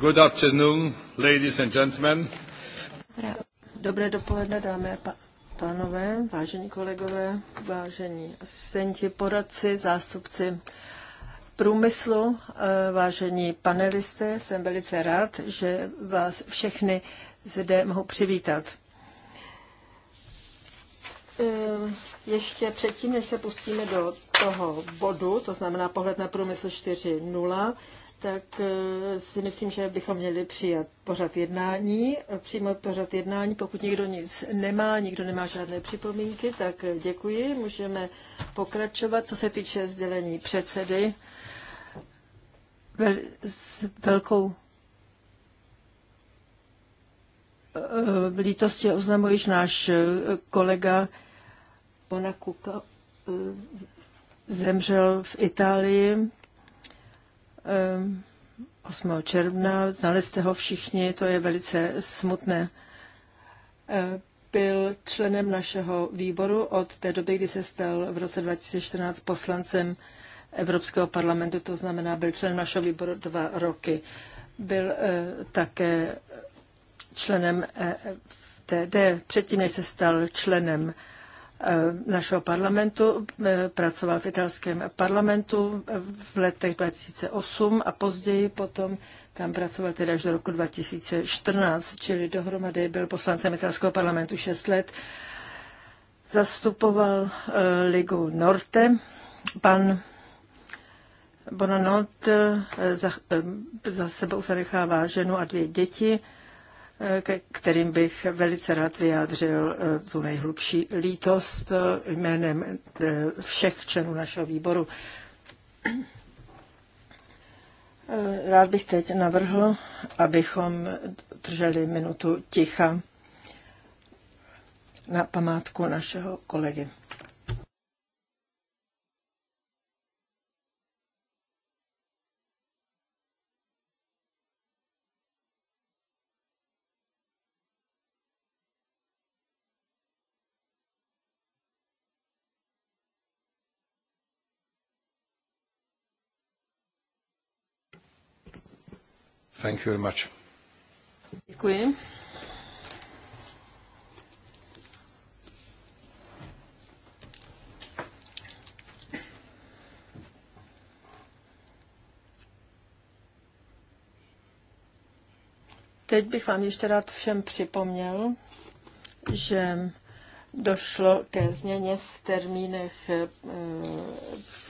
Good afternoon, ladies and gentlemen. Dobré dopoledne, dámy a pánové, vážení kolegové, vážení asistenti, poradci, zástupci průmyslu, eh, vážení panelisté, jsem velice rád, že vás všechny zde mohu přivítat. Eh, ještě předtím, než se pustíme do toho bodu, to znamená pohled na průmysl 4.0, tak eh, si myslím, že bychom měli přijat pořad jednání, eh, přijmout pořad jednání. Pokud nikdo nic nemá, nikdo nemá žádné připomínky, tak eh, děkuji. Můžeme pokračovat. Co se týče sdělení předsedy, vel, s velkou lítostí oznamuješ náš kolega Bonakuka zemřel v Itálii 8. Ehm, června, znali jste ho všichni, to je velice smutné. Ehm, byl členem našeho výboru od té doby, kdy se stal v roce 2014 poslancem Evropského parlamentu, to znamená, byl členem našeho výboru dva roky. Byl eh, také členem TD, předtím, než se stal členem Eh, našeho parlamentu, eh, pracoval v italském parlamentu eh, v letech 2008 a později potom tam pracoval tedy až do roku 2014, čili dohromady byl poslancem italského parlamentu 6 let. Zastupoval Ligu Norte. Pan Bonanot za, za sebou zanechává ženu a dvě děti ke kterým bych velice rád vyjádřil eh, tu nejhlubší lítost eh, jménem eh, všech členů našeho výboru. Rád bych teď navrhl, abychom drželi minutu ticha na památku našeho kolegy. Thank you very much. Děkuji. Teď bych vám ještě rád všem připomněl, že došlo ke změně v termínech eh,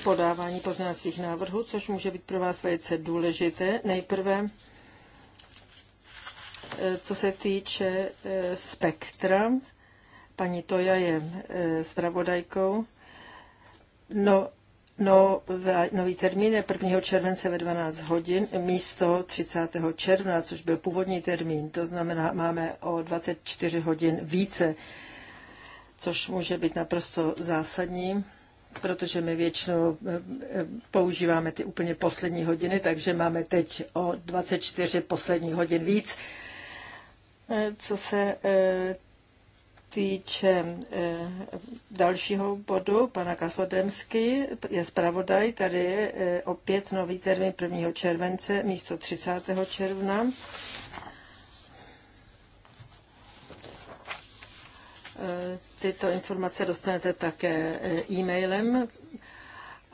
podávání poznávacích návrhů, což může být pro vás velice důležité. Nejprve Eh, co se týče eh, spektra, paní Toja je eh, zpravodajkou. No, no, nový termín je 1. července ve 12 hodin místo 30. června, což byl původní termín. To znamená, máme o 24 hodin více, což může být naprosto zásadní protože my většinou používáme ty úplně poslední hodiny, takže máme teď o 24 poslední hodin víc, co se e, týče e, dalšího bodu, pana Kasodemsky je zpravodaj, tady je e, opět nový termín 1. července místo 30. června. Tyto informace dostanete také e-mailem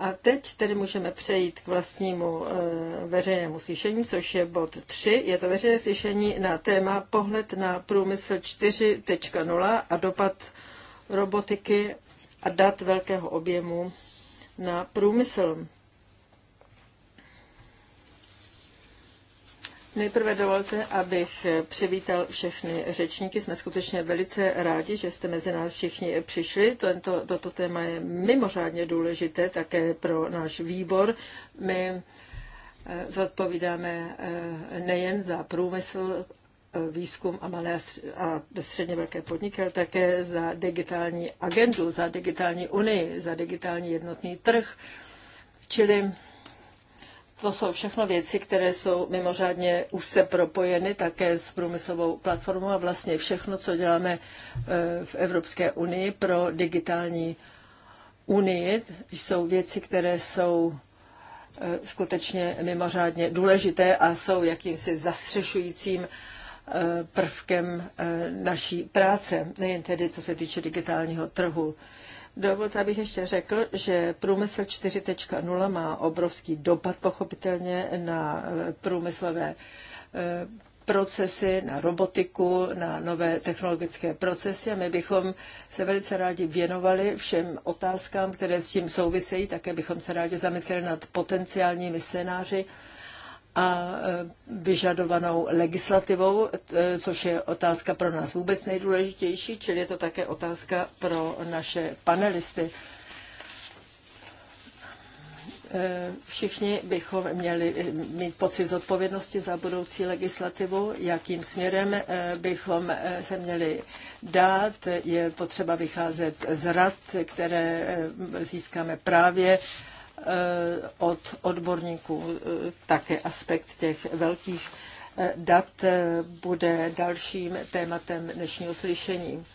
a teď tedy můžeme přejít k vlastnímu eh, veřejnému slyšení, což je bod 3. Je to veřejné slyšení na téma pohled na průmysl 4.0 a dopad robotiky a dat velkého objemu na průmysl. Nejprve dovolte, abych přivítal všechny řečníky. Jsme skutečně velice rádi, že jste mezi nás všichni přišli. Tento, toto téma je mimořádně důležité také pro náš výbor. My eh, zodpovídáme eh, nejen za průmysl, eh, výzkum a malé a středně velké podniky, ale také za digitální agendu, za digitální unii, za digitální jednotný trh. Čili to jsou všechno věci, které jsou mimořádně úzce propojeny také s průmyslovou platformou a vlastně všechno, co děláme e, v Evropské unii pro digitální unii, jsou věci, které jsou e, skutečně mimořádně důležité a jsou jakýmsi zastřešujícím e, prvkem naší práce, nejen tedy co se týče digitálního trhu. Dovolte, abych ještě řekl, že průmysl 4.0 má obrovský dopad pochopitelně na eh, průmyslové eh, procesy, na robotiku, na nové technologické procesy a my bychom se velice rádi věnovali všem otázkám, které s tím souvisejí, také bychom se rádi zamysleli nad potenciálními scénáři, a e, vyžadovanou legislativou, e, což je otázka pro nás vůbec nejdůležitější, čili je to také otázka pro naše panelisty. E, všichni bychom měli mít pocit zodpovědnosti za budoucí legislativu, jakým směrem bychom se měli dát. Je potřeba vycházet z rad, které získáme právě Eh, od odborníků. Eh, také aspekt těch velkých eh, dat bude dalším tématem dnešního slyšení.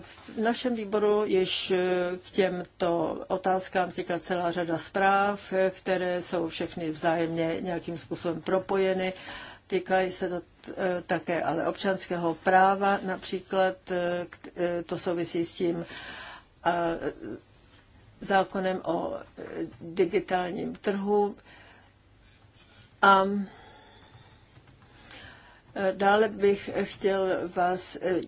V našem výboru již k těmto otázkám vznikla celá řada zpráv, které jsou všechny vzájemně nějakým způsobem propojeny. Týkají se to také ale občanského práva, například to souvisí s tím zákonem o eh, digitálním trhu a eh, dále bych chtěl vás eh,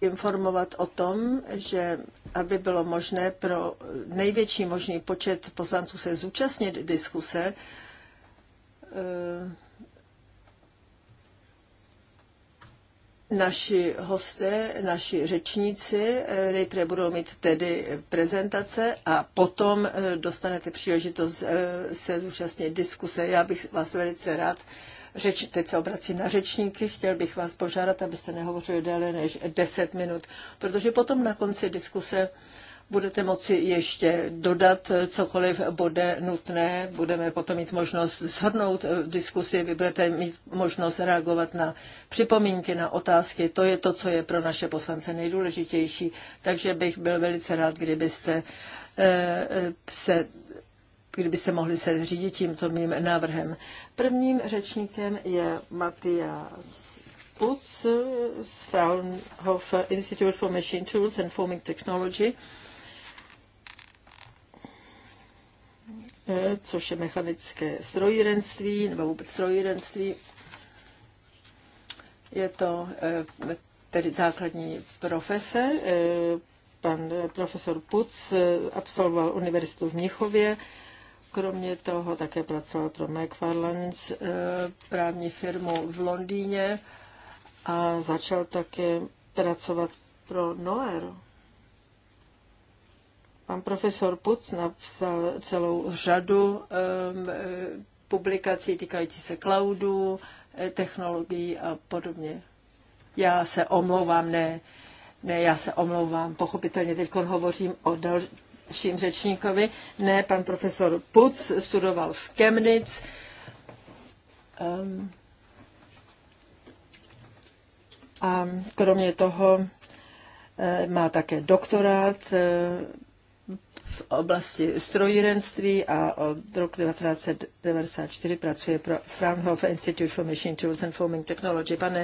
informovat o tom, že aby bylo možné pro největší možný počet poslanců se zúčastnit diskuse, Naši hosté, naši řečníci eh, nejprve budou mít tedy prezentace a potom eh, dostanete příležitost eh, se zúčastnit diskuse. Já bych vás velice rád, řeč, teď se obracím na řečníky, chtěl bych vás požádat, abyste nehovořili déle než 10 minut, protože potom na konci diskuse budete moci ještě dodat cokoliv bude nutné. Budeme potom mít možnost shrnout diskusi, vy budete mít možnost reagovat na připomínky, na otázky. To je to, co je pro naše poslance nejdůležitější. Takže bych byl velice rád, kdybyste eh, se kdybyste mohli se řídit tímto mým návrhem. Prvním řečníkem je Matias Putz z Fraunhofer Institute for Machine Tools and Forming Technology. což je mechanické strojírenství nebo vůbec strojírenství. Je to eh, tedy základní profese. Eh, pan eh, profesor Puc absolvoval univerzitu v Mnichově. Kromě toho také pracoval pro McFarlands, právní firmu v Londýně a začal také pracovat pro Noero. Pan profesor Puc napsal celou řadu e, publikací týkající se cloudu, e, technologií a podobně. Já se omlouvám, ne, ne, já se omlouvám, pochopitelně teď hovořím o dalším řečníkovi. Ne, pan profesor Puc studoval v Chemnitz. Um, a kromě toho e, má také doktorát v oblasti strojírenství a od roku 1994 pracuje pro Fraunhofer Institute for Machine Tools and Forming Technology. Pane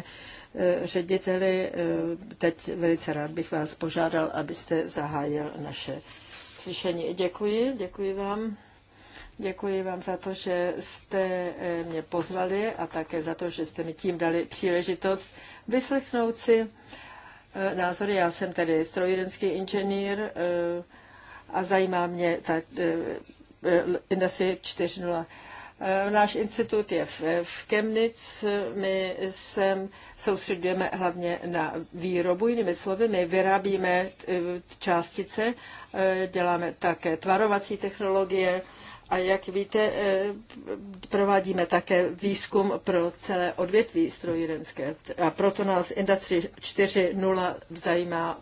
eh, řediteli, eh, teď velice rád bych vás požádal, abyste zahájil naše slyšení. Děkuji, děkuji vám. Děkuji vám za to, že jste eh, mě pozvali a také za to, že jste mi tím dali příležitost vyslechnout si názory. Já jsem tedy strojírenský inženýr, a zajímá mě ta eh, eh, Industry 4.0. Eh, náš institut je v, v Chemnitz, my se soustředujeme hlavně na výrobu, jinými slovy, my vyrábíme částice, děláme také tvarovací technologie a jak víte, provádíme také výzkum pro celé odvětví strojírenské a proto nás Industry 4.0 zajímá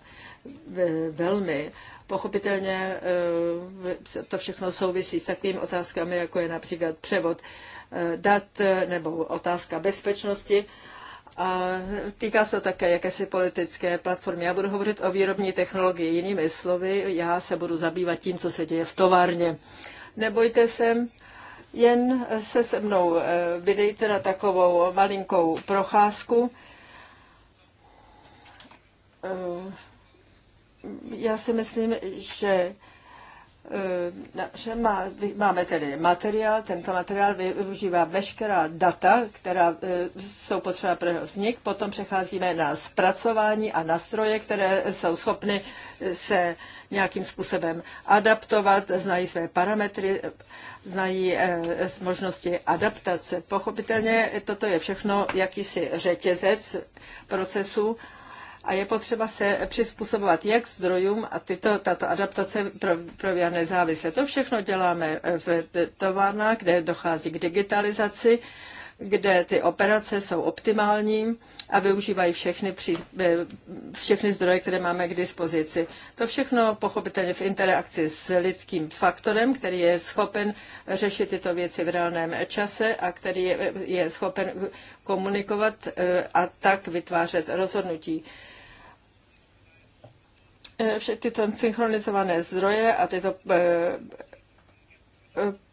velmi. Pochopitelně eh, to všechno souvisí s takovými otázkami, jako je například převod eh, dat eh, nebo otázka bezpečnosti. A týká se to také jakési politické platformy. Já budu hovořit o výrobní technologii. Jinými slovy, já se budu zabývat tím, co se děje v továrně. Nebojte se, jen se se mnou vydejte na takovou malinkou procházku já si myslím, že eh, má, máme tedy materiál, tento materiál využívá veškerá data, která eh, jsou potřeba pro jeho vznik, potom přecházíme na zpracování a nastroje, které jsou schopny se nějakým způsobem adaptovat, znají své parametry, znají eh, možnosti adaptace. Pochopitelně toto je všechno jakýsi řetězec procesů, a je potřeba se přizpůsobovat jak zdrojům a tyto, tato adaptace probíhá nezávisle. To všechno děláme v továrnách, kde dochází k digitalizaci, kde ty operace jsou optimální a využívají všechny, při, eh, všechny zdroje, které máme k dispozici. To všechno pochopitelně v interakci s lidským faktorem, který je schopen řešit tyto věci v reálném čase a který je, je schopen komunikovat eh, a tak vytvářet rozhodnutí. Eh, všechny tyto synchronizované zdroje a tyto eh, eh,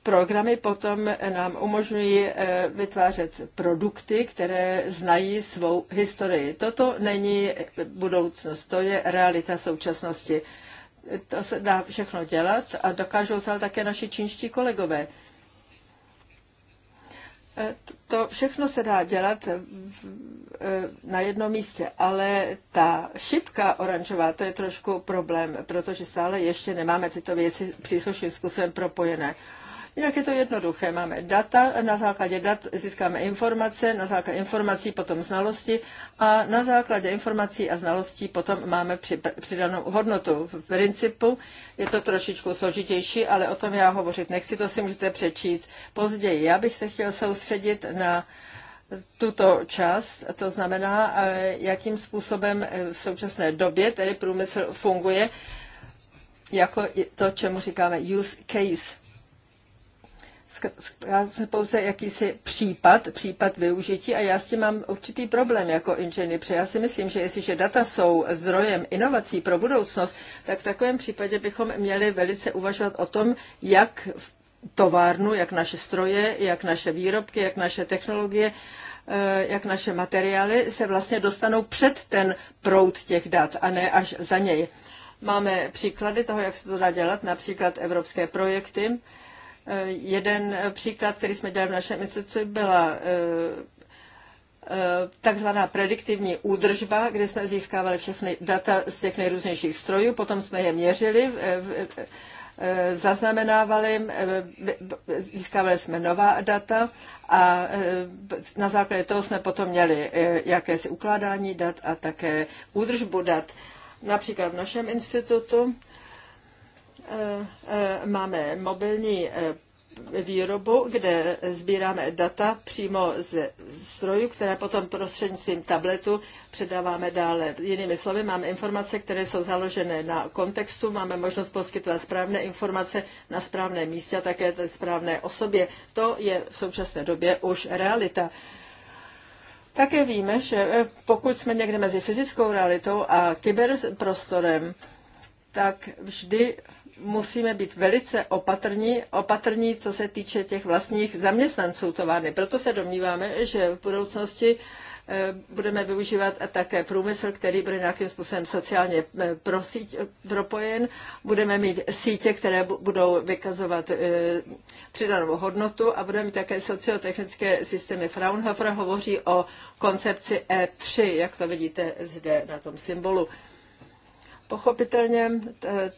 programy potom nám umožňují vytvářet produkty, které znají svou historii. Toto není budoucnost, to je realita současnosti. To se dá všechno dělat a dokážou to také naši čínští kolegové. Eh, to všechno se dá dělat eh, na jednom místě, ale ta šipka oranžová, to je trošku problém, protože stále ještě nemáme tyto věci příslušným způsobem propojené. Jinak je to jednoduché. Máme data, na základě dat získáme informace, na základě informací potom znalosti a na základě informací a znalostí potom máme přidanou hodnotu. V principu je to trošičku složitější, ale o tom já hovořit nechci, to si můžete přečíst později. Já bych se chtěl soustředit na tuto část, to znamená, eh, jakým způsobem eh, v současné době tedy průmysl funguje, jako to, čemu říkáme use case pouze jakýsi případ, případ využití a já s tím mám určitý problém jako inženýr, protože já si myslím, že jestliže data jsou zdrojem inovací pro budoucnost, tak v takovém případě bychom měli velice uvažovat o tom, jak továrnu, jak naše stroje, jak naše výrobky, jak naše technologie, eh, jak naše materiály se vlastně dostanou před ten proud těch dat a ne až za něj. Máme příklady toho, jak se to dá dělat, například evropské projekty, Eh, jeden eh, příklad, který jsme dělali v našem instituci, byla eh, takzvaná prediktivní údržba, kde jsme získávali všechny data z těch nejrůznějších strojů, potom jsme je měřili, zaznamenávali, získávali jsme nová data a na základě toho jsme potom měli jakési ukládání dat a také údržbu dat. Například v našem institutu Eh, eh, máme mobilní eh, výrobu, kde sbíráme data přímo z strojů, které potom prostřednictvím tabletu předáváme dále. Jinými slovy, máme informace, které jsou založené na kontextu, máme možnost poskytovat správné informace na správné místě a také té správné osobě. To je v současné době už realita. Také víme, že pokud jsme někde mezi fyzickou realitou a kyberprostorem, tak vždy musíme být velice opatrní, opatrní, co se týče těch vlastních zaměstnanců továrny. Proto se domníváme, že v budoucnosti eh, budeme využívat také průmysl, který bude nějakým způsobem sociálně eh, prosíť, propojen. Budeme mít sítě, které budou vykazovat eh, přidanou hodnotu a budeme mít také sociotechnické systémy. Fraunhofer hovoří o koncepci E3, jak to vidíte zde na tom symbolu. Pochopitelně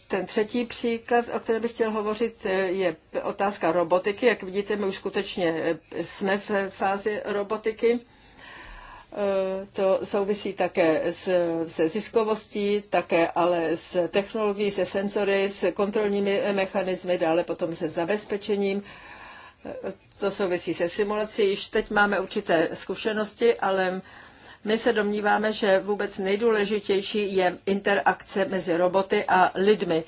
ten třetí příklad, o kterém bych chtěl hovořit, je otázka robotiky. Jak vidíte, my už skutečně e, jsme v fázi robotiky. E, to souvisí také s, se ziskovostí, také ale s technologií, se senzory, s kontrolními mechanismy, dále potom se zabezpečením. E, to souvisí se simulací. Již teď máme určité zkušenosti, ale my se domníváme, že vůbec nejdůležitější je interakce mezi roboty a lidmi.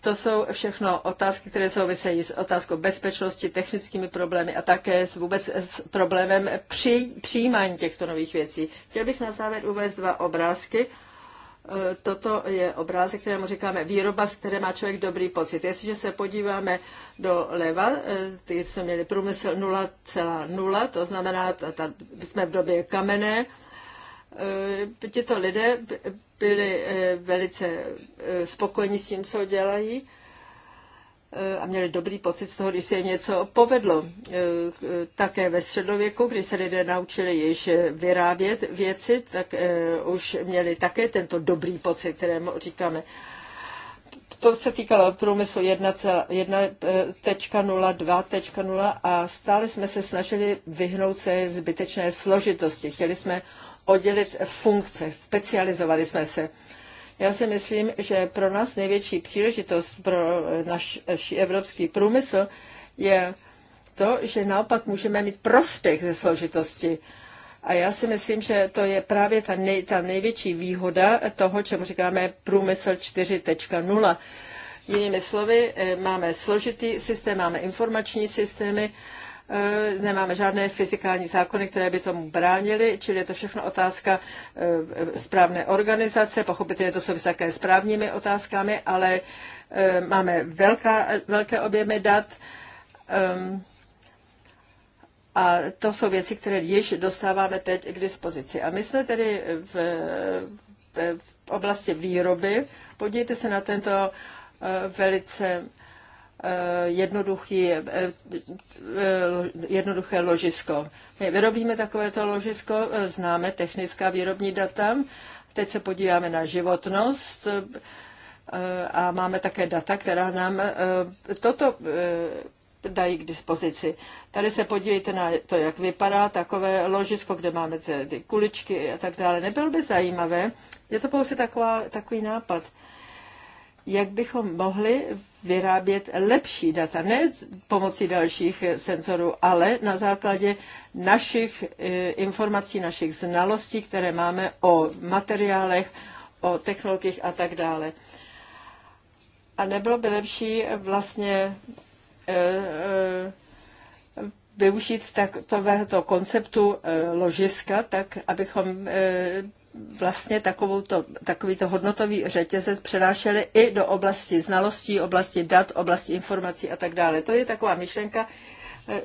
To jsou všechno otázky, které souvisejí s otázkou bezpečnosti, technickými problémy a také s vůbec s problémem při, přijímání těchto nových věcí. Chtěl bych na závěr uvést dva obrázky. E, toto je obrázek, kterému říkáme výroba, z které má člověk dobrý pocit. Jestliže se podíváme do leva, e, ty jsme měli průmysl 0,0, to znamená, ta, ta, jsme v době kamenné, Eh, tyto lidé byli eh, velice eh, spokojeni s tím, co dělají a měli dobrý pocit z toho, když se jim něco povedlo. Také ve středověku, kdy se lidé naučili již vyrábět věci, tak už měli také tento dobrý pocit, kterému říkáme. To se týkalo průmyslu 1.0, a stále jsme se snažili vyhnout se zbytečné složitosti. Chtěli jsme oddělit funkce. Specializovali jsme se. Já si myslím, že pro nás největší příležitost pro naš, naš evropský průmysl je to, že naopak můžeme mít prospěch ze složitosti. A já si myslím, že to je právě ta, nej, ta největší výhoda toho, čemu říkáme průmysl 4.0. Jinými slovy, eh, máme složitý systém, máme informační systémy, Eh, nemáme žádné fyzikální zákony, které by tomu bránily, čili je to všechno otázka eh, správné organizace, pochopitelně to souvisí také s právními otázkami, ale eh, máme velká, velké objemy dat a to jsou věci, které již dostáváme teď k dispozici. A my jsme tedy v, v oblasti výroby, podívejte se na tento velice Eh, jednoduchý, eh, eh, jednoduché ložisko. My vyrobíme takovéto ložisko, známe technická výrobní data, teď se podíváme na životnost a máme také data, která nám toto dají k dispozici. Tady se podívejte na to, jak vypadá takové ložisko, kde máme ty, kuličky a tak dále. Nebylo by zajímavé, je to pouze taková, takový nápad jak bychom mohli vyrábět lepší data, ne pomocí dalších senzorů, ale na základě našich eh, informací, našich znalostí, které máme o materiálech, o technologiích a tak dále. A nebylo by lepší vlastně eh, eh, využít takového konceptu ložiska, tak abychom vlastně takovouto, takovýto hodnotový řetězec přenášeli i do oblasti znalostí, oblasti dat, oblasti informací a tak dále. To je taková myšlenka, eh,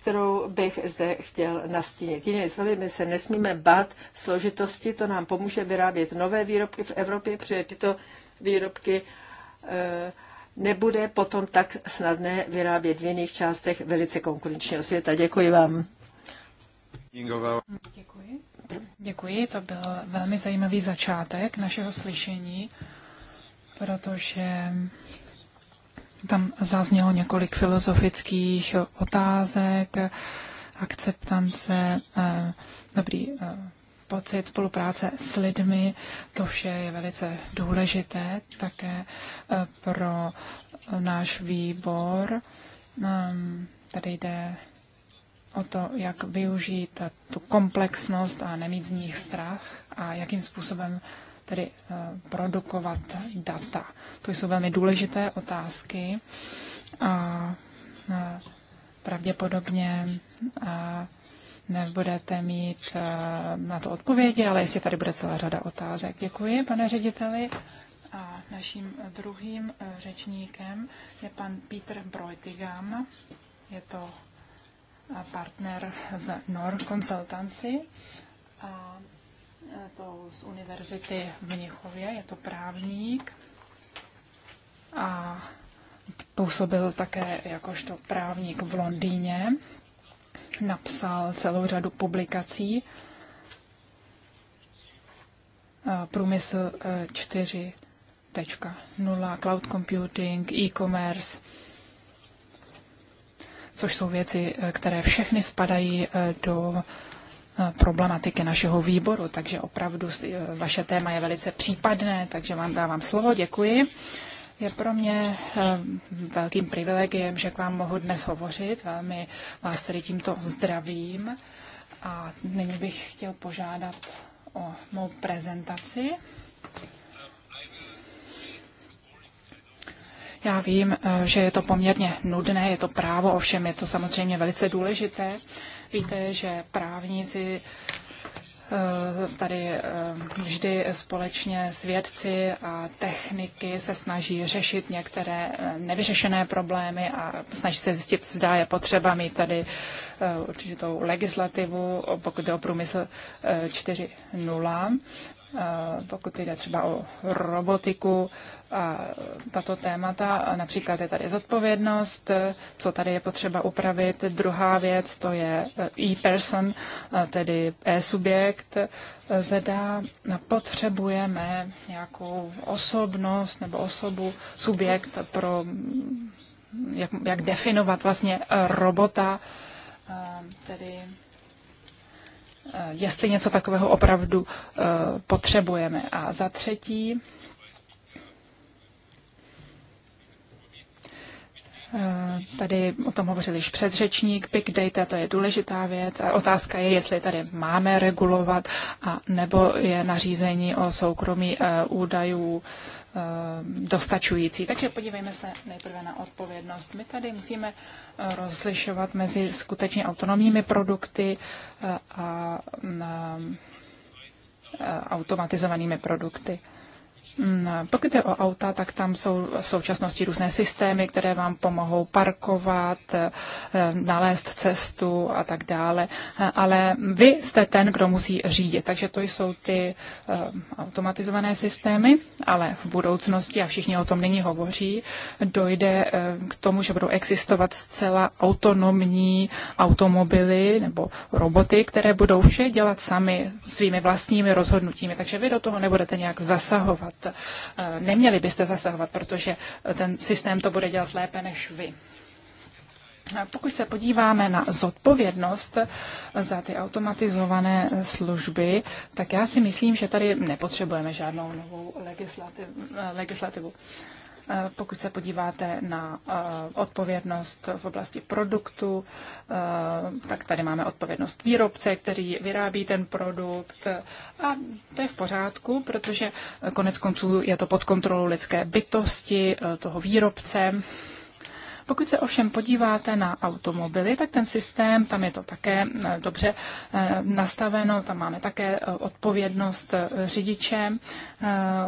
kterou bych zde chtěl nastínit. Jinými slovy, my se nesmíme bát složitosti, to nám pomůže vyrábět nové výrobky v Evropě, protože tyto výrobky eh, nebude potom tak snadné vyrábět v jiných částech velice konkurenčního světa. Děkuji vám. Děkuji. Děkuji, to byl velmi zajímavý začátek našeho slyšení, protože tam zaznělo několik filozofických otázek, akceptance, eh, dobrý eh, pocit spolupráce s lidmi, to vše je velice důležité také eh, pro náš výbor. Ehm, tady jde o to, jak využít tu komplexnost a nemít z nich strach a jakým způsobem tedy eh, produkovat data. To jsou velmi důležité otázky a eh, pravděpodobně eh, nebudete mít na to odpovědi, ale jestli tady bude celá řada otázek. Děkuji, pane řediteli. A naším druhým řečníkem je pan Peter Brojtigam. Je to partner z NOR Consultancy a to z univerzity v Mnichově, je to právník a působil také jakožto právník v Londýně. Napsal celou řadu publikací. Průmysl 4.0, e, cloud computing, e-commerce, což jsou věci, eh, které všechny spadají eh, do eh, problematiky našeho výboru, takže opravdu vaše téma je velice případné, takže vám dávám slovo, děkuji. Je pro mě velkým privilegiem, že k vám mohu dnes hovořit, velmi vás tedy tímto zdravím a nyní bych chtěl požádat o mou prezentaci. Já vím, eh, že je to poměrně nudné, je to právo, ovšem je to samozřejmě velice důležité. Víte, že právníci eh, tady eh, vždy společně s vědci a techniky se snaží řešit některé nevyřešené problémy a snaží se zjistit, zda je potřeba mít tady určitou legislativu, pokud jde o průmysl 4.0. Eh, pokud jde třeba o robotiku a tato témata. Například je tady zodpovědnost, co tady je potřeba upravit. Druhá věc, to je eh, e-person, eh, tedy e-subjekt. Zda potřebujeme nějakou osobnost nebo osobu, subjekt pro jak, jak definovat vlastně robota, tedy Eh, jestli něco takového opravdu eh, potřebujeme. A za třetí, eh, Tady o tom hovořil již předřečník. Big data to je důležitá věc a otázka je, jestli tady máme regulovat a nebo je nařízení o soukromí údajů Eh, dostačující. Takže podívejme se nejprve na odpovědnost. My tady musíme eh, rozlišovat mezi skutečně autonomními produkty eh, a mm, automatizovanými produkty. Mm, pokud je o auta, tak tam jsou v současnosti různé systémy, které vám pomohou parkovat, eh, nalézt cestu a tak dále. Eh, ale vy jste ten, kdo musí řídit. Takže to jsou ty eh, automatizované systémy, ale v budoucnosti, a všichni o tom nyní hovoří, dojde k tomu, že budou existovat zcela autonomní automobily nebo roboty, které budou vše dělat sami svými vlastními rozhodnutími. Takže vy do toho nebudete nějak zasahovat zasahovat. Eh, neměli byste zasahovat, protože ten systém to bude dělat lépe než vy. Pokud se podíváme na zodpovědnost eh, za ty automatizované eh, služby, tak já si myslím, že tady nepotřebujeme žádnou novou legislativu. legislativu. Eh, pokud se podíváte na eh, odpovědnost v oblasti produktu, eh, tak tady máme odpovědnost výrobce, který vyrábí ten produkt. A to je v pořádku, protože konec konců je to pod kontrolou lidské bytosti, toho výrobce. Pokud se ovšem podíváte na automobily, tak ten systém, tam je to také eh, dobře eh, nastaveno, tam máme také eh, odpovědnost řidiče,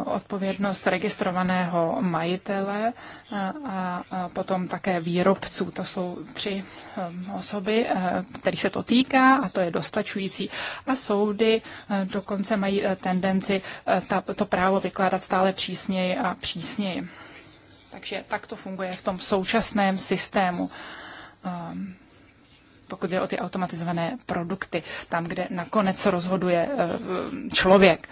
odpovědnost registrovaného majitele a potom také výrobců. To jsou tři osoby, kterých se to týká a to je dostačující. A soudy dokonce mají tendenci to právo vykládat stále přísněji a přísněji. Takže tak to funguje v tom současném systému. Um, pokud je o ty automatizované produkty, tam, kde nakonec rozhoduje uh, člověk.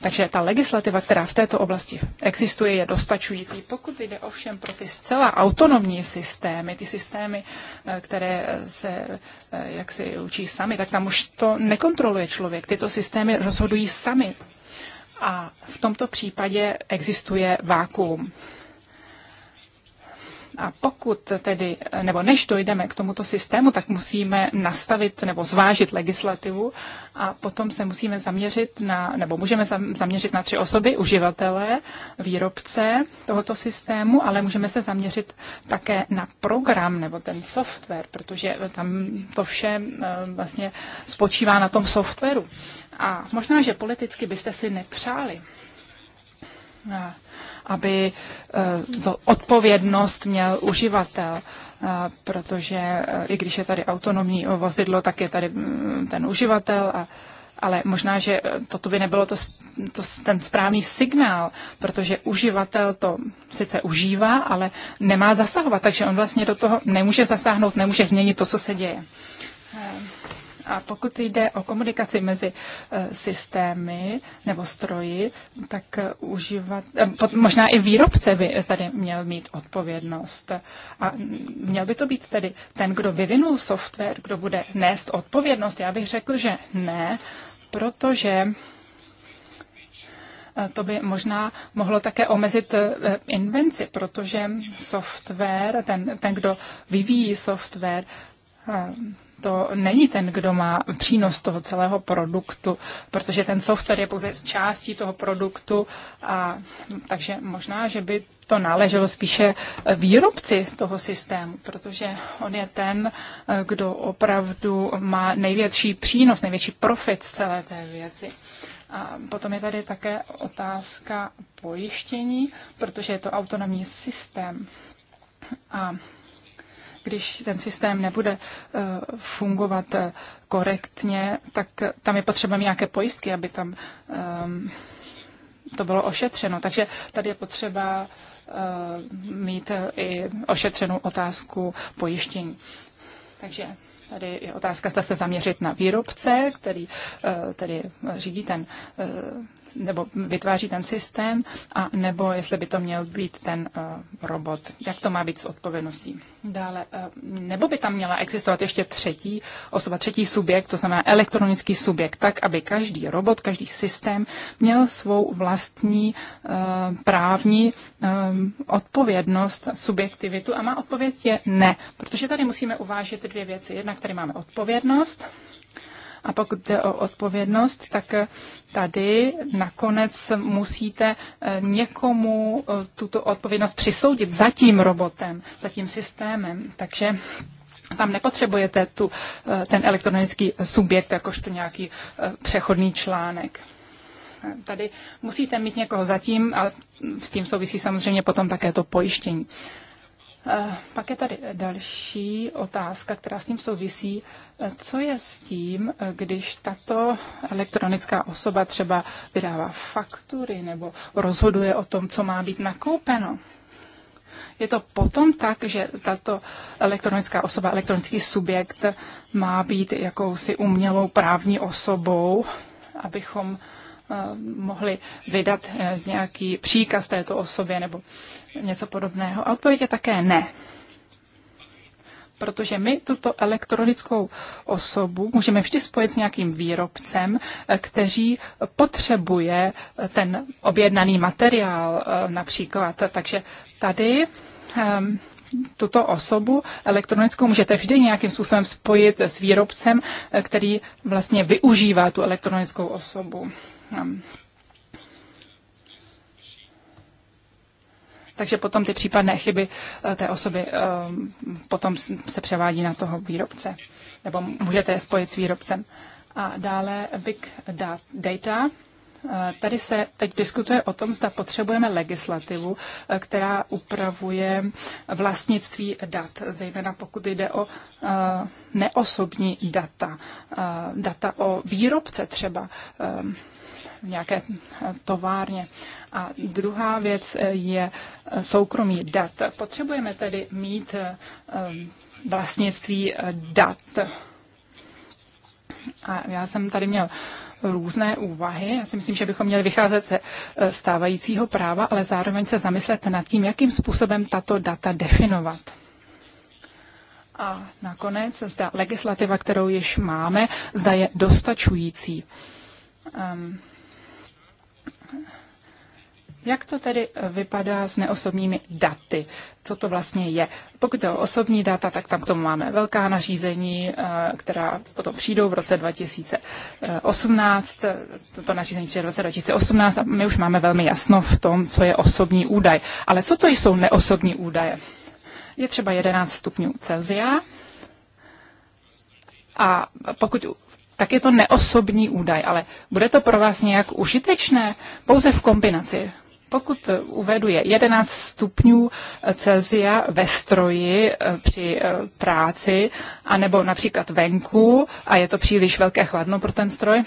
Takže ta legislativa, která v této oblasti existuje, je dostačující. Pokud jde ovšem pro ty zcela autonomní systémy, ty systémy, eh, které se eh, jak si učí sami, tak tam už to nekontroluje člověk. Tyto systémy rozhodují sami. A v tomto případě existuje vákuum. A pokud tedy, nebo než dojdeme k tomuto systému, tak musíme nastavit nebo zvážit legislativu a potom se musíme zaměřit na, nebo můžeme zaměřit na tři osoby, uživatele, výrobce tohoto systému, ale můžeme se zaměřit také na program nebo ten software, protože tam to vše eh, vlastně spočívá na tom softwaru. A možná, že politicky byste si nepřáli eh, aby eh, odpovědnost měl uživatel eh, protože eh, i když je tady autonomní vozidlo, tak je tady mm, ten uživatel a ale možná, že toto by nebylo to, to, ten správný signál, protože uživatel to sice užívá, ale nemá zasahovat, takže on vlastně do toho nemůže zasáhnout, nemůže změnit to, co se děje. A pokud jde o komunikaci mezi eh, systémy nebo stroji, tak eh, uživat, eh, možná i výrobce by tady měl mít odpovědnost. A měl by to být tedy ten, kdo vyvinul software, kdo bude nést odpovědnost. Já bych řekl, že ne, protože to by možná mohlo také omezit invenci, protože software, ten, ten kdo vyvíjí software, to není ten, kdo má přínos toho celého produktu, protože ten software je pouze z částí toho produktu, a, takže možná, že by to náleželo spíše výrobci toho systému, protože on je ten, kdo opravdu má největší přínos, největší profit z celé té věci. A potom je tady také otázka pojištění, protože je to autonomní systém. A když ten systém nebude eh, fungovat eh, korektně, tak tam je potřeba nějaké pojistky, aby tam ehm, to bylo ošetřeno. Takže tady je potřeba eh, mít i ošetřenou otázku pojištění. Takže Tady je otázka, zda se zaměřit na výrobce, který tedy řídí ten nebo vytváří ten systém, a nebo jestli by to měl být ten uh, robot. Jak to má být s odpovědností? Dále, uh, nebo by tam měla existovat ještě třetí osoba, třetí subjekt, to znamená elektronický subjekt, tak, aby každý robot, každý systém měl svou vlastní uh, právní uh, odpovědnost, subjektivitu a má odpověď je ne, protože tady musíme uvážit dvě věci. Jednak tady máme odpovědnost, a pokud jde o odpovědnost, tak eh, tady nakonec musíte eh, někomu eh, tuto odpovědnost přisoudit za tím robotem, za tím systémem. Takže tam nepotřebujete tu, ten elektronický subjekt jakožto nějaký přechodný článek. Tady musíte mít někoho zatím, ale s tím souvisí samozřejmě potom také to pojištění. Eh, pak je tady další otázka, která s tím souvisí. Eh, co je s tím, eh, když tato elektronická osoba třeba vydává faktury nebo rozhoduje o tom, co má být nakoupeno? Je to potom tak, že tato elektronická osoba, elektronický subjekt má být jakousi umělou právní osobou, abychom Eh, mohli vydat eh, nějaký příkaz této osobě nebo něco podobného. A odpověď je také ne. Protože my tuto elektronickou osobu můžeme vždy spojit s nějakým výrobcem, eh, který potřebuje ten objednaný materiál například. Takže tady ehm, tuto osobu elektronickou můžete vždy nějakým způsobem spojit s výrobcem, který vlastně využívá tu elektronickou osobu. Hm. takže potom ty případné chyby eh, té osoby eh, potom se převádí na toho výrobce, nebo můžete je spojit s výrobcem. A dále Big Data. Eh, tady se teď diskutuje o tom, zda potřebujeme legislativu, která upravuje vlastnictví dat, zejména pokud jde o neosobní data, data o výrobce třeba v nějaké eh, továrně. A druhá věc eh, je eh, soukromí dat. Potřebujeme tedy mít vlastnictví dat. A já jsem tady měl různé úvahy. Já si myslím, že bychom měli vycházet ze stávajícího práva, ale zároveň se zamyslet nad tím, jakým způsobem tato data definovat. A nakonec, zda legislativa, kterou již máme, zda je dostačující. Um, jak to tedy vypadá s neosobními daty? Co to vlastně je? Pokud je o osobní data, tak tam k tomu máme velká nařízení, eh, která potom přijdou v roce 2018. Toto nařízení přijde v roce 2018 a my už máme velmi jasno v tom, co je osobní údaj. Ale co to jsou neosobní údaje? Je třeba 11 stupňů Celzia. A pokud tak je to neosobní údaj, ale bude to pro vás nějak užitečné pouze v kombinaci. Pokud eh, uvedu je 11 stupňů eh, Celzia ve stroji eh, při práci, anebo například venku a je to příliš velké chladno pro ten stroj,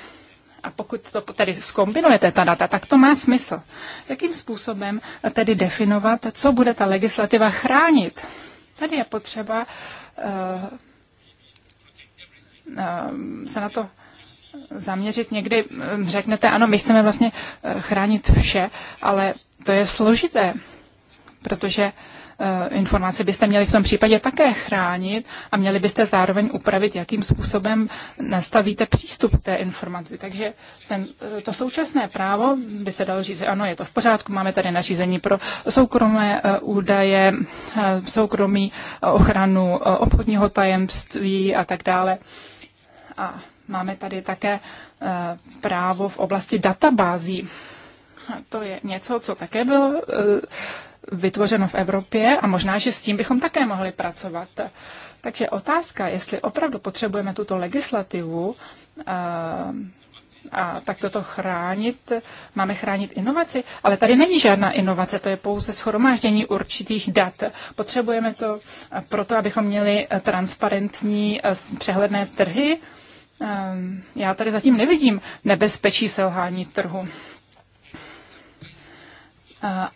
a pokud to tedy zkombinujete ta data, tak to má smysl. Jakým způsobem tedy definovat, co bude ta legislativa chránit? Tady je potřeba uh, Eh, se na to zaměřit. Někdy eh, řeknete, ano, my chceme vlastně eh, chránit vše, ale to je složité, protože informace byste měli v tom případě také chránit a měli byste zároveň upravit, jakým způsobem nastavíte přístup k té informaci. Takže ten, to současné právo by se dalo říct, že ano, je to v pořádku, máme tady nařízení pro soukromé údaje, soukromí, ochranu obchodního tajemství a tak dále. A máme tady také eh, právo v oblasti databází. A to je něco, co také bylo eh, vytvořeno v Evropě a možná, že s tím bychom také mohli pracovat. Takže otázka, jestli opravdu potřebujeme tuto legislativu a, eh, a tak toto chránit, máme chránit inovaci, ale tady není žádná inovace, to je pouze schromáždění určitých dat. Potřebujeme to proto, abychom měli transparentní přehledné trhy, Ehm, já tady zatím nevidím nebezpečí selhání trhu.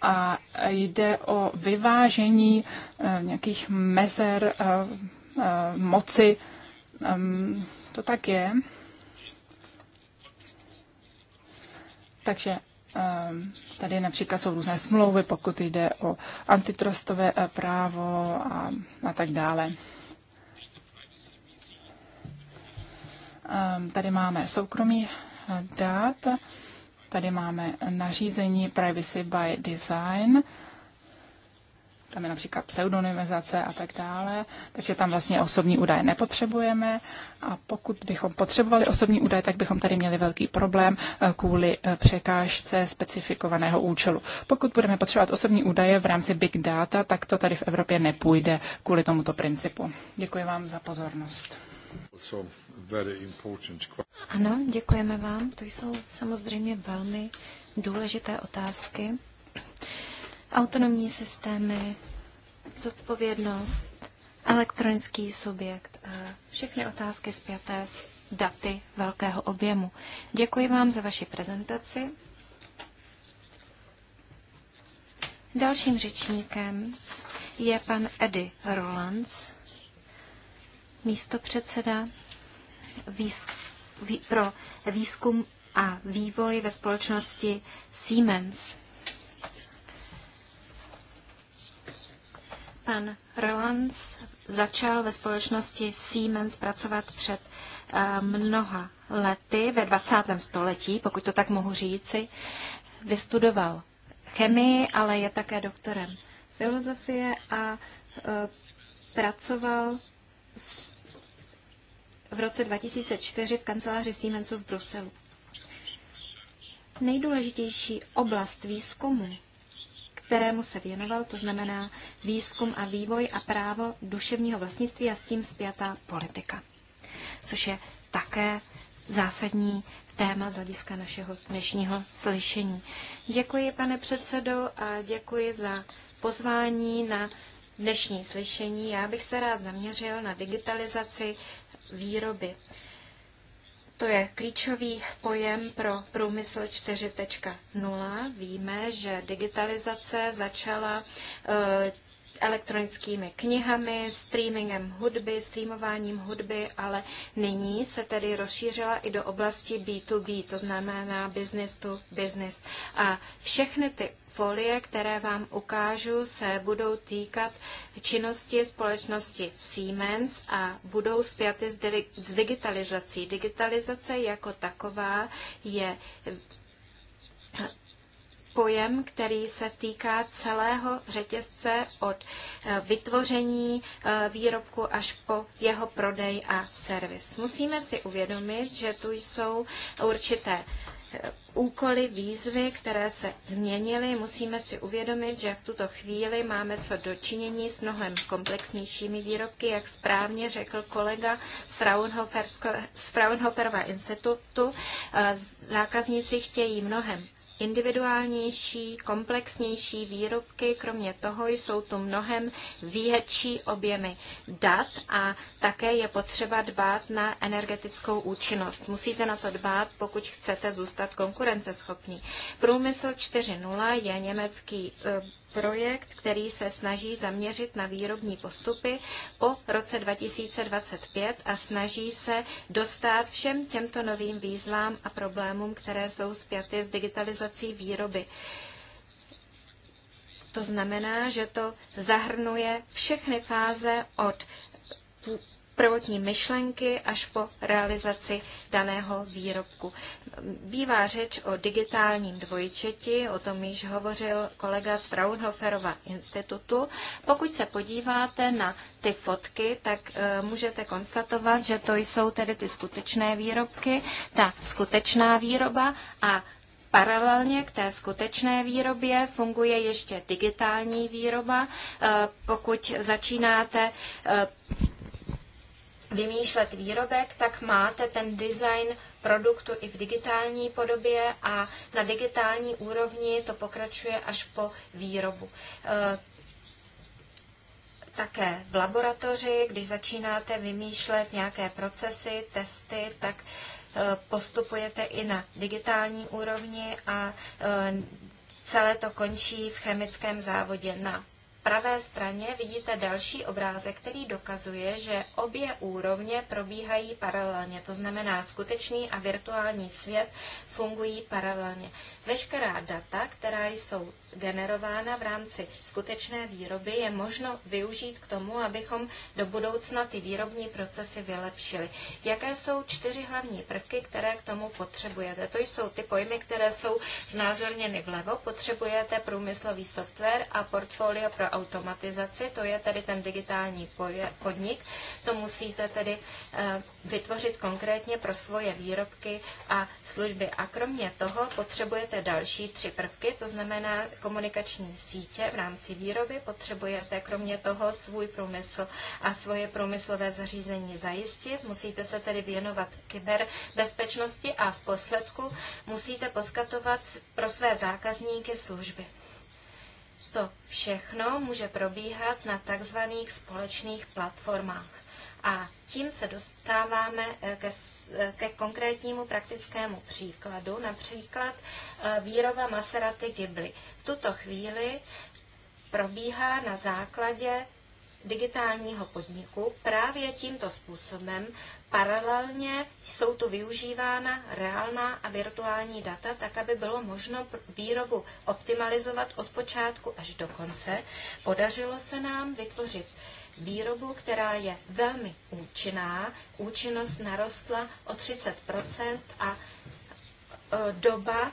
A jde o vyvážení ehm, nějakých mezer ehm, moci. To tak je. Takže tady například jsou různé smlouvy, pokud jde o antitrustové eh, právo a, a tak dále. Ehm, tady máme soukromí eh, dát, tady máme nařízení Privacy by Design, tam je například pseudonymizace a tak dále, takže tam vlastně osobní údaje nepotřebujeme a pokud bychom potřebovali osobní údaje, tak bychom tady měli velký problém eh, kvůli eh, překážce specifikovaného účelu. Pokud budeme potřebovat osobní údaje v rámci big data, tak to tady v Evropě nepůjde kvůli tomuto principu. Děkuji vám za pozornost. Ano, děkujeme vám. To jsou samozřejmě velmi důležité otázky. Autonomní systémy, zodpovědnost, elektronický subjekt a všechny otázky zpěté s daty velkého objemu. Děkuji vám za vaši prezentaci. Dalším řečníkem je pan Eddie Rolands, místo předseda pro výzkum a vývoj ve společnosti Siemens. Pan Rolands začal ve společnosti Siemens pracovat před eh, mnoha lety ve 20. století, pokud to tak mohu říci. Vystudoval chemii, ale je také doktorem filozofie a eh, pracoval v roce 2004 v kanceláři Siemensu v Bruselu. Nejdůležitější oblast výzkumu, kterému se věnoval, to znamená výzkum a vývoj a právo duševního vlastnictví a s tím zpětá politika, což je také zásadní téma z hlediska našeho dnešního slyšení. Děkuji, pane předsedo, a děkuji za pozvání na dnešní slyšení. Já bych se rád zaměřil na digitalizaci výroby. To je klíčový pojem pro průmysl 4.0. Víme, že digitalizace začala eh, elektronickými knihami, streamingem hudby, streamováním hudby, ale nyní se tedy rozšířila i do oblasti B2B, to znamená business to business. A všechny ty folie, které vám ukážu, se budou týkat činnosti společnosti Siemens a budou spjaty s digitalizací. Digitalizace jako taková je pojem, který se týká celého řetězce od eh, vytvoření eh, výrobku až po jeho prodej a servis. Musíme si uvědomit, že tu jsou určité eh, úkoly, výzvy, které se změnily, musíme si uvědomit, že v tuto chvíli máme co dočinění s mnohem komplexnějšími výrobky, jak správně řekl kolega z, z Fraunhoferova institutu. Zákazníci chtějí mnohem individuálnější, komplexnější výrobky, kromě toho jsou tu mnohem větší objemy dat a také je potřeba dbát na energetickou účinnost. Musíte na to dbát, pokud chcete zůstat konkurenceschopní. Průmysl 4.0 je německý eh, projekt, který se snaží zaměřit na výrobní postupy po roce 2025 a snaží se dostat všem těmto novým výzvám a problémům, které jsou zpěty s digitalizací výroby. To znamená, že to zahrnuje všechny fáze od prvotní myšlenky až po realizaci daného výrobku. Bývá řeč o digitálním dvojčeti, o tom již hovořil kolega z Fraunhoferova institutu. Pokud se podíváte na ty fotky, tak e, můžete konstatovat, že to jsou tedy ty skutečné výrobky, ta skutečná výroba a Paralelně k té skutečné výrobě funguje ještě digitální výroba. E, pokud začínáte e, vymýšlet výrobek, tak máte ten design produktu i v digitální podobě a na digitální úrovni to pokračuje až po výrobu. E, také v laboratoři, když začínáte vymýšlet nějaké procesy, testy, tak e, postupujete i na digitální úrovni a e, celé to končí v chemickém závodě na pravé straně vidíte další obrázek, který dokazuje, že obě úrovně probíhají paralelně. To znamená, skutečný a virtuální svět fungují paralelně. Veškerá data, která jsou generována v rámci skutečné výroby, je možno využít k tomu, abychom do budoucna ty výrobní procesy vylepšili. Jaké jsou čtyři hlavní prvky, které k tomu potřebujete? To jsou ty pojmy, které jsou znázorněny vlevo. Potřebujete průmyslový software a portfolio pro automatizaci, to je tedy ten digitální podnik. To musíte tedy eh, vytvořit konkrétně pro svoje výrobky a služby. A kromě toho potřebujete další tři prvky, to znamená komunikační sítě v rámci výroby, potřebujete kromě toho svůj průmysl a svoje průmyslové zařízení zajistit, musíte se tedy věnovat kyberbezpečnosti a v posledku musíte poskatovat pro své zákazníky služby. To všechno může probíhat na takzvaných společných platformách. A tím se dostáváme eh, ke, eh, ke konkrétnímu praktickému příkladu, například eh, výroba Maserati Ghibli. V tuto chvíli probíhá na základě digitálního podniku právě tímto způsobem. Paralelně jsou tu využívána reálná a virtuální data, tak aby bylo možno výrobu optimalizovat od počátku až do konce. Podařilo se nám vytvořit výrobu, která je velmi účinná. Účinnost narostla o 30 a e, doba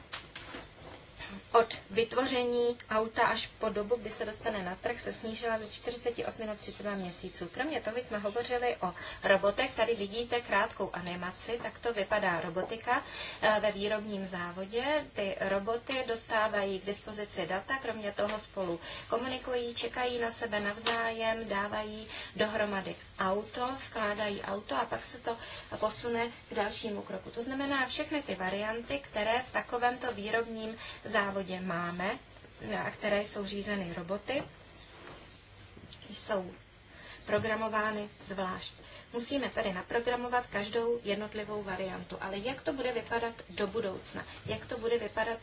od vytvoření auta až po dobu, kdy se dostane na trh, se snížila ze 48 na 32 měsíců. Kromě toho jsme hovořili o robotech. Tady vidíte krátkou animaci, tak to vypadá robotika eh, ve výrobním závodě. Ty roboty dostávají k dispozici data, kromě toho spolu komunikují, čekají na sebe navzájem, dávají dohromady auto, skládají auto a pak se to posune k dalšímu kroku. To znamená všechny ty varianty, které v takovémto výrobním závodě závodě máme a které jsou řízeny roboty, jsou programovány zvlášť. Musíme tady naprogramovat každou jednotlivou variantu, ale jak to bude vypadat do budoucna, jak to bude vypadat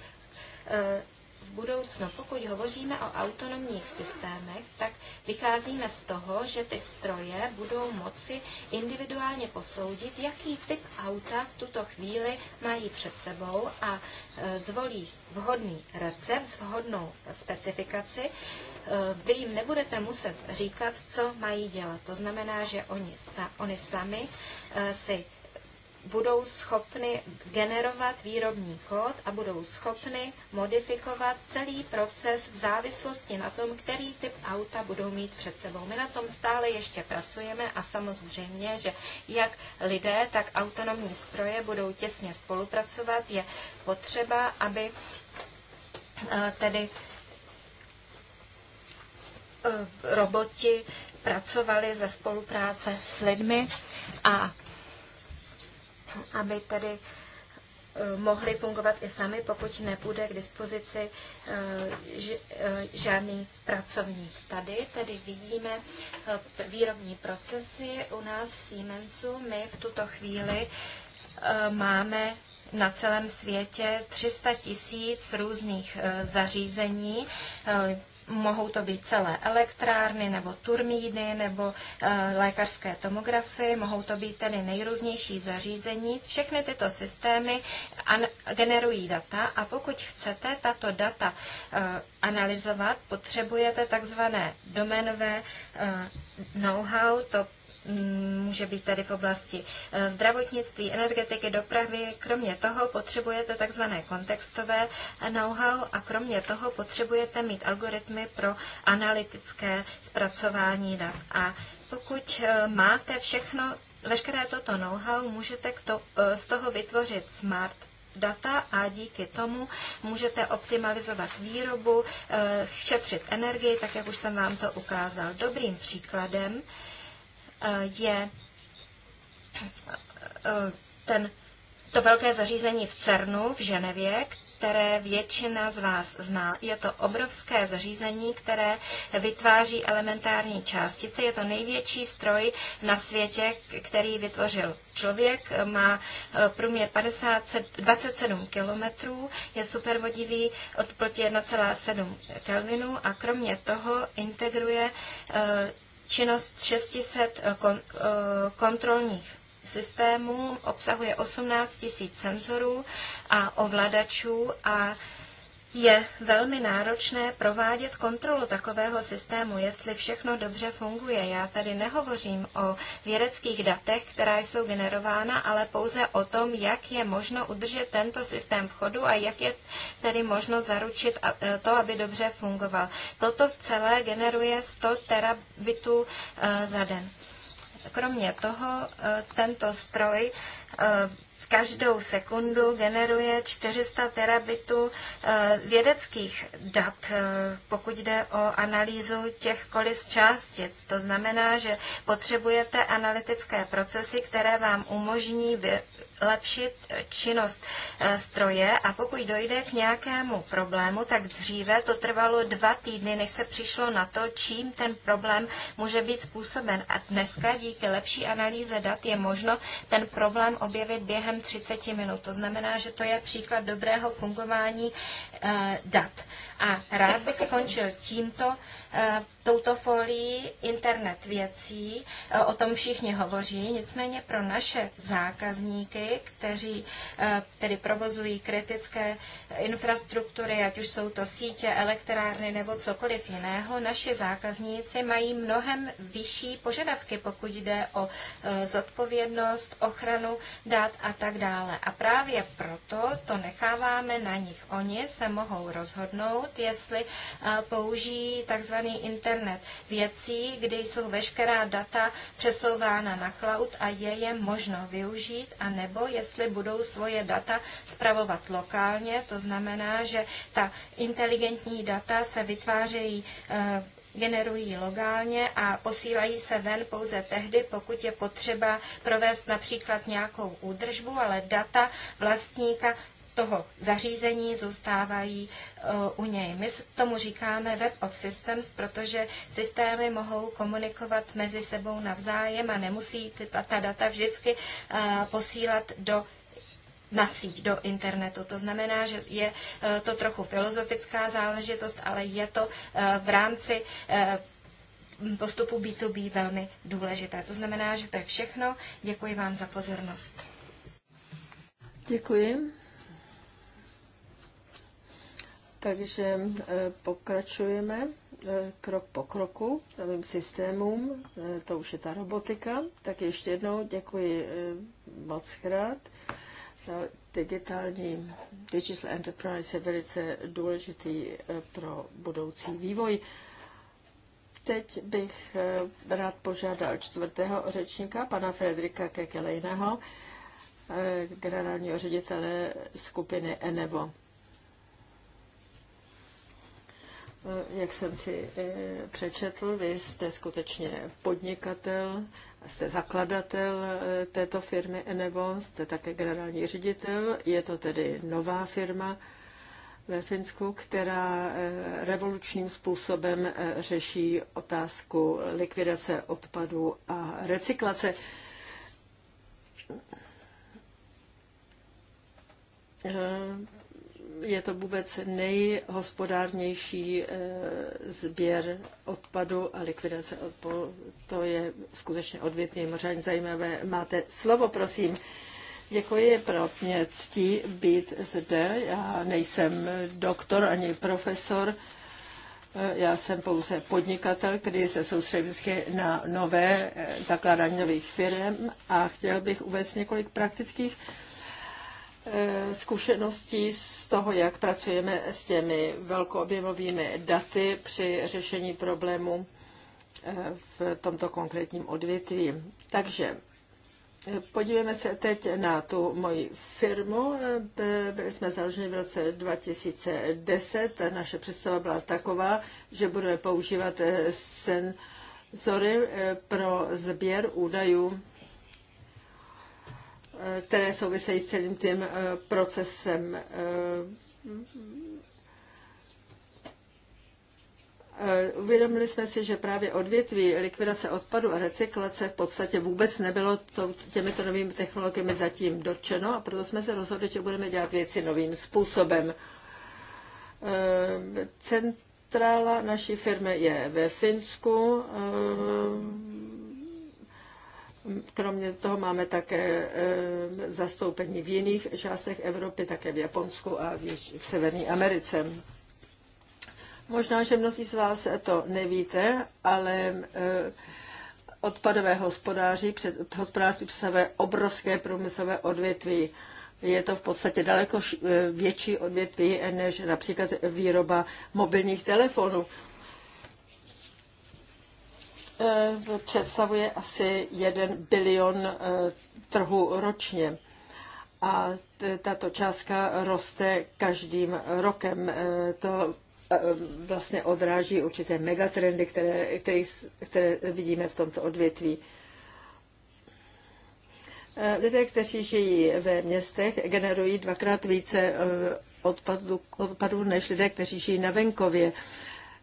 eh, budoucnu. Pokud hovoříme o autonomních systémech, tak vycházíme z toho, že ty stroje budou moci individuálně posoudit, jaký typ auta v tuto chvíli mají před sebou a e, zvolí vhodný recept s vhodnou specifikaci. E, vy jim nebudete muset říkat, co mají dělat. To znamená, že oni, oni sami e, si budou schopny generovat výrobní kód a budou schopny modifikovat celý proces v závislosti na tom, který typ auta budou mít před sebou. My na tom stále ještě pracujeme a samozřejmě, že jak lidé, tak autonomní stroje budou těsně spolupracovat. Je potřeba, aby eh, tedy eh, roboti pracovali za spolupráce s lidmi a aby tedy eh, mohli fungovat i sami, pokud nebude k dispozici eh, eh, žádný pracovník. Tady tedy vidíme výrobní procesy u nás v Siemensu. My v tuto chvíli máme na celém světě 300 tisíc různých zařízení, mohou to být celé elektrárny nebo turmíny nebo e, lékařské tomografy, mohou to být tedy nejrůznější zařízení. Všechny tyto systémy generují data a pokud chcete tato data e, analyzovat, potřebujete takzvané doménové e, eh, know-how, to může být tady v oblasti eh, zdravotnictví, energetiky, dopravy. Kromě toho potřebujete takzvané kontextové know-how a kromě toho potřebujete mít algoritmy pro analytické zpracování dat. A pokud eh, máte všechno, veškeré toto know-how, můžete to, eh, z toho vytvořit smart data a díky tomu můžete optimalizovat výrobu, šetřit energii, tak jak už jsem vám to ukázal. Dobrým příkladem je eh, ten, to velké zařízení v CERNu v Ženevě, které většina z vás zná. Je to obrovské zařízení, které vytváří elementární částice. Je to největší stroj na světě, který vytvořil člověk. Má eh, průměr 50, 27 kilometrů, je supervodivý od 1,7 kelvinu a kromě toho integruje eh, činnost 600 eh, kontrolních systémů, obsahuje 18 000 senzorů a ovladačů a je velmi náročné provádět kontrolu takového systému, jestli všechno dobře funguje. Já tady nehovořím o vědeckých datech, která jsou generována, ale pouze o tom, jak je možno udržet tento systém v chodu a jak je tedy možno zaručit e, to, aby dobře fungoval. Toto celé generuje 100 terabitů e, za den. Kromě toho e, tento stroj každou sekundu generuje 400 terabitů eh, vědeckých dat, eh, pokud jde o analýzu těch kolis částic. To znamená, že potřebujete analytické procesy, které vám umožní zlepšit činnost eh, stroje a pokud dojde k nějakému problému, tak dříve to trvalo dva týdny, než se přišlo na to, čím ten problém může být způsoben. A dneska díky lepší analýze dat je možno ten problém objevit během 30 minut. To znamená, že to je příklad dobrého fungování Eh, dat. A rád bych skončil tímto, eh, touto folií internet věcí. Eh, o tom všichni hovoří, nicméně pro naše zákazníky, kteří tedy provozují kritické infrastruktury, ať už jsou to sítě, elektrárny nebo cokoliv jiného, naši zákazníci mají mnohem vyšší požadavky, pokud jde o zodpovědnost, ochranu dat a tak dále. A právě proto to necháváme na nich. Oni se mohou rozhodnout, jestli eh, použijí tzv. internet věcí, kdy jsou veškerá data přesouvána na cloud a je je možno využít, anebo jestli budou svoje data spravovat lokálně, to znamená, že ta inteligentní data se vytvářejí eh, generují logálně a posílají se ven pouze tehdy, pokud je potřeba provést například nějakou údržbu, ale data vlastníka toho zařízení zůstávají eh, u něj. My tomu říkáme web of systems, protože systémy mohou komunikovat mezi sebou navzájem a nemusí ta data vždycky eh, posílat do na síť do internetu. To znamená, že je eh, to trochu filozofická záležitost, ale je to v rámci postupu B2B velmi důležité. To znamená, že to je všechno. Děkuji vám za pozornost. Děkuji. Takže eh, pokračujeme eh, krok po kroku novým systémům, eh, to už je ta robotika. Tak ještě jednou děkuji moc krát. Digitální Digital Enterprise je velice důležitý pro budoucí vývoj. Teď bych rád požádal čtvrtého řečníka, pana Fredrika Kekelejného, generálního ředitele skupiny Enevo. Eh, jak jsem si eh, přečetl, vy jste skutečně podnikatel, jste zakladatel eh, této firmy Enevo, jste také generální ředitel. Je to tedy nová firma ve Finsku, která revolučním způsobem řeší otázku likvidace odpadů a recyklace je to vůbec nejhospodárnější eh, sběr odpadu a likvidace odpadu. To je skutečně odvětví mimořádně zajímavé. Máte slovo, prosím. Děkuji pro mě ctí být zde. Já nejsem doktor ani profesor. Eh, já jsem pouze podnikatel, který se soustředí na nové eh, zakládání nových firm a chtěl bych uvést několik praktických Eh, zkušeností z toho, jak pracujeme s těmi velkoobjemovými daty při řešení problému eh, v tomto konkrétním odvětví. Takže eh, podívejme se teď na tu moji firmu. Byli jsme založeni v roce 2010. Naše představa byla taková, že budeme používat senzory pro sběr údajů které souvisejí s celým tím eh, procesem. Eh, eh, uvědomili jsme si, že právě odvětví likvidace odpadu a recyklace v podstatě vůbec nebylo těmito novými technologiemi zatím dotčeno a proto jsme se rozhodli, že budeme dělat věci novým způsobem. Centrála naší firmy je ve Finsku Kromě toho máme také eh, zastoupení v jiných částech Evropy, také v Japonsku a v Severní Americe. Možná, že mnozí z vás to nevíte, ale eh, odpadové hospodáři, před, hospodářství představuje obrovské průmyslové odvětví. Je to v podstatě daleko eh, větší odvětví než například výroba mobilních telefonů. Eh, představuje asi 1 bilion eh, trhu ročně. A tato částka roste každým rokem. Eh, to vlastně odráží určité megatrendy, které, které, které vidíme v tomto odvětví. Lidé, kteří žijí ve městech, generují dvakrát více odpadů odpadů, než lidé, kteří žijí na venkově.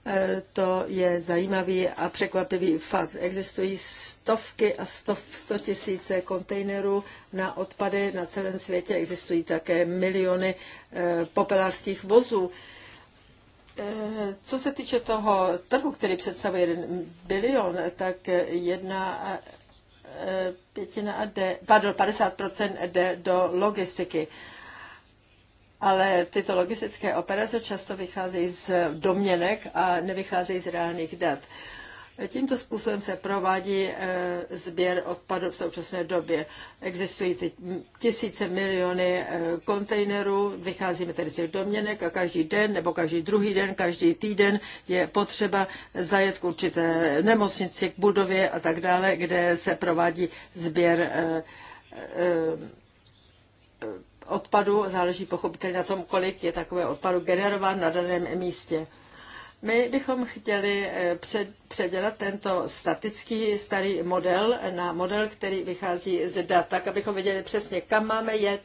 Eh, to je zajímavý a překvapivý fakt. Existují stovky a stov, sto tisíce kontejnerů na odpady na celém světě. Existují také miliony eh, popelářských vozů. Eh, co se týče toho trhu, který představuje jeden bilion, tak jedna pětina jde, pardon, 50% jde do logistiky ale tyto logistické operace často vycházejí z domněnek a nevycházejí z reálných dat. Tímto způsobem se provádí eh, sběr odpadu v současné době. Existují ty tisíce miliony eh, kontejnerů, vycházíme tedy z těch domněnek a každý den nebo každý druhý den, každý týden je potřeba zajet k určité nemocnici, k budově a tak dále, kde se provádí sběr eh, odpadu, záleží pochopitelně na tom, kolik je takové odpadu generován na daném místě. My bychom chtěli eh, před, předělat tento statický starý model na model, který vychází z dat, tak abychom věděli přesně, kam máme jet,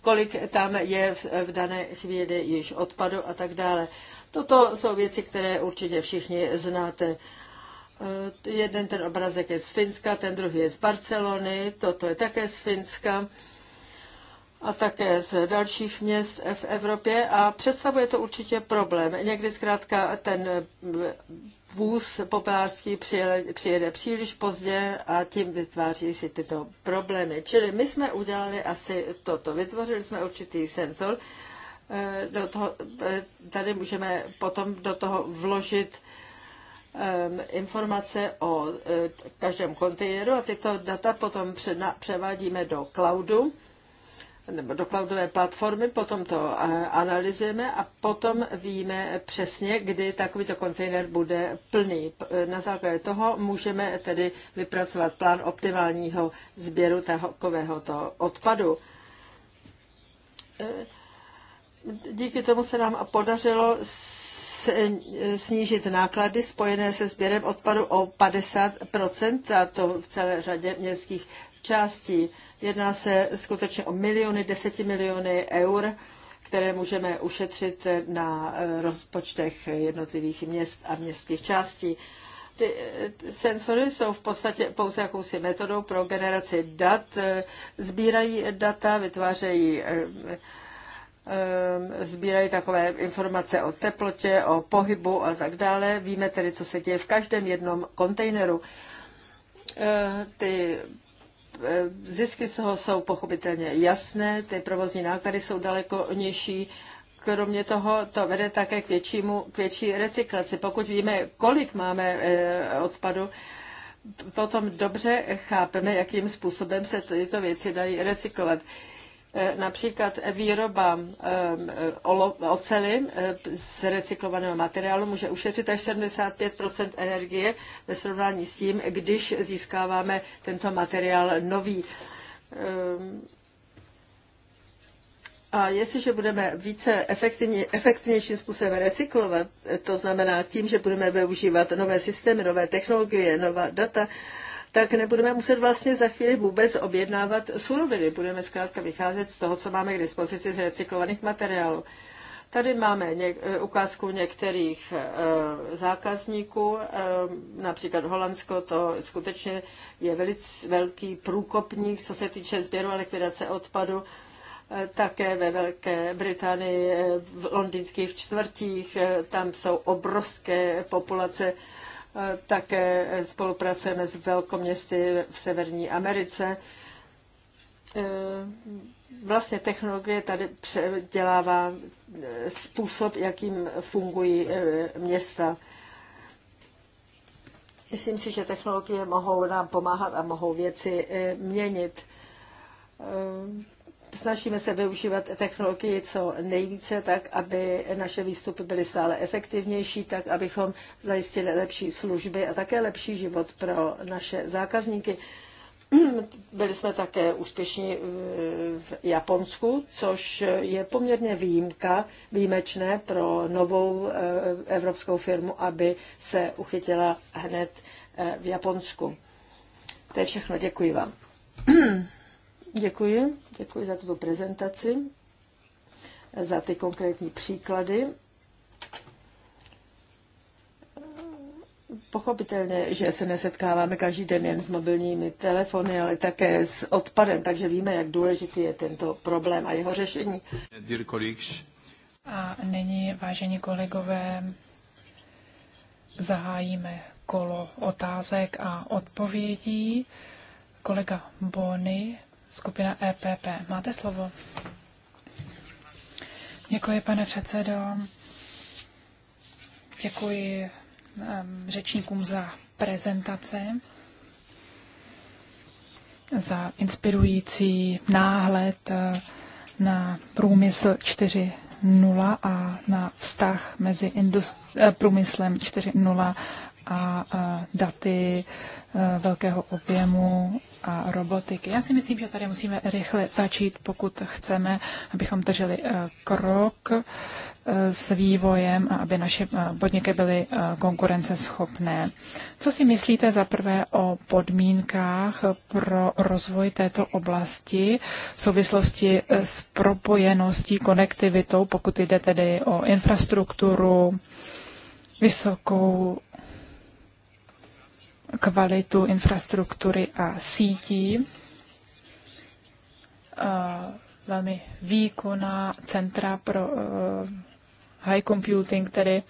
kolik tam je v, eh, v dané chvíli již odpadu a tak dále. Toto jsou věci, které určitě všichni znáte. Eh, jeden ten obrazek je z Finska, ten druhý je z Barcelony, toto je také z Finska a také z dalších měst v Evropě a představuje to určitě problém. Někdy zkrátka ten vůz popelářský přijede, přijede příliš pozdě a tím vytváří si tyto problémy. Čili my jsme udělali asi toto. Vytvořili jsme určitý senzor. Eh, do toho, eh, tady můžeme potom do toho vložit ehm, informace o eh, každém kontejneru a tyto data potom převádíme do cloudu nebo do cloudové platformy, potom to eh, analyzujeme a potom víme přesně, kdy takovýto kontejner bude plný. Eh, na základě toho můžeme tedy vypracovat plán optimálního sběru to odpadu. Eh, díky tomu se nám podařilo snížit náklady spojené se sběrem odpadu o 50 a to v celé řadě městských částí. Jedná se skutečně o miliony, miliony eur, které můžeme ušetřit na eh, rozpočtech jednotlivých měst a městských částí. Ty eh, sensory jsou v podstatě pouze jakousi metodou pro generaci dat. Eh, sbírají data, vytvářejí sbírají takové informace o teplotě, o pohybu a tak dále. Víme tedy, co se děje v každém jednom kontejneru. Ty Eh, zisky z toho jsou pochopitelně jasné, ty provozní náklady jsou daleko nižší. Kromě toho to vede také k, většímu, k větší recyklaci. Pokud víme, kolik máme eh, odpadu, potom dobře chápeme, jakým způsobem se tyto věci dají recyklovat. Eh, například výroba eh, ocely eh, z recyklovaného materiálu může ušetřit až 75 energie ve srovnání s tím, když získáváme tento materiál nový. A jestliže budeme více efektivně, efektivnějším způsobem recyklovat, to znamená tím, že budeme využívat nové systémy, nové technologie, nová data, tak nebudeme muset vlastně za chvíli vůbec objednávat suroviny. Budeme zkrátka vycházet z toho, co máme k dispozici z recyklovaných materiálů. Tady máme něk- eh, ukázku některých e, zákazníků, e, například Holandsko, to skutečně je velice velký průkopník, co se týče sběru a likvidace odpadu, e, také ve Velké Británii, v londýnských čtvrtích, e, tam jsou obrovské populace e, Eh, také spolupracujeme s velkoměsty v Severní Americe. Eh, vlastně technologie tady předělává eh, způsob, jakým fungují města. Myslím si, že technologie mohou nám pomáhat a mohou věci měnit. Snažíme se využívat technologii co nejvíce, tak aby naše výstupy byly stále efektivnější, tak abychom zajistili lepší služby a také lepší život pro naše zákazníky. Byli jsme také úspěšní eh, v Japonsku, což je poměrně výjimka, výjimečné pro novou eh, evropskou firmu, aby se uchytila hned eh, v Japonsku. To je všechno, děkuji vám. Děkuji, děkuji za tuto prezentaci, za ty konkrétní příklady. Pochopitelně, že se nesetkáváme každý den jen s mobilními telefony, ale také s odpadem, takže víme, jak důležitý je tento problém a jeho řešení. A nyní, vážení kolegové, zahájíme kolo otázek a odpovědí. Kolega Bony skupina EPP. Máte slovo. Děkuji, pane předsedo. Děkuji ehm, řečníkům za prezentace, za inspirující náhled eh, na průmysl 4.0 a na vztah mezi eh, průmyslem 4.0 a daty e, velkého objemu a robotiky. Já si myslím, že tady musíme rychle začít, pokud chceme, abychom drželi e, krok e, s vývojem a aby naše podniky byly konkurenceschopné. Co si myslíte za prvé o podmínkách pro rozvoj této oblasti v souvislosti s propojeností, konektivitou, pokud jde tedy o infrastrukturu, vysokou kvalitu infrastruktury a sítí. Eh, velmi výkonná centra pro eh, high computing, tedy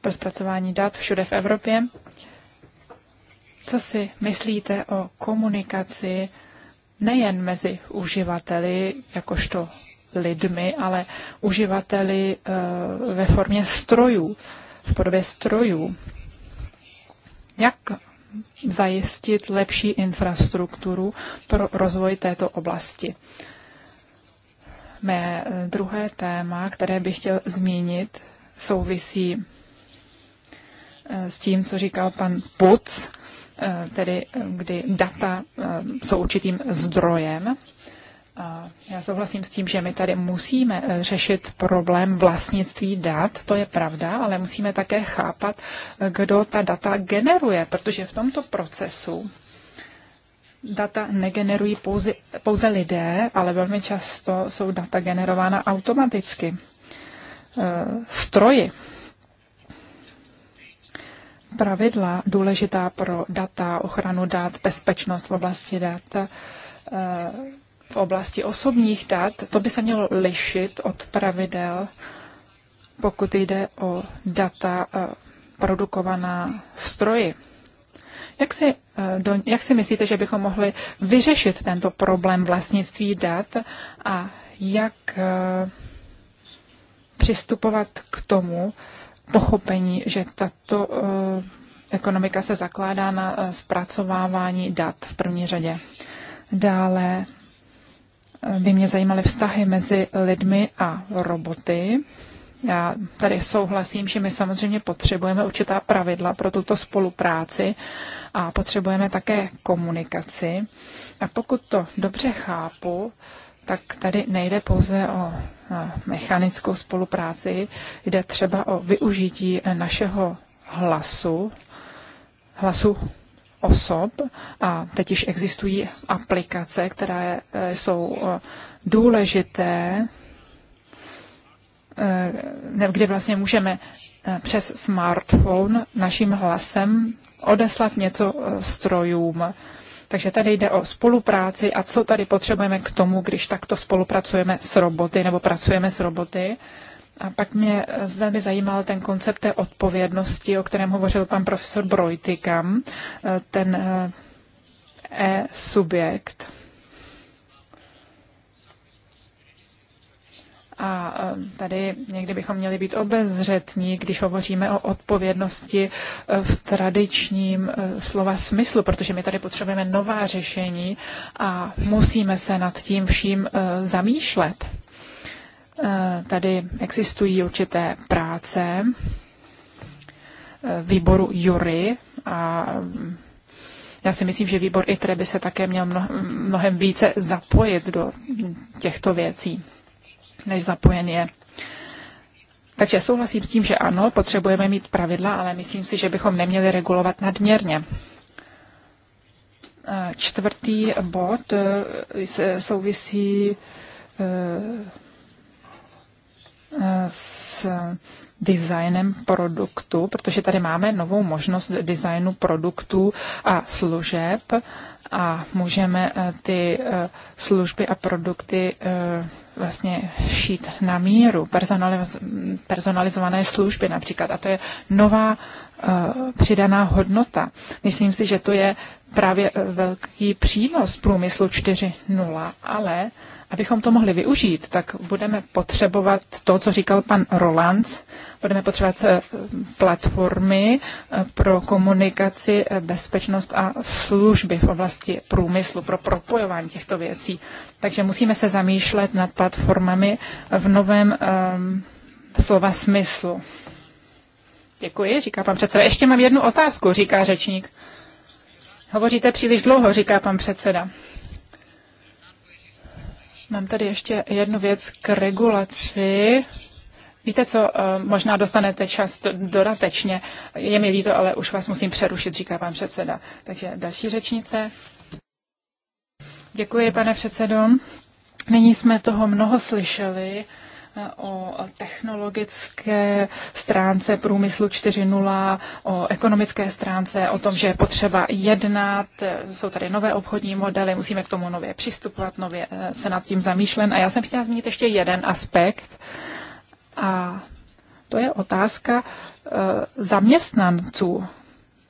pro zpracování dat všude v Evropě. Co si myslíte o komunikaci nejen mezi uživateli, jakožto lidmi, ale uživateli eh, ve formě strojů, v podobě strojů. Jak zajistit lepší infrastrukturu pro rozvoj této oblasti? Mé eh, druhé téma, které bych chtěl zmínit, souvisí eh, s tím, co říkal pan Puc, eh, tedy kdy data jsou určitým zdrojem já souhlasím s tím, že my tady musíme eh, řešit problém vlastnictví dat, to je pravda, ale musíme také chápat, eh, kdo ta data generuje, protože v tomto procesu data negenerují pouze, pouze lidé, ale velmi často jsou data generována automaticky. Eh, stroji. Pravidla důležitá pro data, ochranu dat, bezpečnost v oblasti dat v oblasti osobních dat, to by se mělo lišit od pravidel, pokud jde o data eh, produkovaná stroji. Jak si, eh, do, jak si myslíte, že bychom mohli vyřešit tento problém vlastnictví dat a jak eh, přistupovat k tomu pochopení, že tato ekonomika se zakládá na zpracovávání dat v první řadě? Dále by mě zajímaly vztahy mezi lidmi a roboty. Já tady souhlasím, že my samozřejmě potřebujeme určitá pravidla pro tuto spolupráci a potřebujeme také komunikaci. A pokud to dobře chápu, tak tady nejde pouze o eh, mechanickou spolupráci, jde třeba o využití eh, našeho hlasu, hlasu osob a teď již existují aplikace, které eh, jsou eh, důležité, eh, kde vlastně můžeme přes smartphone naším hlasem odeslat něco strojům. Takže tady jde o spolupráci a co tady potřebujeme k tomu, když takto spolupracujeme s roboty nebo pracujeme s roboty. A pak mě zde by zajímal ten koncept té odpovědnosti, o kterém hovořil pan profesor Brojtykam, ten eh, e-subjekt. A eh, tady někdy bychom měli být obezřetní, když hovoříme o odpovědnosti eh, v tradičním slova smyslu, protože my tady potřebujeme nová řešení a musíme se nad tím vším zamýšlet. Eh, tady existují určité práce eh, výboru jury a mm, já si myslím, že výbor ITRE by se také měl mnohem více zapojit do těchto věcí, než zapojen je. Takže souhlasím s tím, že ano, potřebujeme mít pravidla, ale myslím si, že bychom neměli regulovat nadměrně. Eh, čtvrtý bod souvisí s designem produktu, protože tady máme novou možnost designu produktů a služeb a můžeme eh, ty eh, služby a produkty eh, vlastně šít na míru, personalizované služby například. A to je nová přidaná hodnota. Myslím si, že to je právě velký přínos průmyslu 4.0, ale abychom to mohli využít, tak budeme potřebovat to, co říkal pan Roland, budeme potřebovat eh, platformy eh, pro komunikaci, eh, bezpečnost a služby v oblasti průmyslu, pro propojování těchto věcí. Takže musíme se zamýšlet nad platformami v novém um, slova smyslu. Děkuji, říká pan předseda. Ještě mám jednu otázku, říká řečník. Hovoříte příliš dlouho, říká pan předseda. Mám tady ještě jednu věc k regulaci. Víte co, eh, možná dostanete čas dodatečně. Je mi líto, ale už vás musím přerušit, říká pan předseda. Takže další řečnice. Děkuji, pane předsedo. Nyní jsme toho mnoho slyšeli o technologické stránce průmyslu 4.0, o ekonomické stránce, o tom, že je potřeba jednat, jsou tady nové obchodní modely, musíme k tomu nově přistupovat, nově eh, se nad tím zamýšlen. A já jsem chtěla zmínit ještě jeden aspekt a to je otázka eh, zaměstnanců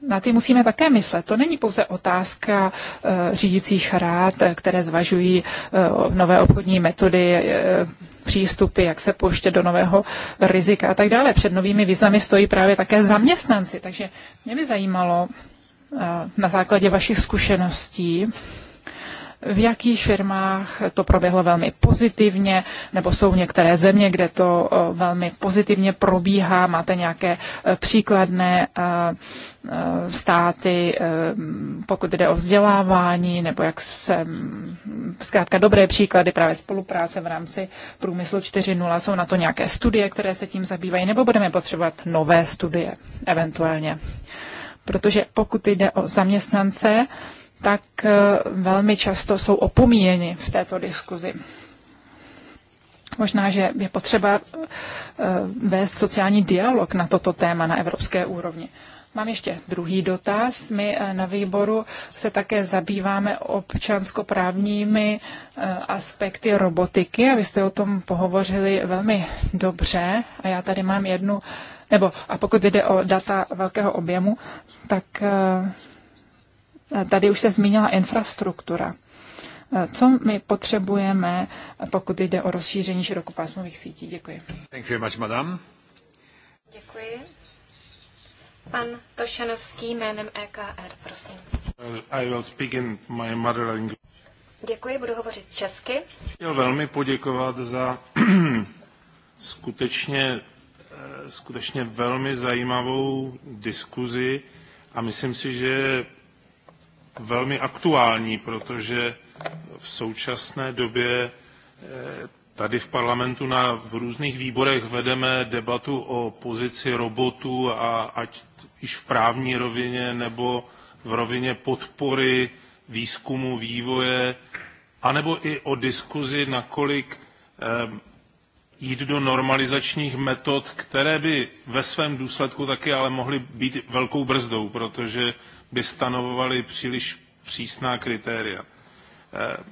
na ty musíme také myslet. To není pouze otázka eh, řídících rád, které zvažují eh, nové obchodní metody, eh, přístupy, jak se pouštět do nového rizika a tak dále. Před novými významy stojí právě také zaměstnanci, takže mě by zajímalo na základě vašich zkušeností, v jakých firmách to proběhlo velmi pozitivně, nebo jsou některé země, kde to velmi pozitivně probíhá, máte nějaké e, příkladné e, e, státy, pokud jde o vzdělávání, nebo jak se, zkrátka dobré příklady právě spolupráce v rámci průmyslu 4.0, jsou na to nějaké studie, které se tím zabývají, nebo budeme potřebovat nové studie eventuálně. Protože pokud jde o zaměstnance, tak eh, velmi často jsou opomíjeni v této diskuzi. Možná, že je potřeba eh, vést sociální dialog na toto téma na evropské úrovni. Mám ještě druhý dotaz. My eh, na výboru se také zabýváme občanskoprávními aspekty robotiky a vy jste o tom pohovořili velmi dobře a já tady mám jednu, nebo a pokud jde o data velkého objemu, tak Tady už se zmínila infrastruktura. Co my potřebujeme, pokud jde o rozšíření širokopásmových sítí? Děkuji. Thank you very much, madam. Děkuji. Pan Tošanovský jménem EKR, prosím. I will speak in my mother language. Děkuji, budu hovořit česky. Chtěl velmi poděkovat za skutečně, eh, skutečně velmi zajímavou diskuzi a myslím si, že velmi aktuální, protože v současné době eh, tady v parlamentu na, v různých výborech vedeme debatu o pozici robotů a ať již v právní rovině nebo v rovině podpory výzkumu, vývoje, anebo i o diskuzi, nakolik eh, jít do normalizačních metod, které by ve svém důsledku taky ale mohly být velkou brzdou, protože by stanovovaly příliš přísná kritéria. Eh,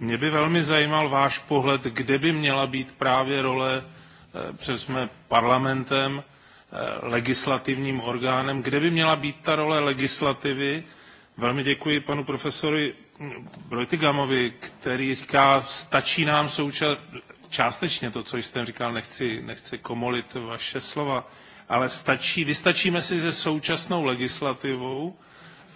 mě by velmi zajímal váš pohled, kde by měla být právě role, eh, protože jsme parlamentem, eh, legislativním orgánem, kde by měla být ta role legislativy. Velmi děkuji panu profesoru Brojtigamovi, hm, který říká, stačí nám souča- částečně to, co jste říkal, nechci, nechci komolit vaše slova, ale stačí, vystačíme si se současnou legislativou,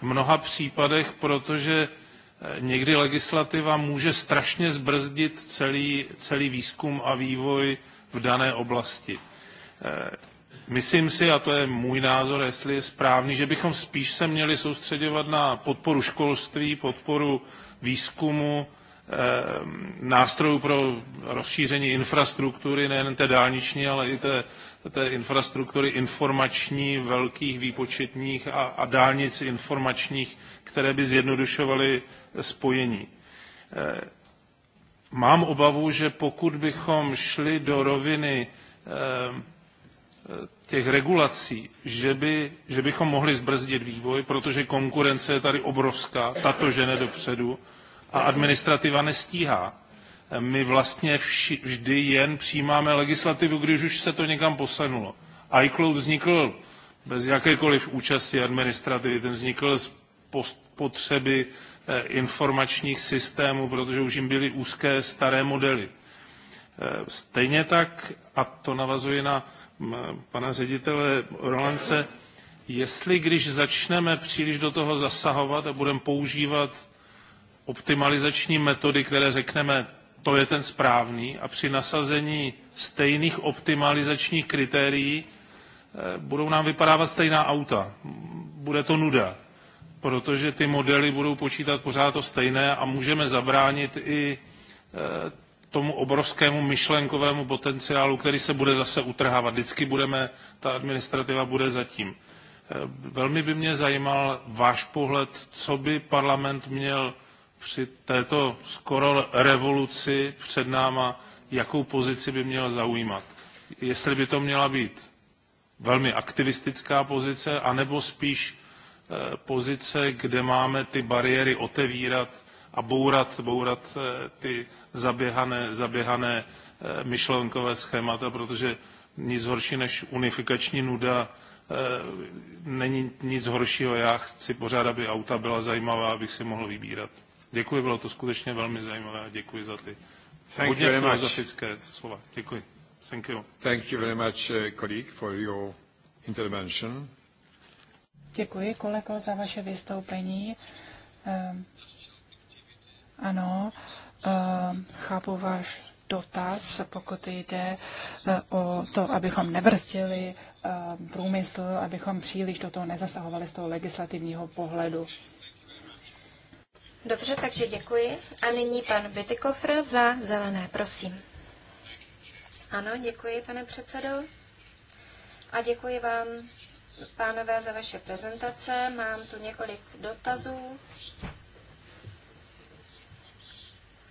v mnoha případech, protože eh, někdy legislativa může strašně zbrzdit celý, celý výzkum a vývoj v dané oblasti. Eh, myslím si, a to je můj názor, jestli je správný, že bychom spíš se měli soustředovat na podporu školství, podporu výzkumu, eh, nástrojů pro rozšíření infrastruktury, nejen té dálniční, ale i té té infrastruktury informační, velkých výpočetních a, a dálnic informačních, které by zjednodušovaly spojení. Eh, mám obavu, že pokud bychom šli do roviny eh, těch regulací, že, by, že bychom mohli zbrzdit vývoj, protože konkurence je tady obrovská, tato žene dopředu a administrativa nestíhá my vlastně vši, vždy jen přijímáme legislativu, když už se to někam posunulo. iCloud vznikl bez jakékoliv účasti administrativy, ten vznikl z potřeby eh, informačních systémů, protože už jim byly úzké staré modely. Eh, stejně tak, a to navazuje na mm, pana ředitele Rolance, jestli když začneme příliš do toho zasahovat a budeme používat optimalizační metody, které řekneme, to je ten správný a při nasazení stejných optimalizačních kritérií eh, budou nám vypadávat stejná auta. Bude to nuda, protože ty modely budou počítat pořád to stejné a můžeme zabránit i eh, tomu obrovskému myšlenkovému potenciálu, který se bude zase utrhávat. Vždycky budeme, ta administrativa bude zatím. Eh, velmi by mě zajímal váš pohled, co by parlament měl při této skoro revoluci před náma, jakou pozici by měl zaujímat. Jestli by to měla být velmi aktivistická pozice, anebo spíš eh, pozice, kde máme ty bariéry otevírat a bourat, bourat eh, ty zaběhané, zaběhané eh, myšlenkové schémata, protože nic horší než unifikační nuda není nic horšího. Já chci pořád, aby auta byla zajímavá, abych si mohl vybírat. Děkuji, bylo to skutečně velmi zajímavé a děkuji za ty Thank hodně filozofické much. slova. Děkuji. Thank you. Thank you very much, eh, colleague, for your intervention. Děkuji, kolego, za vaše vystoupení. Uh, ano, uh, chápu váš dotaz, pokud jde eh, o to, abychom nebrzdili ehm, průmysl, abychom příliš do toho nezasahovali z toho legislativního pohledu. Dobře, takže děkuji. A nyní pan Bytykofr za zelené, prosím. Ano, děkuji, pane předsedo. A děkuji vám, pánové, za vaše prezentace. Mám tu několik dotazů.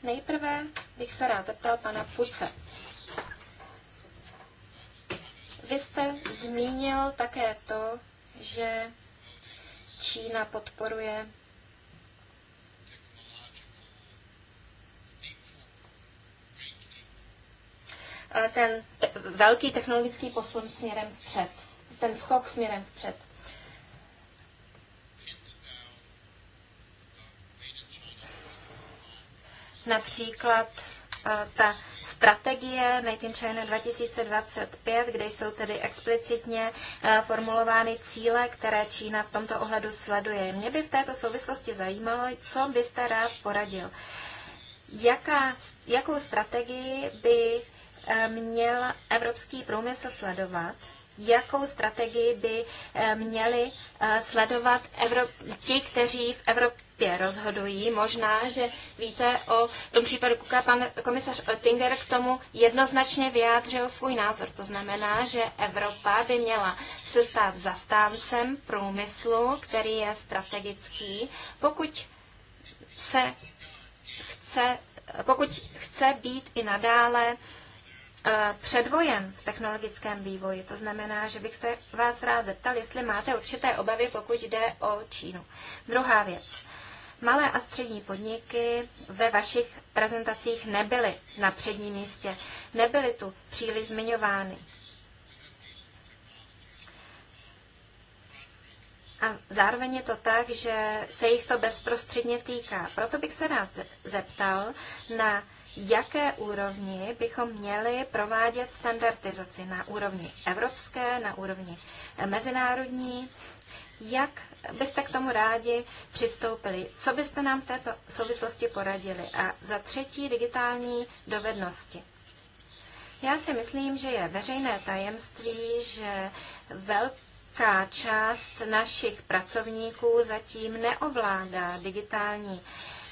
Nejprve bych se rád zeptal pana Puce. Vy jste zmínil také to, že Čína podporuje Eh, ten te- velký technologický posun směrem vpřed, ten skok směrem vpřed. Například eh, ta strategie Made in China 2025, kde jsou tedy explicitně eh, formulovány cíle, které Čína v tomto ohledu sleduje. Mě by v této souvislosti zajímalo, co byste rád poradil. Jaká, jakou strategii by Eh, měl evropský průmysl sledovat, jakou strategii by eh, měli eh, sledovat Evrop- ti, kteří v Evropě rozhodují. Možná, že víte o tom případu Kuka, pan komisař Oettinger k tomu jednoznačně vyjádřil svůj názor. To znamená, že Evropa by měla se stát zastáncem průmyslu, který je strategický, pokud se chce, pokud chce být i nadále Eh, předvojem v technologickém vývoji. To znamená, že bych se vás rád zeptal, jestli máte určité obavy, pokud jde o Čínu. Druhá věc. Malé a střední podniky ve vašich prezentacích nebyly na předním místě, nebyly tu příliš zmiňovány. A zároveň je to tak, že se jich to bezprostředně týká. Proto bych se rád zeptal na jaké úrovni bychom měli provádět standardizaci na úrovni evropské, na úrovni mezinárodní, jak byste k tomu rádi přistoupili? Co byste nám v této souvislosti poradili? A za třetí digitální dovednosti. Já si myslím, že je veřejné tajemství, že velký velká část našich pracovníků zatím neovládá digitální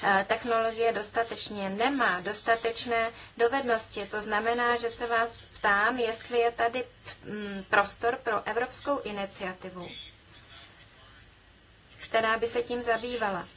eh, technologie dostatečně, nemá dostatečné dovednosti. To znamená, že se vás ptám, jestli je tady mm, prostor pro evropskou iniciativu, která by se tím zabývala.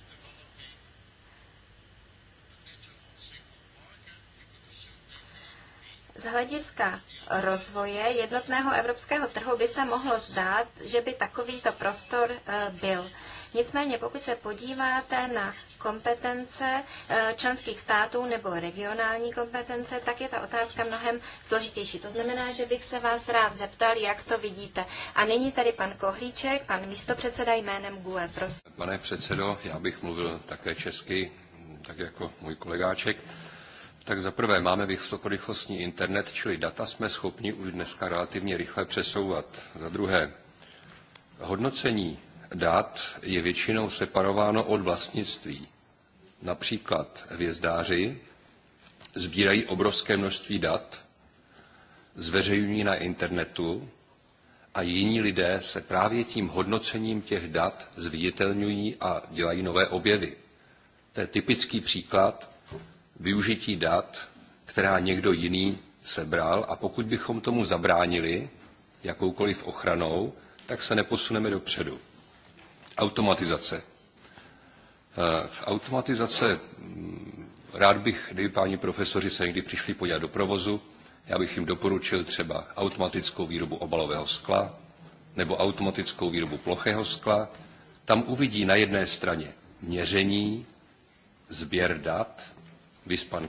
Z hlediska rozvoje jednotného evropského trhu by se mohlo zdát, že by takovýto prostor e, byl. Nicméně, pokud se podíváte na kompetence e, členských států nebo regionální kompetence, tak je ta otázka mnohem složitější. To znamená, že bych se vás rád zeptal, jak to vidíte. A nyní tady pan Kohlíček, pan místopředseda jménem GUE. Prosím. Pane předsedo, já bych mluvil také česky, tak jako můj kolegáček tak zaprvé máme vysokorychlostní internet, čili data jsme schopni už dneska relativně rychle přesouvat. Za druhé, hodnocení dat je většinou separováno od vlastnictví. Například hvězdáři sbírají obrovské množství dat, zveřejňují na internetu a jiní lidé se právě tím hodnocením těch dat zviditelňují a dělají nové objevy. To je typický příklad využití dat, která někdo jiný sebral a pokud bychom tomu zabránili jakoukoliv ochranou, tak se neposuneme dopředu. Automatizace. Eh, v automatizace mm, rád bych, kdyby páni profesoři se někdy přišli podívat do provozu, já bych jim doporučil třeba automatickou výrobu obalového skla nebo automatickou výrobu plochého skla. Tam uvidí na jedné straně měření, sběr dat vys pan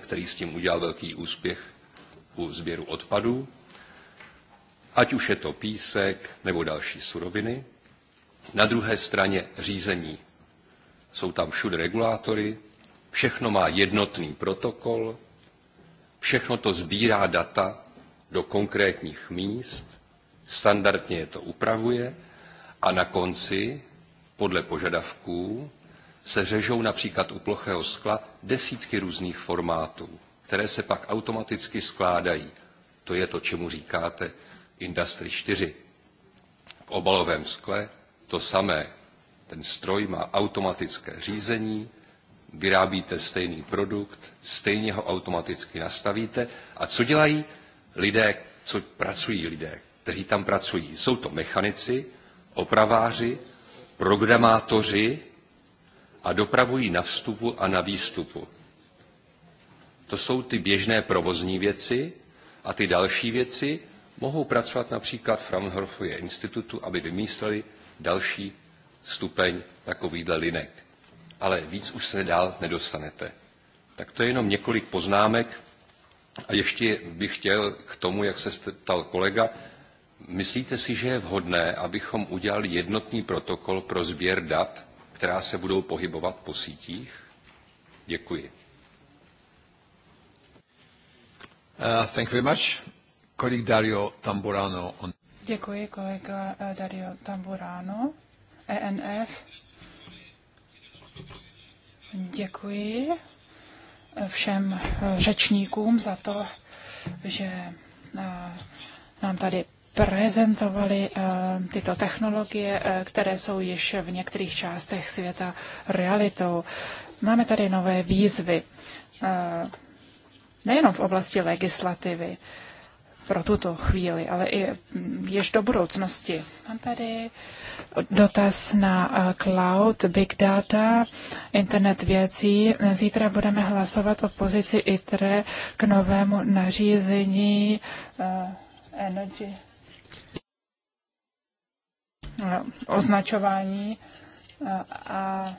který s tím udělal velký úspěch u sběru odpadů, ať už je to písek nebo další suroviny. Na druhé straně řízení. Jsou tam všude regulátory, všechno má jednotný protokol, všechno to sbírá data do konkrétních míst, standardně je to upravuje a na konci, podle požadavků, se řežou například u plochého skla desítky různých formátů, které se pak automaticky skládají. To je to, čemu říkáte Industry 4. V obalovém skle to samé. Ten stroj má automatické řízení, vyrábíte stejný produkt, stejně ho automaticky nastavíte. A co dělají lidé, co pracují lidé, kteří tam pracují? Jsou to mechanici, opraváři, programátoři, a dopravují na vstupu a na výstupu. To jsou ty běžné provozní věci a ty další věci mohou pracovat například v Fraunhoferově institutu, aby vymysleli další stupeň takovýhle linek. Ale víc už se dál nedostanete. Tak to je jenom několik poznámek. A ještě bych chtěl k tomu, jak se ptal kolega, myslíte si, že je vhodné, abychom udělali jednotný protokol pro sběr dat která se budou pohybovat po sítích? Děkuji. Uh, thank you very much. Kolik Dario Tamburano. On... Děkuji, kolega eh, Dario Tamburano, ENF. Děkuji eh, všem eh, řečníkům za to, že nám tady prezentovali eh, tyto technologie, eh, které jsou již v některých částech světa realitou. Máme tady nové výzvy, eh, nejenom v oblasti legislativy pro tuto chvíli, ale i hm, již do budoucnosti. Mám tady dotaz na cloud, big data, internet věcí. Zítra budeme hlasovat o pozici ITRE k novému nařízení Energy Eh, označování eh, a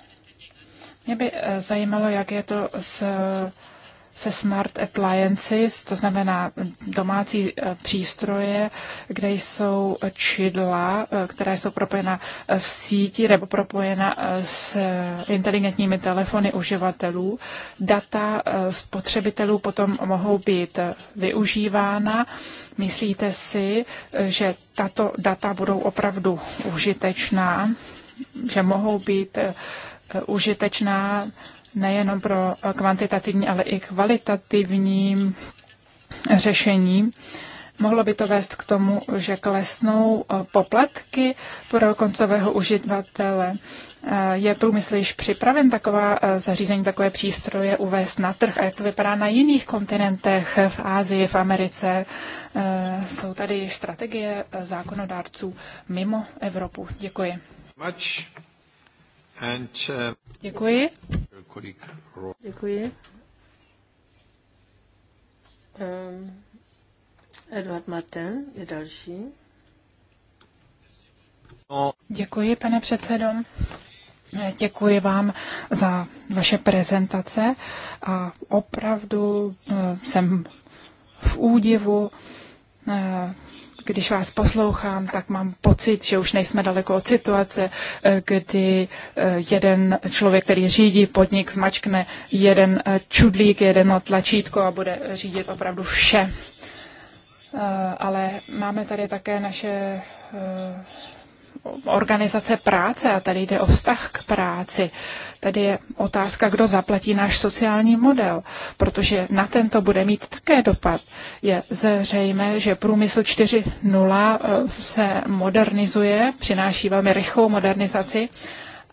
mě by eh, zajímalo, jak je to s se smart appliances, to znamená domácí eh, přístroje, kde jsou čidla, eh, která jsou propojena eh, v síti nebo propojena s inteligentními telefony uživatelů. Data spotřebitelů potom mohou být využívána. Myslíte si, že tato data budou opravdu užitečná, že mohou být užitečná nejenom pro kvantitativní, ale i kvalitativní řešení. Mohlo by to vést k tomu, že klesnou eh, poplatky pro koncového uživatele. Eh, je průmysl již připraven taková eh, zařízení, takové přístroje uvést na trh? A jak to vypadá na jiných kontinentech, v Ázii, v Americe? Jsou tady již strategie zákonodárců mimo Evropu? Děkuji. Much. Uh, Děkuji. Děkuji. Um, Edward Martin je další. Děkuji, pane předsedo. Děkuji vám za vaše prezentace a opravdu eh, jsem v údivu eh, když vás poslouchám, tak mám pocit, že už nejsme daleko od situace, eh, kdy eh, jeden člověk, který řídí podnik, zmačkne jeden eh, čudlík, jeden tlačítko a bude řídit opravdu vše. Ale máme tady také naše organizace práce a tady jde o vztah k práci. Tady je otázka, kdo zaplatí náš sociální model, protože na tento bude mít také dopad. Je zřejmé, že průmysl 4.0 eh, se modernizuje, přináší velmi rychlou modernizaci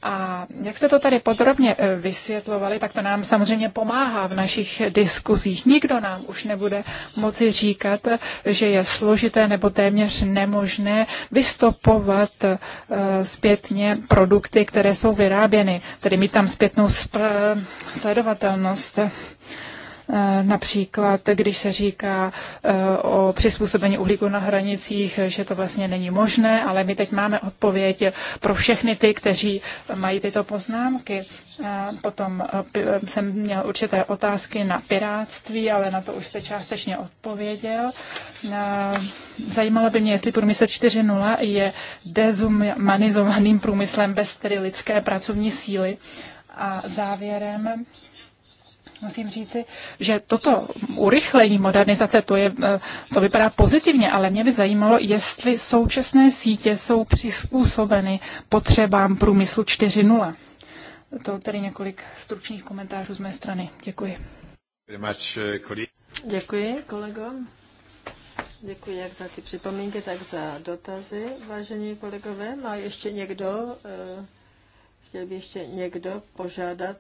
a jak jste to tady podrobně eh, vysvětlovali, tak to nám samozřejmě pomáhá v našich diskuzích. Nikdo nám už nebude moci říkat, že je složité nebo téměř nemožné vystopovat eh, zpětně produkty, které jsou vyráběny, tedy mít tam zpětnou eh, sledovatelnost. Eh, například, když se říká eh, o přizpůsobení uhlíku na hranicích, že to vlastně není možné, ale my teď máme odpověď pro všechny ty, kteří mají tyto poznámky. Eh, potom jsem měl určité otázky na piráctví, ale na to už jste částečně odpověděl. Zajímalo by mě, jestli průmysl 4.0 je dezumanizovaným průmyslem bez tedy lidské pracovní síly. A závěrem musím říci, že toto urychlení modernizace, to, je, eh, to vypadá pozitivně, ale mě by zajímalo, jestli současné sítě jsou přizpůsobeny potřebám průmyslu 4.0. To tedy několik stručných komentářů z mé strany. Děkuji. Eh, Děkuji, kolego. Děkuji jak za ty připomínky, tak za dotazy, vážení kolegové. Má ještě někdo, eh, chtěl by ještě někdo požádat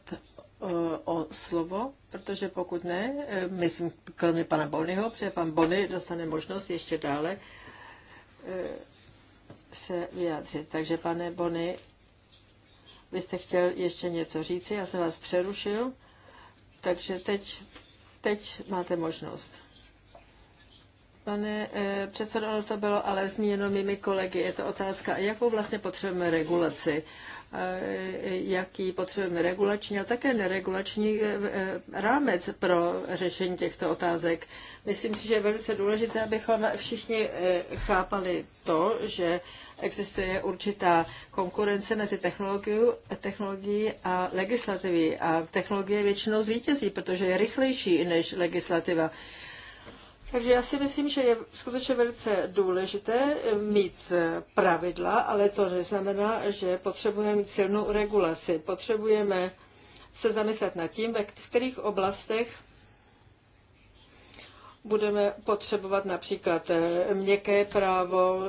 o slovo, protože pokud ne, eh, myslím kromě pana Bonyho, protože pan Bony dostane možnost ještě dále eh, se vyjádřit. Takže pane Bony, vy jste chtěl ještě něco říci, já jsem vás přerušil, takže teď, teď máte možnost. Pane eh, předsedo, ono to bylo ale zmíněno mými kolegy. Je to otázka, jakou vlastně potřebujeme regulaci. Eh, jaký potřebujeme regulační a také neregulační eh, eh, rámec pro řešení těchto otázek. Myslím si, že je velice důležité, abychom všichni chápali to, že existuje určitá konkurence mezi technologií a legislativí. A technologie většinou zvítězí, protože je rychlejší než legislativa. Takže já si myslím, že je skutečně velice důležité eh, mít eh, pravidla, ale to neznamená, že potřebujeme mít silnou regulaci. Potřebujeme se zamyslet nad tím, ve kterých oblastech budeme potřebovat například eh, měkké právo,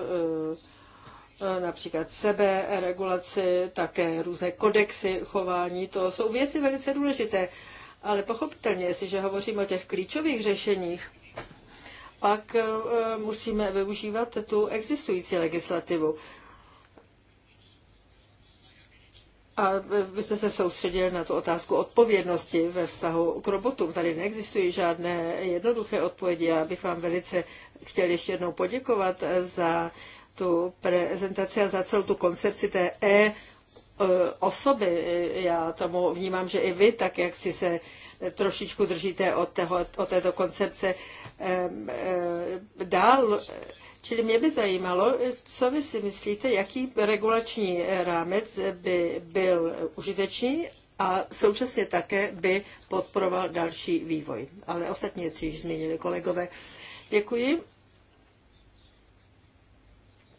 například sebe, regulaci, také různé kodexy chování. To jsou věci velice důležité. Ale pochopitelně, jestliže hovoříme o těch klíčových řešeních, pak eh, musíme využívat tu existující legislativu. A vy jste se soustředil na tu otázku odpovědnosti ve vztahu k robotům. Tady neexistují žádné jednoduché odpovědi. Já bych vám velice chtěl ještě jednou poděkovat za tu prezentaci a za celou tu koncepci té E eh, osoby. Já tomu vnímám, že i vy, tak jak si se trošičku držíte od, toho, od této koncepce dál. Čili mě by zajímalo, co vy si myslíte, jaký regulační rámec by byl užitečný a současně také by podporoval další vývoj. Ale ostatní věci již zmínili kolegové. Děkuji.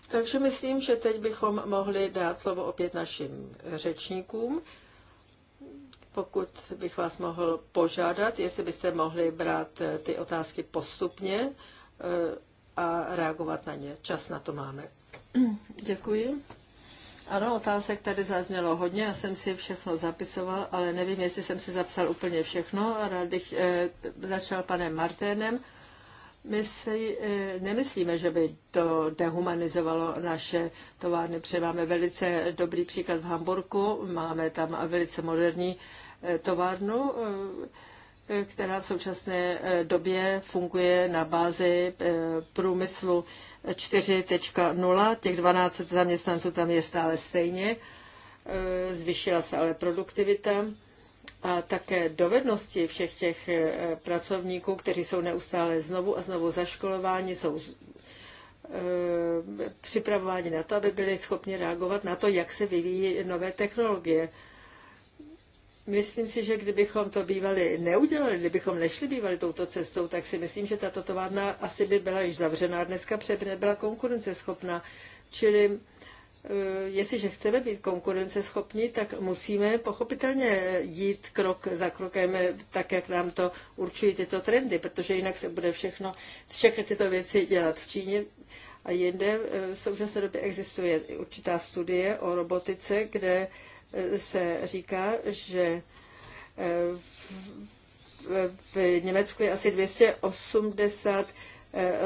Takže myslím, že teď bychom mohli dát slovo opět našim řečníkům. Pokud bych vás mohl požádat, jestli byste mohli brát eh, ty otázky postupně eh, a reagovat na ně. Čas na to máme. Děkuji. Ano, otázek tady zaznělo hodně, já jsem si všechno zapisoval, ale nevím, jestli jsem si zapsal úplně všechno. Rád bych eh, začal panem Marténem. My si eh, nemyslíme, že by to dehumanizovalo naše továrny, protože máme velice dobrý příklad v Hamburgu, máme tam velice moderní eh, továrnu, eh, která v současné době funguje na bázi průmyslu 4.0. Těch 12 zaměstnanců tam je stále stejně, zvyšila se ale produktivita a také dovednosti všech těch eh, pracovníků, kteří jsou neustále znovu a znovu zaškolováni, jsou eh, připravováni na to, aby byli schopni reagovat na to, jak se vyvíjí nové technologie. Myslím si, že kdybychom to bývali neudělali, kdybychom nešli bývali touto cestou, tak si myslím, že tato továrna asi by byla již zavřená dneska, protože by nebyla konkurenceschopná. Čili Eh, jestliže chceme být konkurenceschopní, tak musíme pochopitelně jít krok za krokem, eh, tak jak nám to určují tyto trendy, protože jinak se bude všechno, všechny tyto věci dělat v Číně a jinde. Eh, v současné době existuje určitá studie o robotice, kde se říká, že v Německu je asi 280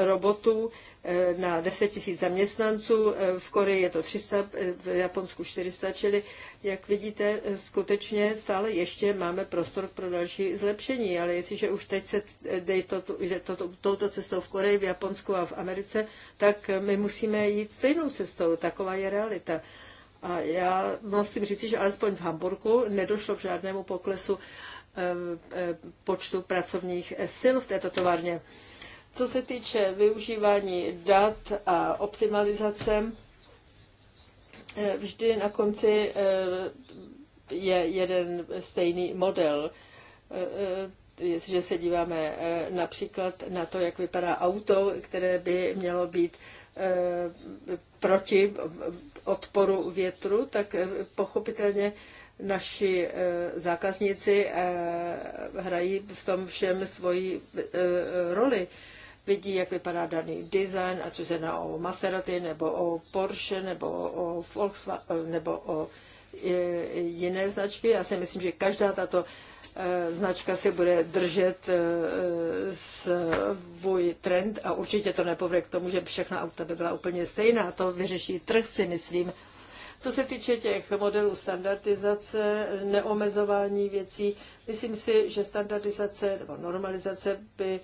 robotů, Eh, na 10 tisíc zaměstnanců, eh, v Koreji je to 300, eh, v Japonsku 400, čili jak vidíte, skutečně stále ještě máme prostor pro další zlepšení, ale jestliže už teď se jde to, jde toto, touto cestou v Koreji, v Japonsku a v Americe, tak my musíme jít stejnou cestou, taková je realita. A já musím říct, že alespoň v Hamburgu nedošlo k žádnému poklesu počtu pracovních sil v této továrně. Co se týče využívání dat a optimalizace, eh, vždy na konci eh, je jeden stejný model. Jestliže eh, se díváme například na to, jak vypadá auto, které by mělo být proti odporu větru, tak pochopitelně naši zákazníci hrají v tom všem svoji roli vidí, jak vypadá daný design, ať už na o Maserati, nebo o Porsche, nebo o Volkswagen, eh, nebo o eh, jiné značky. Já si myslím, že každá tato eh, značka si bude držet svůj trend a určitě to nepovede k tomu, že všechna auta by byla úplně stejná. To vyřeší trh, si myslím. Co se týče těch modelů standardizace, neomezování věcí, myslím si, že standardizace nebo normalizace by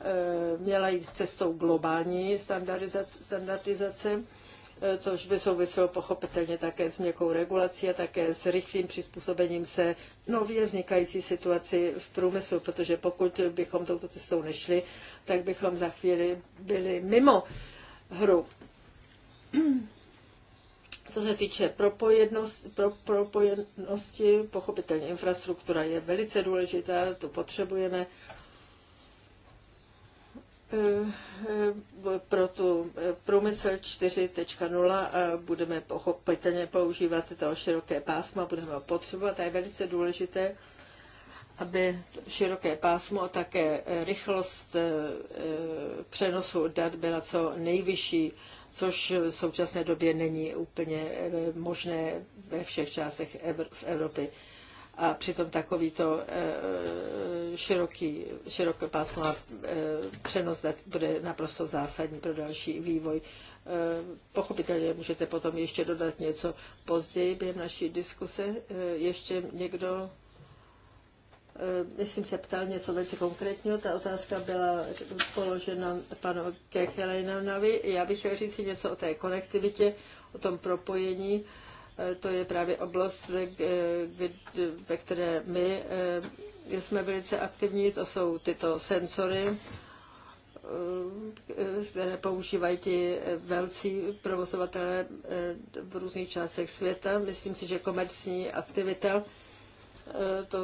Eh, měla jít cestou globální standardizace, standardizace eh, což by souviselo pochopitelně také s měkkou regulací a také s rychlým přizpůsobením se nově vznikající situaci v průmyslu, protože pokud bychom touto cestou nešli, tak bychom za chvíli byli mimo hru. Co se týče propojenosti, pochopitelně infrastruktura je velice důležitá, to potřebujeme. Eh, eh, pro tu eh, průmysl 4.0 budeme pochopitelně používat to široké pásmo, budeme ho potřebovat a je velice důležité, aby široké pásmo a také rychlost přenosu dat byla co nejvyšší, což v současné době není úplně možné ve všech částech v Evropě a přitom takovýto e, e, široký, širokopásmová e, přenos dat bude naprosto zásadní pro další vývoj. Pochopitelně můžete potom ještě dodat něco později během naší diskuse. Ještě někdo myslím, se ptal něco velice konkrétního. Ta otázka byla položena panu Kekelejnanovi. Já bych chtěl říct si něco o té konektivitě, o tom propojení. Eh, to je právě oblast, eh, ve které my eh, jsme velice aktivní, to jsou tyto senzory, které používají ti velcí provozovatelé v různých částech světa. Myslím si, že komerční aktivita, to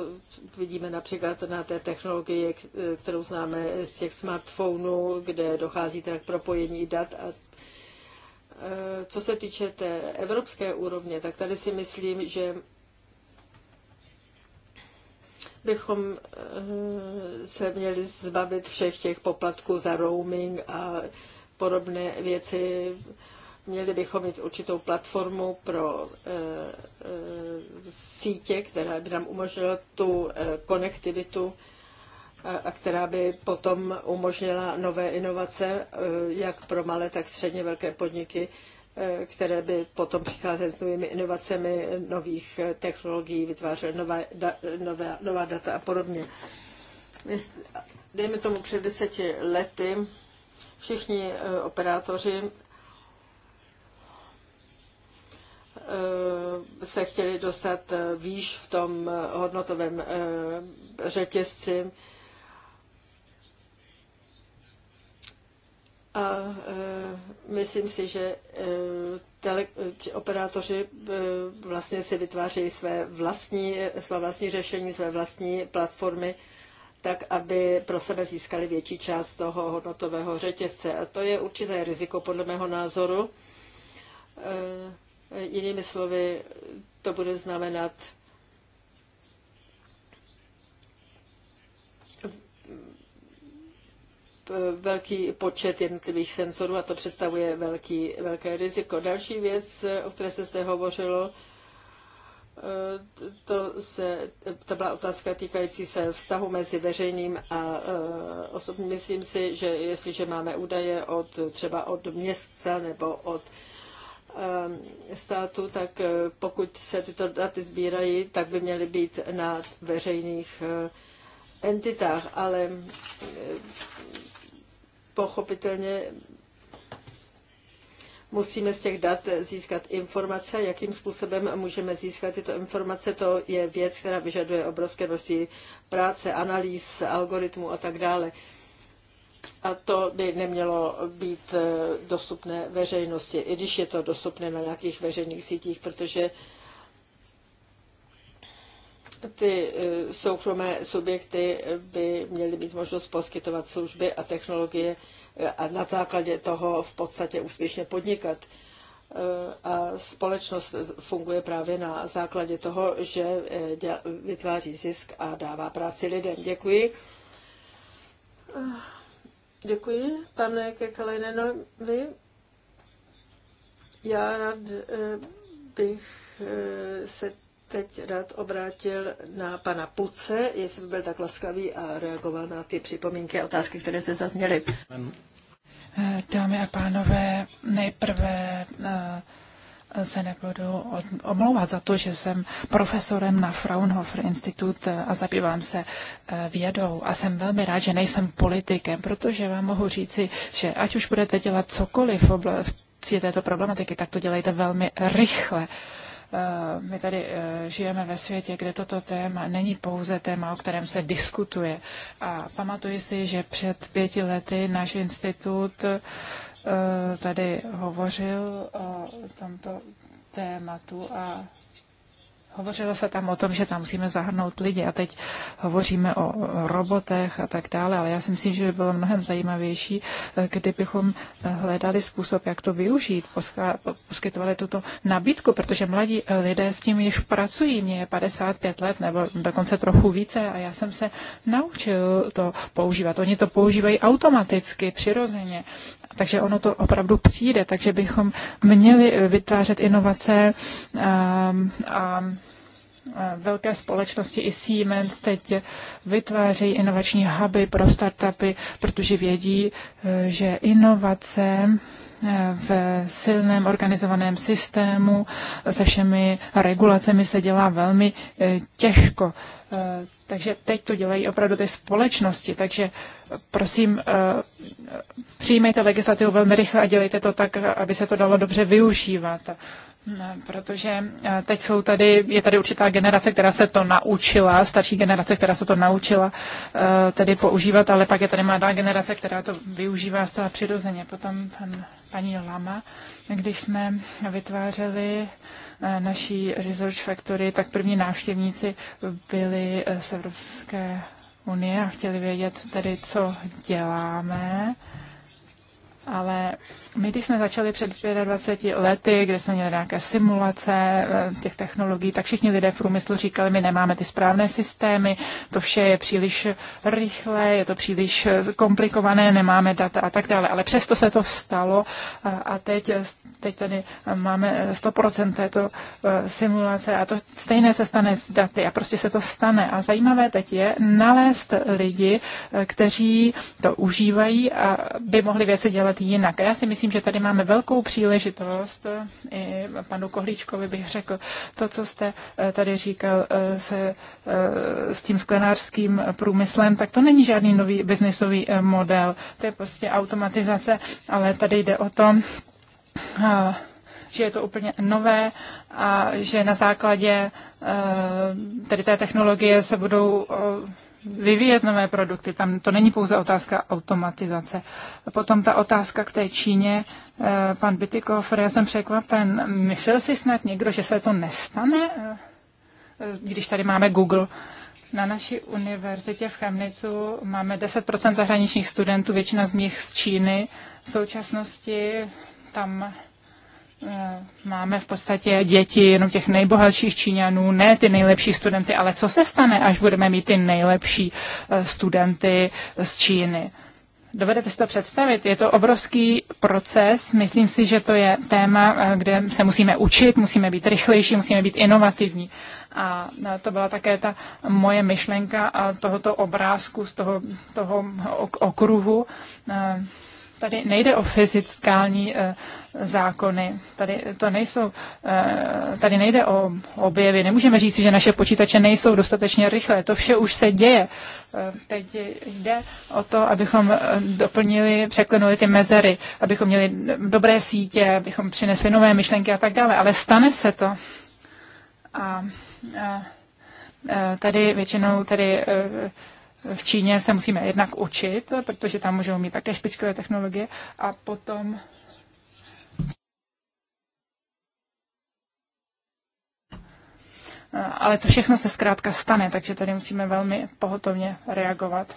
vidíme například na té technologii, kterou známe z těch smartphonů, kde dochází teda k propojení dat a Eh, co se týče té evropské úrovně, tak tady si myslím, že bychom eh, se měli zbavit všech těch poplatků za roaming a podobné věci. Měli bychom mít určitou platformu pro eh, sítě, která by nám umožnila tu konektivitu a která by potom umožnila nové inovace e, jak pro malé, tak středně velké podniky, e, které by potom přicházely s novými inovacemi nových e, technologií, vytvářely nová, da, nová, nová data a podobně. Dejme tomu před deseti lety všichni operátoři se chtěli dostat výš v tom hodnotovém řetězci A e, myslím si, že e, tele, operátoři e, vlastně si vytvářejí své vlastní, své vlastní řešení, své vlastní platformy, tak aby pro sebe získali větší část toho hodnotového řetězce. A to je určité riziko, podle mého názoru. Jinými slovy, to bude znamenat E, velký počet jednotlivých senzorů a to představuje velký, velké riziko. Další věc, o které se zde hovořilo, e, to, se, to byla otázka týkající se vztahu mezi veřejným a e, osobním. Myslím si, že jestliže máme údaje od třeba od města nebo od státu, tak pokud se tyto daty sbírají, tak by měly být na veřejných entitách, ale pochopitelně musíme z těch dat získat informace. Jakým způsobem můžeme získat tyto informace, to je věc, která vyžaduje obrovské množství práce, analýz, algoritmů a tak dále. A to by nemělo být eh, dostupné veřejnosti, i když je to dostupné na nějakých veřejných sítích, protože ty e, soukromé subjekty by měly mít možnost poskytovat služby a technologie e, a na základě toho v podstatě úspěšně podnikat. E, a společnost funguje právě na základě toho, že vytváří zisk a dává práci lidem. Děkuji. Eh, děkuji, pane Kekalejnenovi. Já rád eh, bych eh, se teď rád obrátil na pana Puce, jestli by byl tak laskavý a reagoval na ty připomínky a otázky, které se zazněly. Dámy a pánové, nejprve eh, se nebudu omlouvat za to, že jsem profesorem na Fraunhofer Institut eh, a zabývám se eh, vědou. A jsem velmi rád, že nejsem politikem, protože vám mohu říci, že ať už budete dělat cokoliv v oblasti této problematiky, tak to dělejte velmi rychle. Eh, my tady eh, žijeme ve světě, kde toto téma není pouze téma, o kterém se diskutuje. A pamatuji si, že před pěti lety náš institut eh, tady hovořil o tomto tématu a Hovořilo se tam o tom, že tam musíme zahrnout lidi a teď hovoříme o robotech a tak dále, ale já si myslím, že by bylo mnohem zajímavější, kdybychom hledali způsob, jak to využít, poskytovali tuto nabídku, protože mladí lidé s tím již pracují. mě je 55 let nebo dokonce trochu více a já jsem se naučil to používat. Oni to používají automaticky, přirozeně takže ono to opravdu přijde, takže bychom měli vytvářet inovace a, a Eh, velké společnosti i Siemens teď vytvářejí inovační huby pro startupy, protože vědí, eh, že inovace eh, v silném organizovaném systému se všemi regulacemi se dělá velmi těžko. Takže teď to dělají opravdu ty společnosti. Takže prosím, přijmejte legislativu velmi rychle a dělejte to tak, aby se to dalo dobře využívat. Protože eh, teď jsou tady, je tady určitá generace, která se to naučila, starší generace, která se to naučila eh, tedy používat, ale pak je tady mladá generace, která to využívá zcela přirozeně. Potom pan, paní Lama, když jsme vytvářeli eh, naší Research Factory, tak první návštěvníci byli z Evropské unie a chtěli vědět tedy, co děláme. Ale my, když jsme začali před 25 lety, kde jsme měli nějaké simulace eh, těch technologií, tak všichni lidé v průmyslu říkali, my nemáme ty správné systémy, to vše je příliš rychlé, je to příliš eh, komplikované, nemáme data a tak dále. Ale přesto se to stalo a teď, eh, teď tady máme 100% této simulace a to stejné se stane s daty a prostě se to stane. A zajímavé teď je nalézt lidi, kteří to užívají a by mohli věci dělat postupovat jinak. A já si myslím, že tady máme velkou příležitost, i panu Kohlíčkovi bych řekl, to, co jste eh, tady říkal eh, se, eh, s tím sklenářským průmyslem, tak to není žádný nový biznisový model, to je prostě automatizace, ale tady jde o to, že je to úplně nové a že na základě tady té technologie se budou vyvíjet nové produkty. Tam to není pouze otázka automatizace. Potom ta otázka k té Číně, eh, pan Bytykov, já jsem překvapen. Myslel si snad někdo, že se to nestane, eh, když tady máme Google? Na naší univerzitě v Chemnicu máme 10% zahraničních studentů, většina z nich z Číny. V současnosti tam Eh, máme v podstatě děti jenom těch nejbohatších Číňanů, ne ty nejlepší studenty, ale co se stane, až budeme mít ty nejlepší eh, studenty z Číny? Dovedete si to představit? Je to obrovský proces. Myslím si, že to je téma, eh, kde se musíme učit, musíme být rychlejší, musíme být inovativní. A to byla také ta moje myšlenka tohoto obrázku z toho, toho okruhu. Tady nejde o fyzikální eh, zákony, tady to nejsou, eh, tady nejde o objevy. Nemůžeme říct, že naše počítače nejsou dostatečně rychlé. To vše už se děje. Eh, teď jde o to, abychom doplnili, překlenuli ty mezery, abychom měli dobré sítě, abychom přinesli nové myšlenky a tak dále. Ale stane se to. A, a tady většinou tady v Číně se musíme jednak učit, protože tam můžou mít také špičkové technologie a potom Ale to všechno se zkrátka stane, takže tady musíme velmi pohotovně reagovat.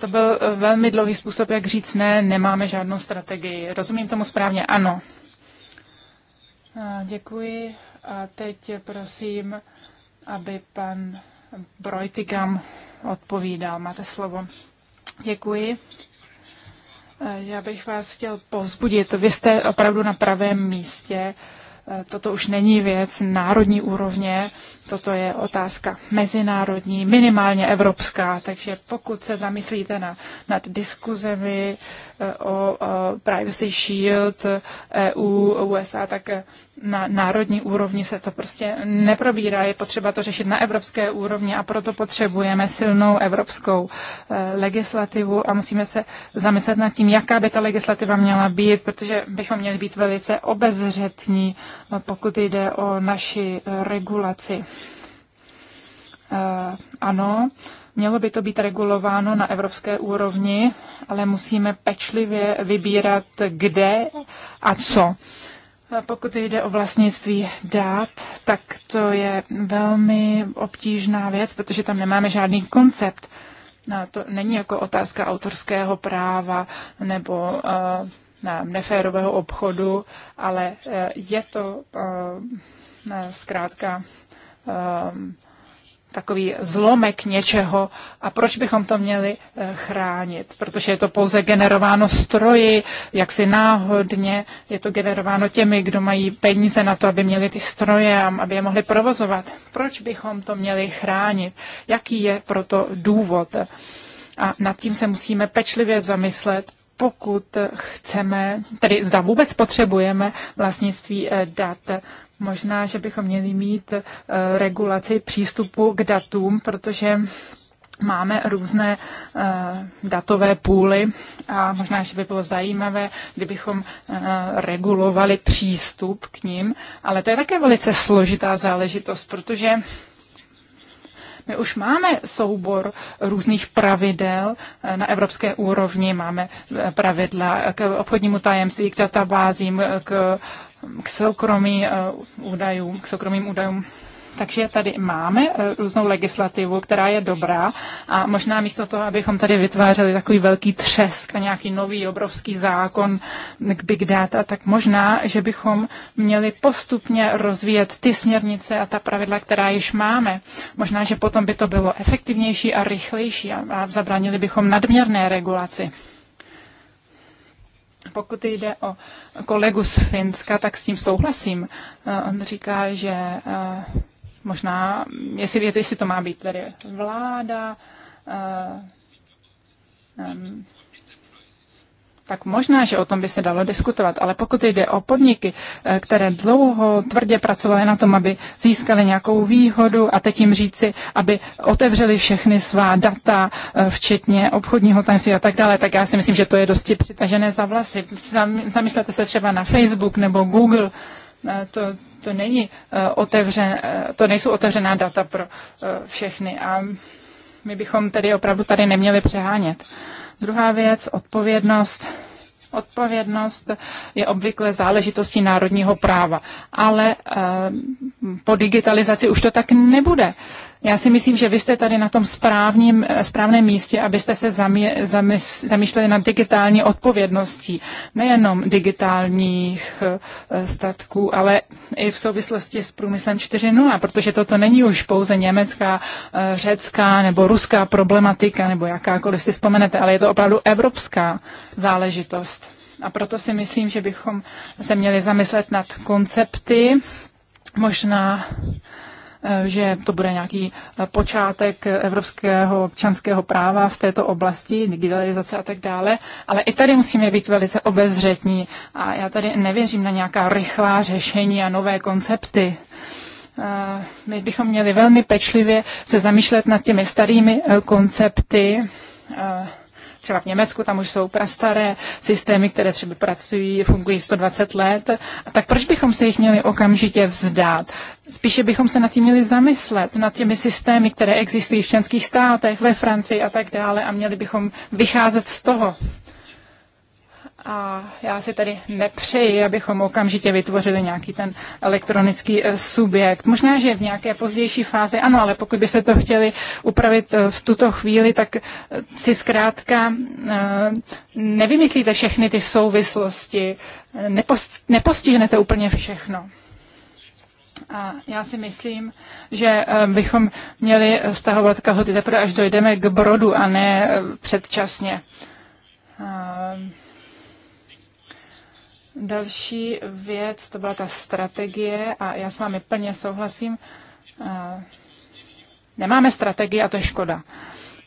To byl velmi dlouhý způsob, jak říct ne, nemáme žádnou strategii. Rozumím tomu správně? Ano. Děkuji. A teď prosím, aby pan Brojtigam odpovídal. Máte slovo. Děkuji. Eh, já bych vás chtěl povzbudit. Vy jste opravdu na pravém místě. Eh, toto už není věc národní úrovně, toto je otázka mezinárodní, minimálně evropská, takže pokud se zamyslíte na, nad diskuzemi eh, o, o Privacy Shield EU, USA, tak na národní úrovni se to prostě neprobírá. Je potřeba to řešit na evropské úrovni a proto potřebujeme silnou evropskou eh, legislativu a musíme se zamyslet nad tím, jaká by ta legislativa měla být, protože bychom měli být velice obezřetní, eh, pokud jde o naši eh, regulaci. Ano, Mělo by to být regulováno na evropské úrovni, ale musíme pečlivě vybírat, kde a co. Pokud jde o vlastnictví dát, tak to je velmi obtížná věc, protože tam nemáme žádný koncept. No, to není jako otázka autorského práva nebo uh, ne, neférového obchodu, ale uh, je to uh, ne, zkrátka takový zlomek něčeho a proč bychom to měli eh, chránit, protože je to pouze generováno stroji, jaksi náhodně, je to generováno těmi, kdo mají peníze na to, aby měli ty stroje, aby je mohli provozovat. Proč bychom to měli chránit? Jaký je proto důvod? A nad tím se musíme pečlivě zamyslet, pokud chceme, tedy zda vůbec potřebujeme vlastnictví eh, dat. Možná, že bychom měli mít eh, regulaci přístupu k datům, protože máme různé uh, datové půly a možná, že by bylo zajímavé, kdybychom uh, regulovali přístup k ním, ale to je také velice složitá záležitost, protože my už máme soubor různých pravidel eh, na evropské úrovni. Máme eh, pravidla k obchodnímu tajemství, k databázím, eh, k, k soukromým údajům, k soukromým údajům takže tady máme eh, různou legislativu, která je dobrá a možná místo toho, abychom tady vytvářeli takový velký třesk a nějaký nový obrovský zákon k big data, tak možná, že bychom měli postupně rozvíjet ty směrnice a ta pravidla, která již máme. Možná, že potom by to bylo efektivnější a rychlejší a zabránili bychom nadměrné regulaci. Pokud jde o kolegu z Finska, tak s tím souhlasím. Eh, on říká, že eh, Možná, jestli, jestli to má být tedy vláda, um, tak možná, že o tom by se dalo diskutovat, ale pokud jde o podniky, eh, které dlouho tvrdě pracovaly na tom, aby získaly nějakou výhodu a teď jim říci, aby otevřeli všechny svá data, eh, včetně obchodního tajemství a tak dále, tak já si myslím, že to je dosti přitažené za vlasy. Zamyslete se třeba na Facebook nebo Google, Eh, to, to není eh, otevřen, eh, to nejsou otevřená data pro všechny a my bychom tedy opravdu tady neměli přehánět. Druhá věc, odpovědnost. Odpovědnost je obvykle záležitostí národního práva, ale po digitalizaci už to tak nebude. Já si myslím, že vy jste tady na tom správním, správném místě, abyste se zamě, zamys, zamýšleli nad digitální odpovědností. Nejenom digitálních eh, statků, ale i v souvislosti s průmyslem 4.0, protože toto není už pouze německá, eh, řecká nebo ruská problematika, nebo jakákoliv si vzpomenete, ale je to opravdu evropská záležitost. A proto si myslím, že bychom se měli zamyslet nad koncepty, možná Eh, že to bude nějaký eh, počátek evropského občanského práva v této oblasti, digitalizace a tak dále, ale i tady musíme být velice obezřetní a já tady nevěřím na nějaká rychlá řešení a nové koncepty eh, my bychom měli velmi pečlivě se zamýšlet nad těmi starými koncepty, třeba v Německu, tam už jsou prastaré systémy, které třeba pracují, fungují 120 let, tak proč bychom se jich měli okamžitě vzdát? Spíše bychom se nad tím měli zamyslet, nad těmi systémy, které existují v členských státech, ve Francii a tak dále a měli bychom vycházet z toho. A já si tady nepřeji, abychom okamžitě vytvořili nějaký ten elektronický eh, subjekt. Možná, že v nějaké pozdější fázi ano, ale pokud byste to chtěli upravit eh, v tuto chvíli, tak eh, si zkrátka nevymyslíte všechny ty souvislosti, nepostihnete úplně všechno. A já si myslím, že bychom měli stahovat kahoty teprve, až dojdeme k brodu a ne předčasně. Další věc, to byla ta strategie a já s vámi plně souhlasím. Nemáme strategii a to je škoda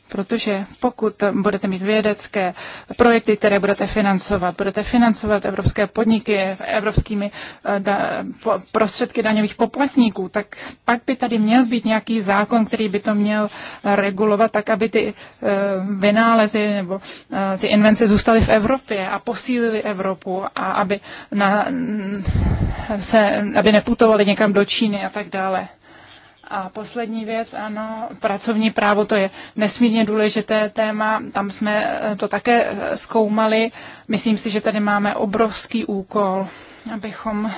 protože pokud budete mít vědecké projekty, které budete financovat, budete financovat evropské podniky evropskými eh, da, po, prostředky daňových poplatníků, tak pak by tady měl být nějaký zákon, který by to měl regulovat tak, aby ty uh, vynálezy nebo uh, ty invence zůstaly v Evropě a posílily Evropu a aby, na, se, aby neputovali někam do Číny a tak dále. A poslední věc, ano, pracovní právo, to je nesmírně důležité téma, tam jsme eh, to také eh, zkoumali. Myslím si, že tady máme obrovský úkol, abychom eh,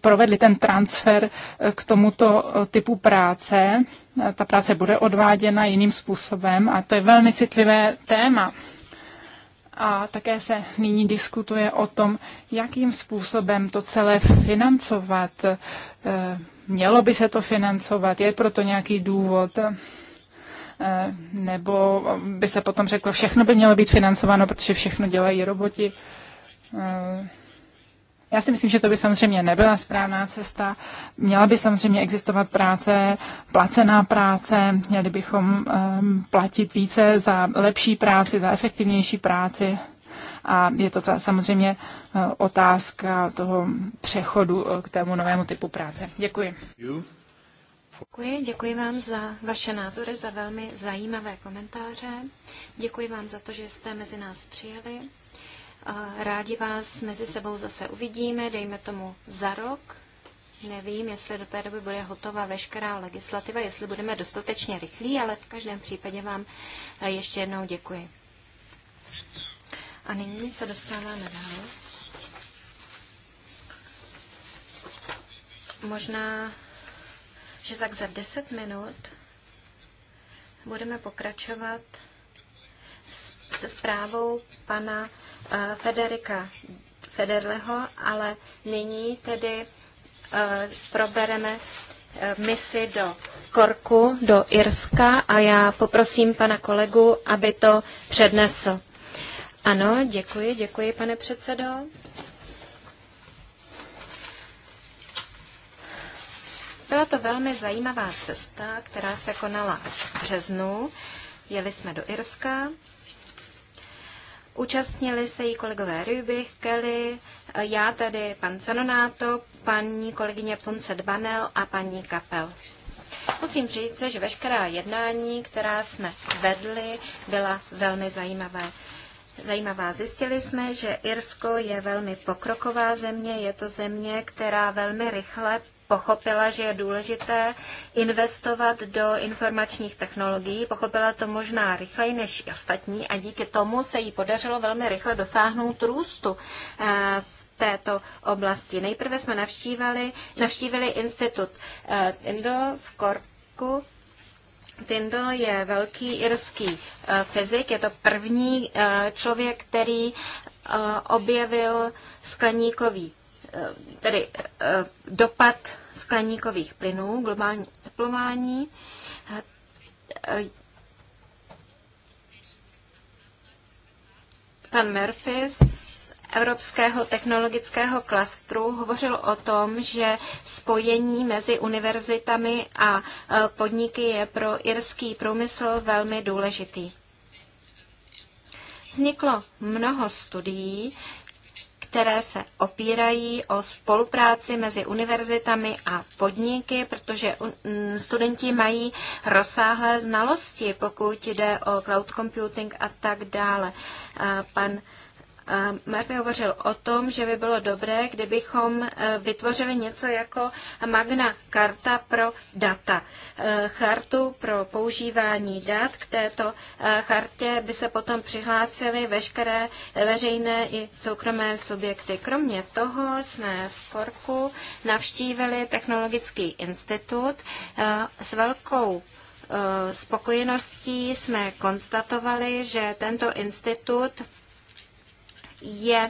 provedli ten transfer k tomuto typu práce. Ta práce bude odváděna jiným způsobem a to je velmi citlivé téma. A také se nyní diskutuje o tom, jakým způsobem to celé financovat Mělo by se to financovat? Je proto nějaký důvod? Eh, nebo by se potom řeklo, všechno by mělo být financováno, protože všechno dělají roboti? Eh, já si myslím, že to by samozřejmě nebyla správná cesta. Měla by samozřejmě existovat práce, placená práce, měli bychom eh, platit více za lepší práci, za efektivnější práci a je to samozřejmě eh, otázka toho přechodu eh, k tému novému typu práce. Děkuji. Děkuji, děkuji vám za vaše názory, za velmi zajímavé komentáře. Děkuji vám za to, že jste mezi nás přijeli. Eh, rádi vás mezi sebou zase uvidíme, dejme tomu za rok. Nevím, jestli do té doby bude hotová veškerá legislativa, jestli budeme dostatečně rychlí, ale v každém případě vám ještě jednou děkuji. A nyní se dostáváme dál. Možná, že tak za 10 minut budeme pokračovat se zprávou pana eh, Federika Federleho, ale nyní tedy eh, probereme eh, misi do Korku, do Irska a já poprosím pana kolegu, aby to přednesl. Ano, děkuji, děkuji, pane předsedo. Byla to velmi zajímavá cesta, která se konala v březnu. Jeli jsme do Irska. Účastnili se jí kolegové Rybich, Kelly, já tady pan Canonáto, paní kolegyně Punce Dbanel a paní Kapel. Musím říct, že veškerá jednání, která jsme vedli, byla velmi zajímavé zajímavá. Zjistili jsme, že Irsko je velmi pokroková země, je to země, která velmi rychle pochopila, že je důležité investovat do informačních technologií. Pochopila to možná rychleji než ostatní a díky tomu se jí podařilo velmi rychle dosáhnout růstu eh, v této oblasti. Nejprve jsme navštívili, navštívili institut eh, Indl v Korku Tyndall je velký irský eh, fyzik, je to první eh, člověk, který eh, objevil skleníkový, tedy dopad skleníkových plynů, globální teplování. Pan Murphys Evropského technologického klastru hovořil o tom, že spojení mezi univerzitami a e, podniky je pro irský průmysl velmi důležitý. Vzniklo mnoho studií, které se opírají o spolupráci mezi univerzitami a podniky, protože mm, studenti mají rozsáhlé znalosti, pokud jde o cloud computing a tak dále. E, pan Marty hovořil o tom, že by bylo dobré, kdybychom e, vytvořili něco jako magna karta pro data. E, chartu pro používání dat. K této e, chartě by se potom přihlásily veškeré veřejné i soukromé subjekty. Kromě toho jsme v Korku navštívili Technologický institut s velkou spokojeností jsme konstatovali, že tento institut v je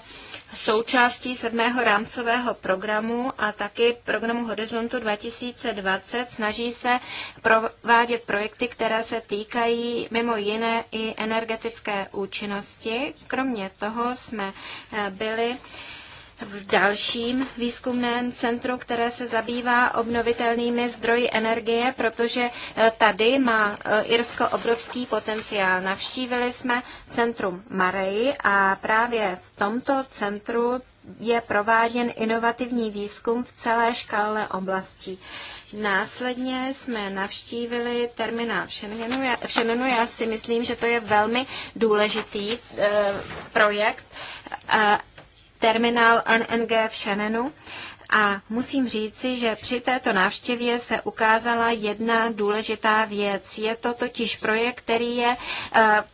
součástí sedmého rámcového programu a taky programu Horizontu 2020. Snaží se provádět projekty, které se týkají mimo jiné i energetické účinnosti. Kromě toho jsme eh, byli v dalším výzkumném centru, které se zabývá obnovitelnými zdroji energie, protože eh, tady má eh, Irsko obrovský potenciál. Navštívili jsme centrum Marej a právě v tomto centru je prováděn inovativní výzkum v celé škále oblastí. Následně jsme navštívili terminál v Šenonu. Já, Já si myslím, že to je velmi důležitý e, projekt. E, terminál NNG v Shannonu. A musím říci, že při této návštěvě se ukázala jedna důležitá věc. Je to totiž projekt, který je eh,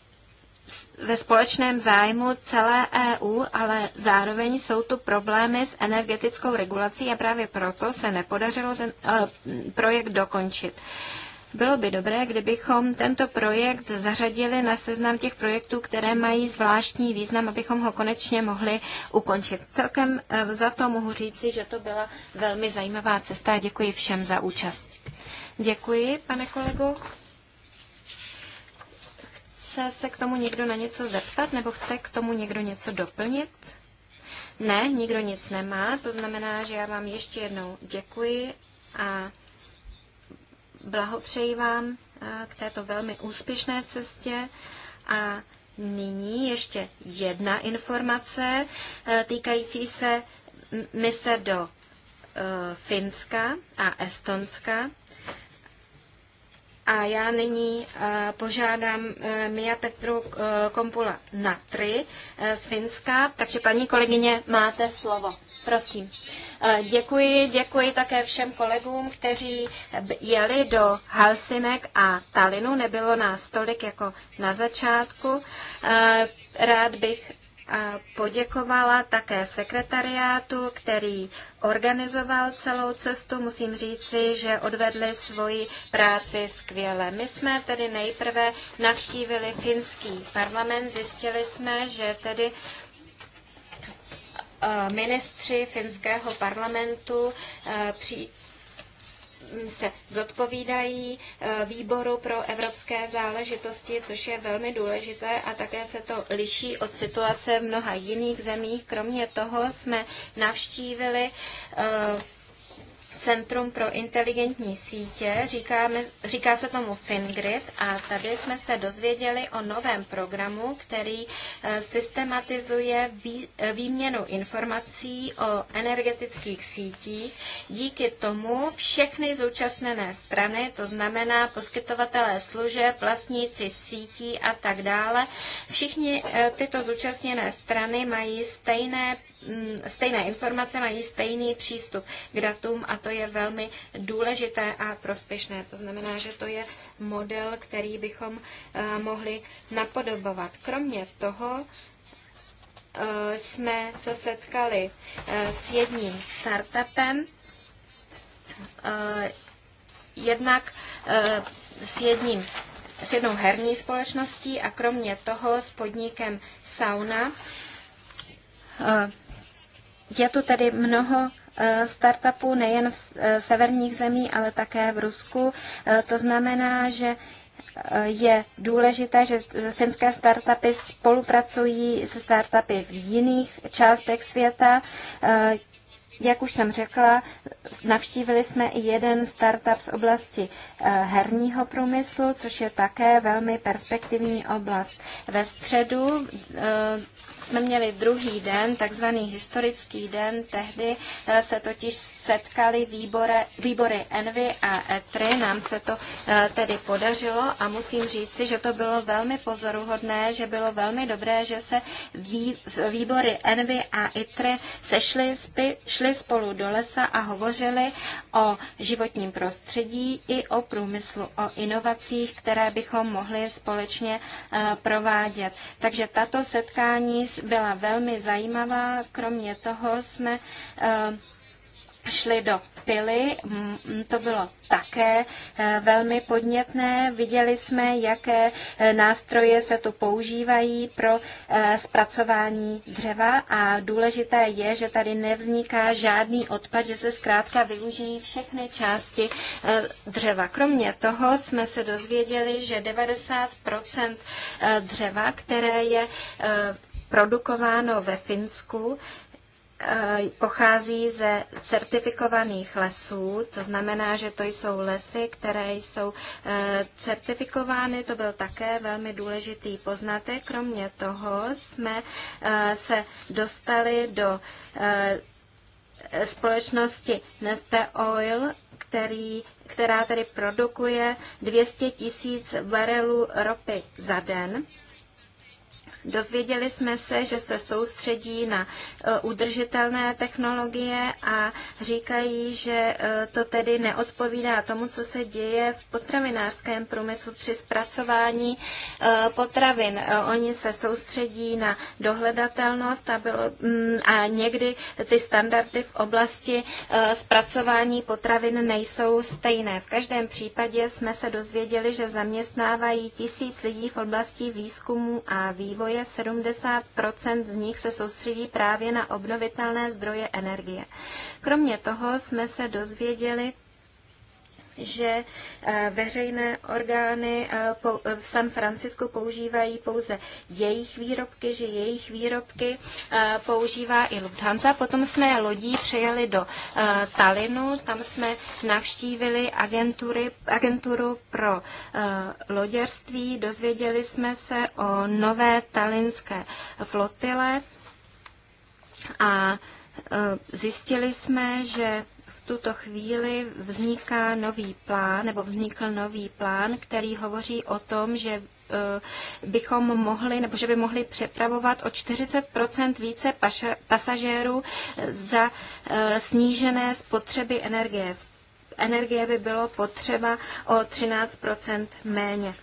ve společném zájmu celé EU, ale zároveň jsou tu problémy s energetickou regulací a právě proto se nepodařilo ten eh, projekt dokončit. Bylo by dobré, kdybychom tento projekt zařadili na seznam těch projektů, které mají zvláštní význam, abychom ho konečně mohli ukončit. Celkem eh, za to mohu říci, že to byla velmi zajímavá cesta a děkuji všem za účast. Děkuji, pane kolego. Chce se k tomu někdo na něco zeptat nebo chce k tomu někdo něco doplnit? Ne, nikdo nic nemá, to znamená, že já vám ještě jednou děkuji a blahopřeji vám eh, k této velmi úspěšné cestě a nyní ještě jedna informace eh, týkající se mise do eh, Finska a Estonska. A já nyní požádám Mia Petru Kompula Natry z Finska, takže paní kolegyně, máte slovo. Prosím. Eh, děkuji, děkuji také všem kolegům, kteří jeli do Halsinek a Talinu. Nebylo nás tolik jako na začátku. Eh, rád bych eh, poděkovala také sekretariátu, který organizoval celou cestu. Musím říci, že odvedli svoji práci skvěle. My jsme tedy nejprve navštívili finský parlament, zjistili jsme, že tedy Eh, ministři finského parlamentu eh, při mm, se zodpovídají eh, výboru pro evropské záležitosti, což je velmi důležité a také se to liší od situace v mnoha jiných zemích. Kromě toho jsme navštívili Centrum pro inteligentní sítě, říkáme, říká se tomu FinGrid a tady jsme se dozvěděli o novém programu, který eh, systematizuje vý, eh, výměnu informací o energetických sítích. Díky tomu všechny zúčastněné strany, to znamená poskytovatelé služeb, vlastníci sítí a tak dále, všichni eh, tyto zúčastněné strany mají stejné Mm, stejné informace, mají stejný přístup k datům a to je velmi důležité a prospěšné. To znamená, že to je model, který bychom eh, mohli napodobovat. Kromě toho eh, jsme se setkali eh, s jedním startupem, jednak s jedním s jednou herní společností a kromě toho s podnikem Sauna. Je tu tedy mnoho eh, startupů nejen eh, v severních zemí, ale také v Rusku. Eh, to znamená, že je důležité, že finské startupy spolupracují se startupy v jiných částech světa. Jak už jsem řekla, navštívili jsme i jeden startup z oblasti herního průmyslu, což je také velmi perspektivní oblast. Ve středu jsme měli druhý den, takzvaný historický den. Tehdy eh, se totiž setkali výbore, výbory Envy a Etry, Nám se to eh, tedy podařilo a musím říci, že to bylo velmi pozoruhodné, že bylo velmi dobré, že se výbory Envy a Etry sešly, šli spolu do lesa a hovořili o životním prostředí i o průmyslu, o inovacích, které bychom mohli společně eh, provádět. Takže tato setkání byla velmi zajímavá. Kromě toho jsme eh, šli do pily, mm, to bylo také eh, velmi podnětné. Viděli jsme, jaké eh, nástroje se tu používají pro zpracování dřeva a důležité je, že tady nevzniká žádný odpad, že se zkrátka využijí všechny části dřeva. Kromě toho jsme se dozvěděli, že 90 dřeva, které je produkováno ve Finsku, eh, pochází ze certifikovaných lesů, to znamená, že to jsou lesy, které jsou eh, certifikovány, to byl také velmi důležitý poznatek. Kromě toho jsme eh, se dostali do společnosti Neste Oil, který, která tedy produkuje 200 tisíc barelů ropy za den. Dozvěděli jsme se, že se soustředí na e, udržitelné technologie a říkají, že e, to tedy neodpovídá tomu, co se děje v potravinářském průmyslu při zpracování e, potravin. Oni se soustředí na dohledatelnost a, bylo, mm, a někdy ty standardy v oblasti zpracování potravin nejsou stejné. V každém případě jsme se dozvěděli, že zaměstnávají tisíc lidí v oblasti výzkumu a vývoje zdroje, 70 z nich se soustředí právě na obnovitelné zdroje energie. Kromě toho jsme se dozvěděli že eh, veřejné orgány eh, eh, v San Francisku používají pouze jejich výrobky, že jejich výrobky používá i Lufthansa. Potom jsme lodí přejeli do Talinu, tam jsme navštívili agentury, agenturu pro loděrství, dozvěděli jsme se o nové talinské flotile a zjistili jsme, že tuto chvíli vzniká nový plán, nebo vznikl nový plán, který hovoří o tom, že e, bychom mohli, nebo že by mohli přepravovat o 40 více paša, pasažérů za e, snížené spotřeby energie. Energie by bylo potřeba o 13 méně.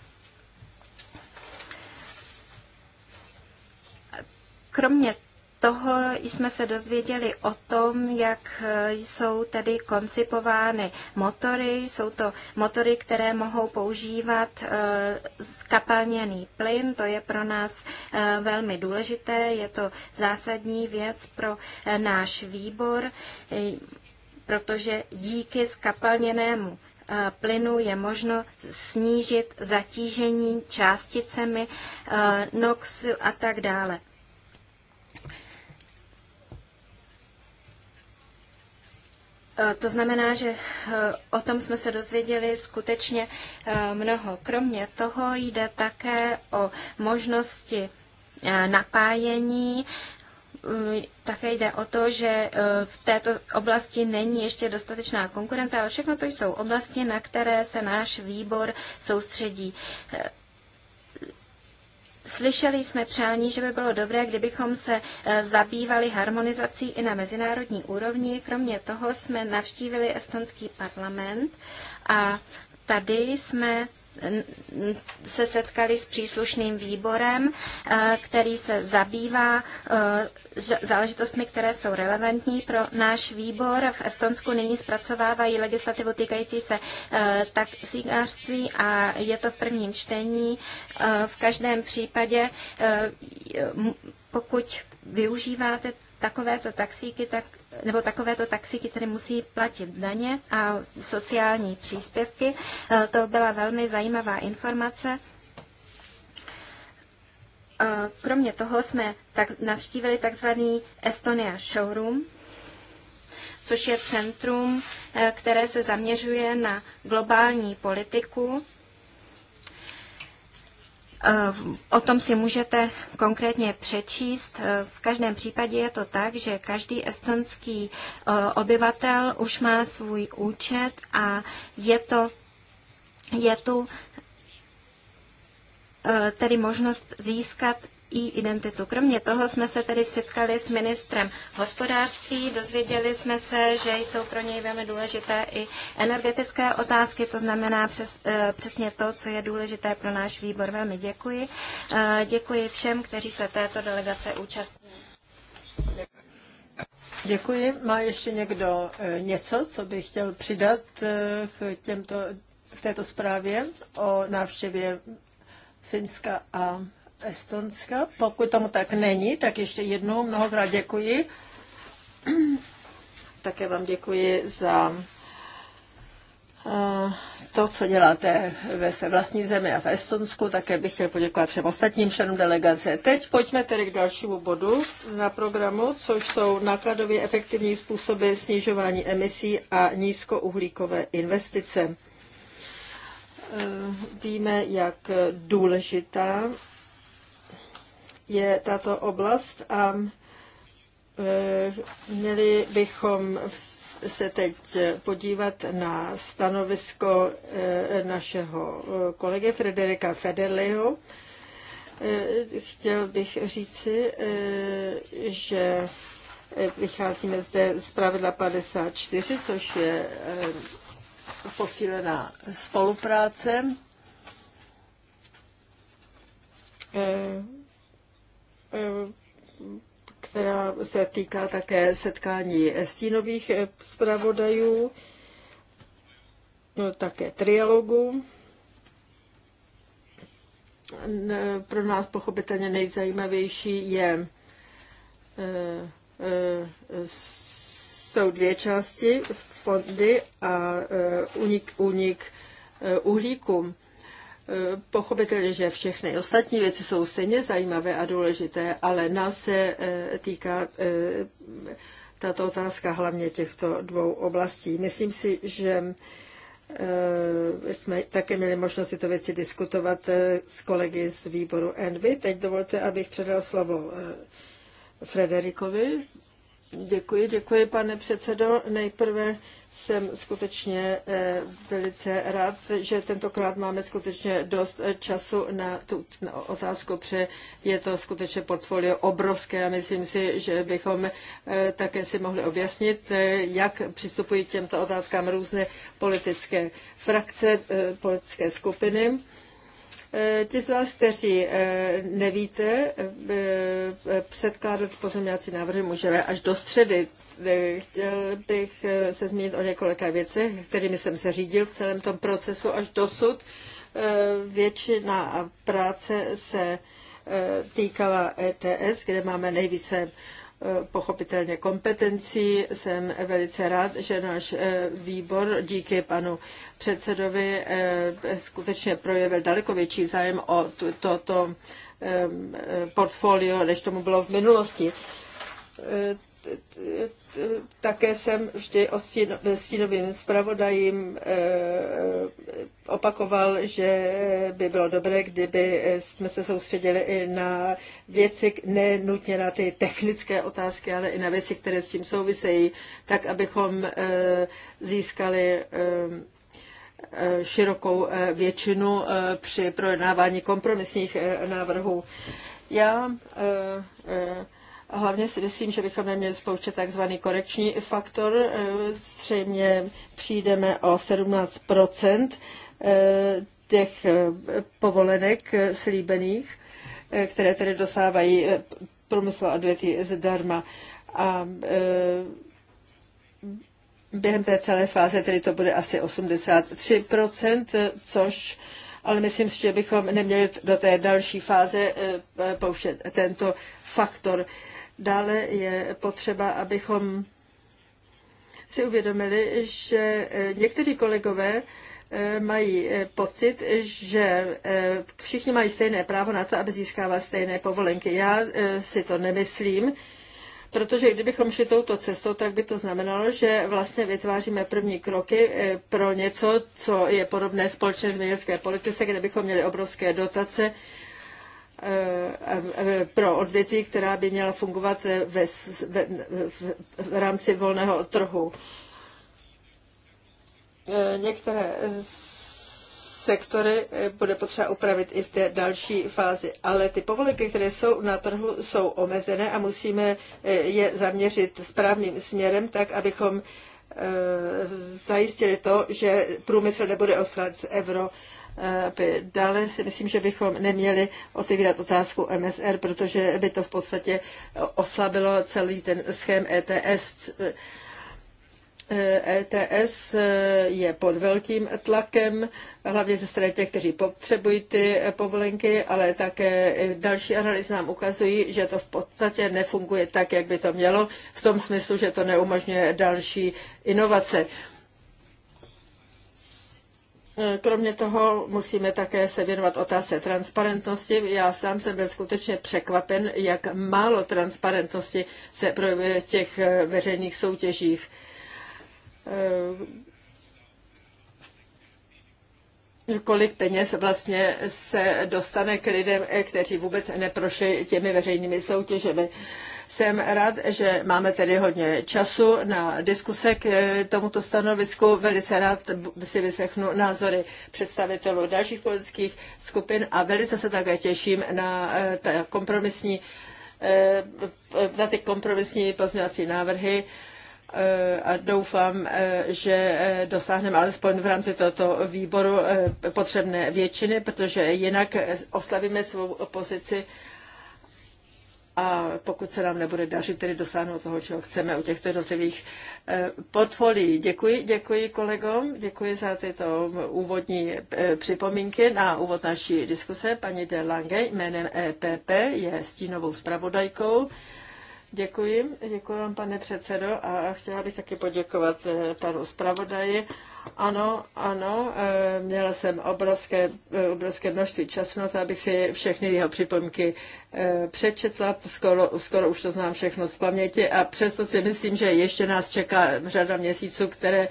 Kromě toho jsme se dozvěděli o tom, jak jsou tedy koncipovány motory. Jsou to motory, které mohou používat eh, kapalněný plyn. To je pro nás eh, velmi důležité. Je to zásadní věc pro eh, náš výbor, protože díky skapalněnému plynu je možno snížit zatížení částicemi, NOXu a tak dále. Eh, to znamená, že eh, o tom jsme se dozvěděli skutečně eh, mnoho. Kromě toho jde také o možnosti napájení. Mm, také jde o to, že v této oblasti není ještě dostatečná konkurence, ale všechno to jsou oblasti, na které se náš výbor soustředí. Slyšeli jsme přání, že by bylo dobré, kdybychom se e, zabývali harmonizací i na mezinárodní úrovni. Kromě toho jsme navštívili estonský parlament a tady jsme se setkali s příslušným výborem, eh, který se zabývá eh, záležitostmi, které jsou relevantní pro náš výbor. V Estonsku nyní zpracovávají legislativu týkající se eh, taxikářství a je to v prvním čtení. V každém případě, pokud využíváte takovéto taxíky, tak, nebo takovéto taxíky které musí platit daně a sociální příspěvky. E, to byla velmi zajímavá informace. E, kromě toho jsme tak, navštívili takzvaný Estonia Showroom, což je centrum, e, které se zaměřuje na globální politiku Eh, o tom si můžete konkrétně přečíst. Eh, v každém případě je to tak, že každý estonský eh, obyvatel už má svůj účet a je, to, je tu tedy možnost získat i identitu. Kromě toho jsme se tedy setkali s ministrem hospodářství, dozvěděli jsme se, že jsou pro něj velmi důležité i energetické otázky, to znamená přes, eh, přesně to, co je důležité pro náš výbor. Velmi děkuji. Eh, děkuji všem, kteří se této delegace účastní. Děkuji. Má ještě někdo eh, něco, co by chtěl přidat k, těmto, v této zprávě o návštěvě Finska a Estonska. Pokud tomu tak není, tak ještě jednou mnohokrát děkuji. Také vám děkuji za eh, to, co děláte ve své vlastní zemi a v Estonsku, také bych chtěl poděkovat všem ostatním členům delegace. Teď pojďme tedy k dalšímu bodu na programu, což jsou nákladově efektivní způsoby snižování emisí a nízkouhlíkové investice. Eh, víme, jak důležitá je tato oblast a eh, měli bychom se teď podívat na stanovisko eh, našeho eh, kolegy Frederika Federleho. Chtěl bych říci, že vycházíme zde z pravidla 54, což je posílená spolupráce která se týká také setkání stínových zpravodajů, no, také trialogu. Pro nás pochopitelně nejzajímavější je e, e, jsou dvě části, fondy a e, unik, unik uhlíku. Pochopitelně, že všechny ostatní věci jsou stejně zajímavé a důležité, ale nás se eh, týká eh, tato otázka hlavně těchto dvou oblastí. Myslím si, že eh, jsme také měli možnost tyto věci diskutovat s kolegy z výboru Envy. Teď dovolte, abych předal slovo Frederikovi, Děkuji, děkuji, pane předsedo. Nejprve jsem skutečně eh, velice rád, že tentokrát máme skutečně dost eh, času na tu otázku, protože je to skutečně portfolio obrovské a myslím si, že bychom eh, také si mohli objasnit, jak přistupují k těmto otázkám různé politické frakce, politické skupiny. Eh, ti z vás, kteří eh, nevíte, eh, předkládat pozměňovací návrhy můžeme až do středy. Chtěl bych se zmínit o několika věcech, kterými jsem se řídil v celém tom procesu až dosud. Většina práce se týkala ETS, kde máme nejvíce pochopitelně kompetencí. Jsem velice rád, že náš eh, výbor díky panu předsedovi eh, skutečně projevil daleko větší zájem o toto eh, portfolio, než tomu bylo v minulosti také jsem vždy o e, stínovým zpravodajím e, e, opakoval, že by bylo dobré, kdyby jsme se soustředili i na věci, ne nutně na ty technické otázky, ale i na věci, které s tím souvisejí, tak abychom získali širokou většinu při projednávání kompromisních návrhů. Já Hlavně si myslím, že bychom neměli spouštět tzv. korekční faktor. Eh, Zřejmě přijdeme o 17 eh, těch eh, povolenek slíbených, které tedy dosávají průmysl a odvětví zdarma. A během té celé fáze tedy to bude asi 83%, což ale myslím si, že bychom neměli do té další fáze pouštět tento faktor. Dále je potřeba, abychom si uvědomili, že eh, někteří kolegové eh, mají eh, pocit, že všichni mají stejné právo na to, aby získávali stejné povolenky. Já si to nemyslím, protože kdybychom šli touto cestou, tak by to znamenalo, že vlastně vytváříme první kroky pro něco, co je podobné společné zemědělské politice, kde bychom měli obrovské dotace Eh, eh, pro odvětví, která by měla fungovat ve, ve, v rámci volného trhu. Eh, některé sektory bude potřeba upravit i v té další fázi. Ale ty povolenky, které jsou na trhu, jsou omezené a musíme je zaměřit správným směrem, tak abychom zajistili to, že průmysl nebude oslat z euro by dále si myslím, že bychom neměli otevírat otázku MSR, protože by to v podstatě oslabilo celý ten schém ETS. ETS je pod velkým tlakem, hlavně ze strany těch, kteří potřebují ty povolenky, ale také další analýzy nám ukazují, že to v podstatě nefunguje tak, jak by to mělo, v tom smyslu, že to neumožňuje další inovace. E, kromě toho musíme také se věnovat otázce transparentnosti. Já sám jsem byl skutečně překvapen, jak málo transparentnosti se projevuje v těch e, veřejných soutěžích. E, kolik peněz vlastně se dostane k lidem, kteří vůbec neprošli těmi veřejnými soutěžemi. Jsem rád, že máme tedy hodně času na diskuse k eh, tomuto stanovisku. Velice rád si vyslechnu názory představitelů dalších politických skupin a velice se také těším na eh, ta kompromisní eh, na ty kompromisní pozměňovací návrhy a doufám, že dosáhneme alespoň v rámci tohoto výboru potřebné většiny, protože jinak oslavíme svou opozici a pokud se nám nebude dařit tedy dosáhnout toho, čeho chceme u těchto jednotlivých eh, portfolií. Děkuji, děkuji kolegům, děkuji za tyto úvodní eh, připomínky na úvod naší diskuse. Paní De Lange jménem EPP je stínovou zpravodajkou. Děkuji, děkuji vám, pane předsedo, a chtěla bych taky poděkovat eh, panu zpravodaji ano, ano, e, měla jsem obrovské, e, obrovské množství času na to, abych si všechny jeho připomínky e, přečetla, skoro, skoro už to znám všechno z paměti a přesto si myslím, že ještě nás čeká řada měsíců, které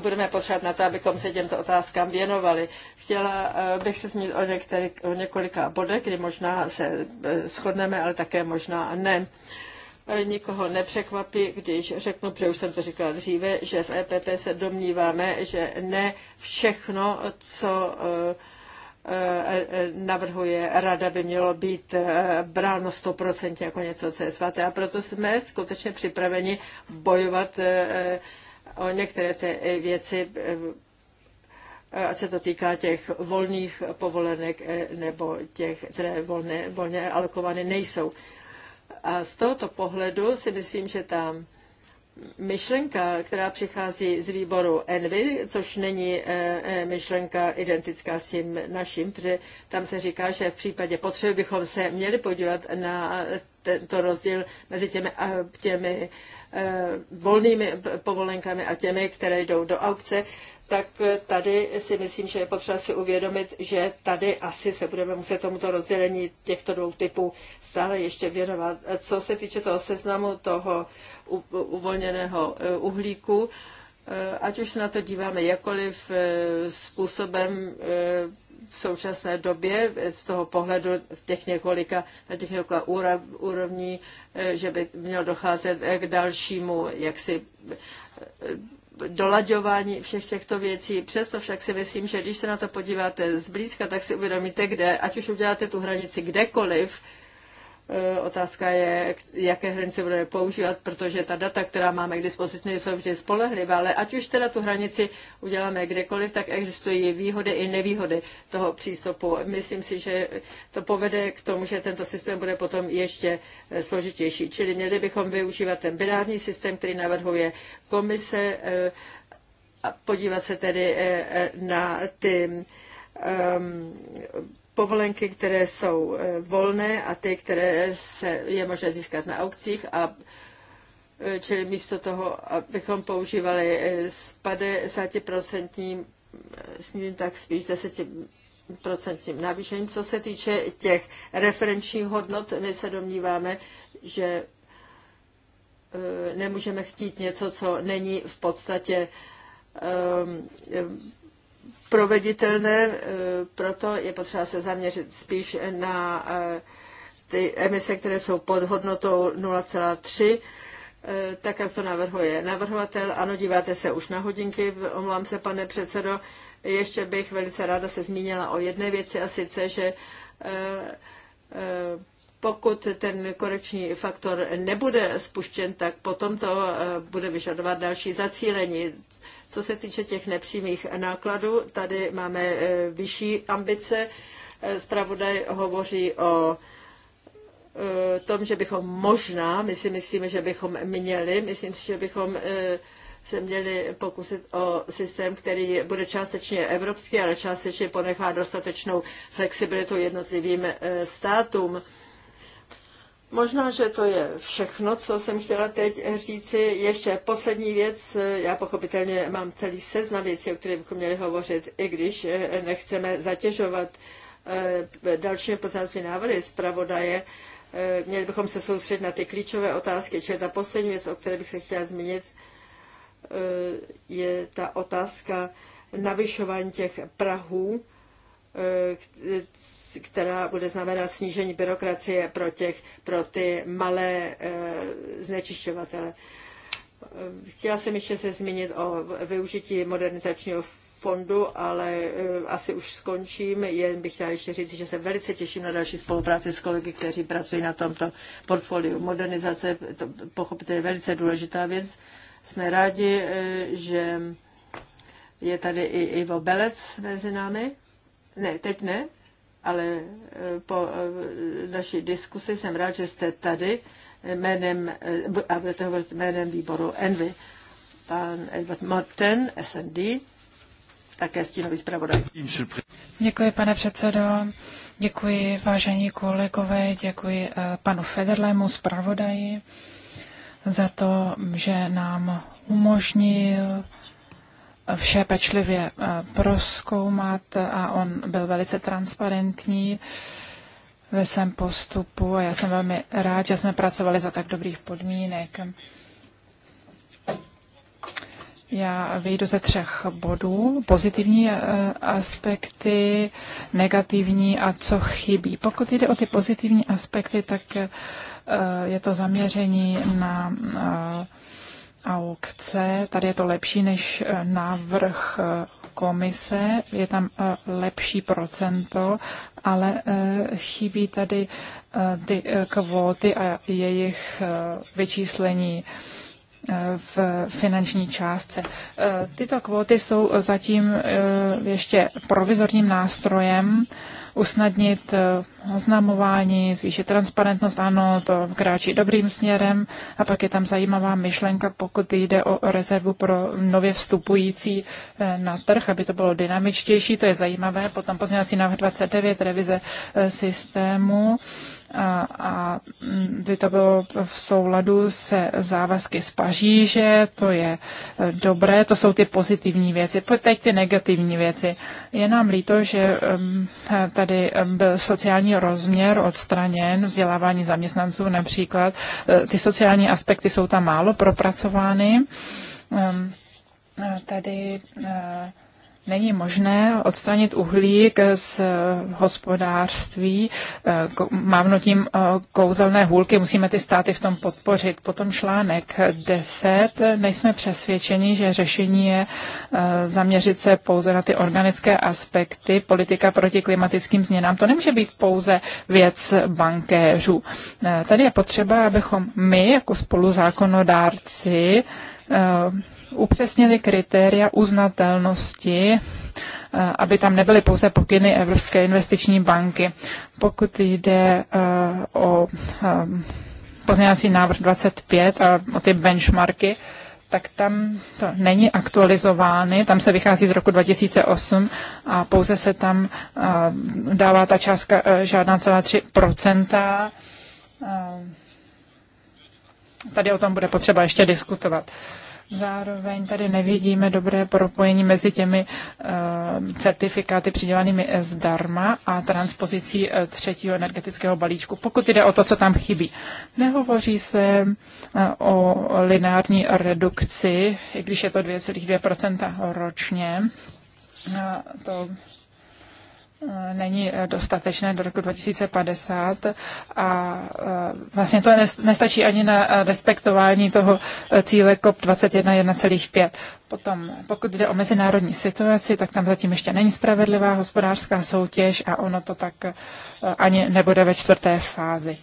budeme potřebovat na to, abychom se těmto otázkám věnovali. Chtěla bych se zmínit o, některý, o několika bodech, kdy možná se shodneme, ale také možná ne. Nikoho nepřekvapí, když řeknu, protože už jsem to říkala dříve, že v EPP se domníváme, že ne všechno, co eh, eh, navrhuje rada, by mělo být eh, bráno 100 jako něco, co je svaté. A proto jsme skutečně připraveni bojovat o některé ty věci, ať se to týká těch volných povolenek nebo těch, které volné, volně alokované nejsou. A z tohoto pohledu si myslím, že ta myšlenka, která přichází z výboru Envy, což není eh, eh, myšlenka identická s tím naším, protože tam se říká, že v případě potřeby bychom se měli podívat na tento rozdíl mezi těmi, těmi eh, volnými povolenkami a těmi, které jdou do aukce tak tady si myslím, že je potřeba si uvědomit, že tady asi se budeme muset tomuto rozdělení těchto dvou typů stále ještě věnovat. Co se týče toho seznamu toho uvolněného eh, uhlíku, eh, ať už se na to díváme jakoliv eh, způsobem v současné době z toho pohledu těch několika, na těch několika úrovní, že by mělo docházet k dalšímu jaksi dolaďování všech těchto věcí. Přesto však si myslím, že když se na to podíváte zblízka, tak si uvědomíte, kde, ať už uděláte tu hranici kdekoliv, Eh, otázka je, jaké hranice budeme používat, protože ta data, která máme k dispozici, nejsou vždy spolehlivá, ale ať už teda tu hranici uděláme kdekoliv, tak existují výhody i nevýhody toho přístupu. Myslím si, že to povede k tomu, že tento systém bude potom ještě eh, složitější. Čili měli bychom využívat ten binární systém, který navrhuje komise eh, a podívat se tedy na ty ehm, povolenky, které jsou eh, volné a ty, které se je možné získat na aukcích a eh, čili místo toho, abychom používali eh, s 50% ním, tak spíš 10% navýšení. Co se týče těch referenčních hodnot, my se domníváme, že nemůžeme chtít něco, co není v podstatě ehm, proveditelné, eh, proto je potřeba se zaměřit spíš na eh, ty emise, které jsou pod hodnotou 0,3 eh, tak jak to navrhuje navrhovatel. Ano, díváte se už na hodinky, omlám se, pane předsedo. Ještě bych velice ráda se zmínila o jedné věci a sice, že pokud ten korekční faktor nebude spuštěn, tak potom to eh, bude vyžadovat další zacílení. Co se týče těch nepřímých nákladů, tady máme eh, vyšší ambice. Eh, zpravodaj hovoří o tom, že bychom možná, my si myslíme, že bychom měli, myslím si, že bychom se měli pokusit o systém, který bude částečně evropský, ale částečně ponechá dostatečnou flexibilitu jednotlivým státům Možná, že to je všechno, co jsem chtěla teď říci. Ještě poslední věc. Já pochopitelně mám celý seznam věcí, o kterých bychom měli hovořit, i když eh, nechceme zatěžovat eh, dalšími poznávací návrhy zpravodaje. Eh, měli bychom se soustředit na ty klíčové otázky, čili ta poslední věc, o které bych se chtěla zmínit, je ta otázka navyšování těch prahů, která bude znamenat snížení byrokracie pro, těch, pro ty malé eh, znečišťovatele. Eh, chtěla jsem ještě se zmínit o využití modernizačního fondu, ale eh, asi už skončím. Jen bych chtěla ještě říct, že se velice těším na další spolupráci s kolegy, kteří pracují na tomto portfoliu. Modernizace, to pochopitelně je velice důležitá věc. Jsme rádi, že je tady i Ivo Belec mezi námi. Ne, teď ne ale eh, po eh, naší diskusi jsem rád, že jste tady jménem, eh, a budete hovořit jménem výboru Envy. Pan Edward Morten, SND, také stínový zpravodaj. Děkuji, pane předsedo. Děkuji, vážení kolegové, děkuji panu Federlému zpravodaji za to, že nám umožnil vše pečlivě eh, proskoumat a on byl velice transparentní ve svém postupu a já jsem velmi rád, že jsme pracovali za tak dobrých podmínek. Já vyjdu ze třech bodů. Pozitivní eh, aspekty, negativní a co chybí. Pokud jde o ty pozitivní aspekty, tak eh, je to zaměření na aukce. Tady je to lepší než eh, návrh eh, komise, je tam eh, lepší procento, ale chybí tady ty kvóty a jejich vyčíslení. Eh, v finanční částce. Eh, tyto kvóty jsou zatím eh, ještě provizorním nástrojem usnadnit oznamování, zvýšit transparentnost, ano, to kráčí dobrým směrem. A pak je tam zajímavá myšlenka, pokud jde o rezervu pro nově vstupující na trh, aby to bylo dynamičtější, to je zajímavé. Potom pozměňovací návrh 29, revize systému a mm, by to bylo v souladu se závazky z Paříže, to je e, dobré, to jsou ty pozitivní věci. Pojď teď ty negativní věci. Je nám líto, že e, tady byl sociální rozměr odstraněn, vzdělávání zaměstnanců například. E, ty sociální aspekty jsou tam málo propracovány. Tady není možné odstranit uhlík z hospodářství eh, mávnutím eh, kouzelné hůlky. Musíme ty státy v tom podpořit. Potom článek 10. Nejsme přesvědčeni, že řešení je eh, zaměřit se pouze na ty organické aspekty. Politika proti klimatickým změnám. To nemůže být pouze věc bankéřů. Tady je potřeba, abychom my jako spoluzákonodárci upřesnili kritéria uznatelnosti, eh, aby tam nebyly pouze pokyny Evropské investiční banky. Pokud jde eh, o eh, pozměňovací návrh 25 a o ty benchmarky, tak tam to není aktualizovány, tam se vychází z roku 2008 a pouze se tam dává ta částka žádná celá 3 Tady o tom bude potřeba ještě diskutovat. Uh, Zároveň tady nevidíme dobré propojení mezi těmi uh, certifikáty přidělanými eh, zdarma a transpozicí uh, třetího energetického balíčku, pokud jde o to, co tam chybí. Nehovoří se uh, o lineární redukci, i když je to 2,2 ročně. Uh, to Eh, není eh, dostatečné do roku 2050 a eh, vlastně to nestačí ani na respektování toho cíle COP 21 1,5. Potom, pokud jde o mezinárodní situaci, tak tam zatím ještě není spravedlivá hospodářská soutěž a ono to tak ani nebude ve čtvrté fázi.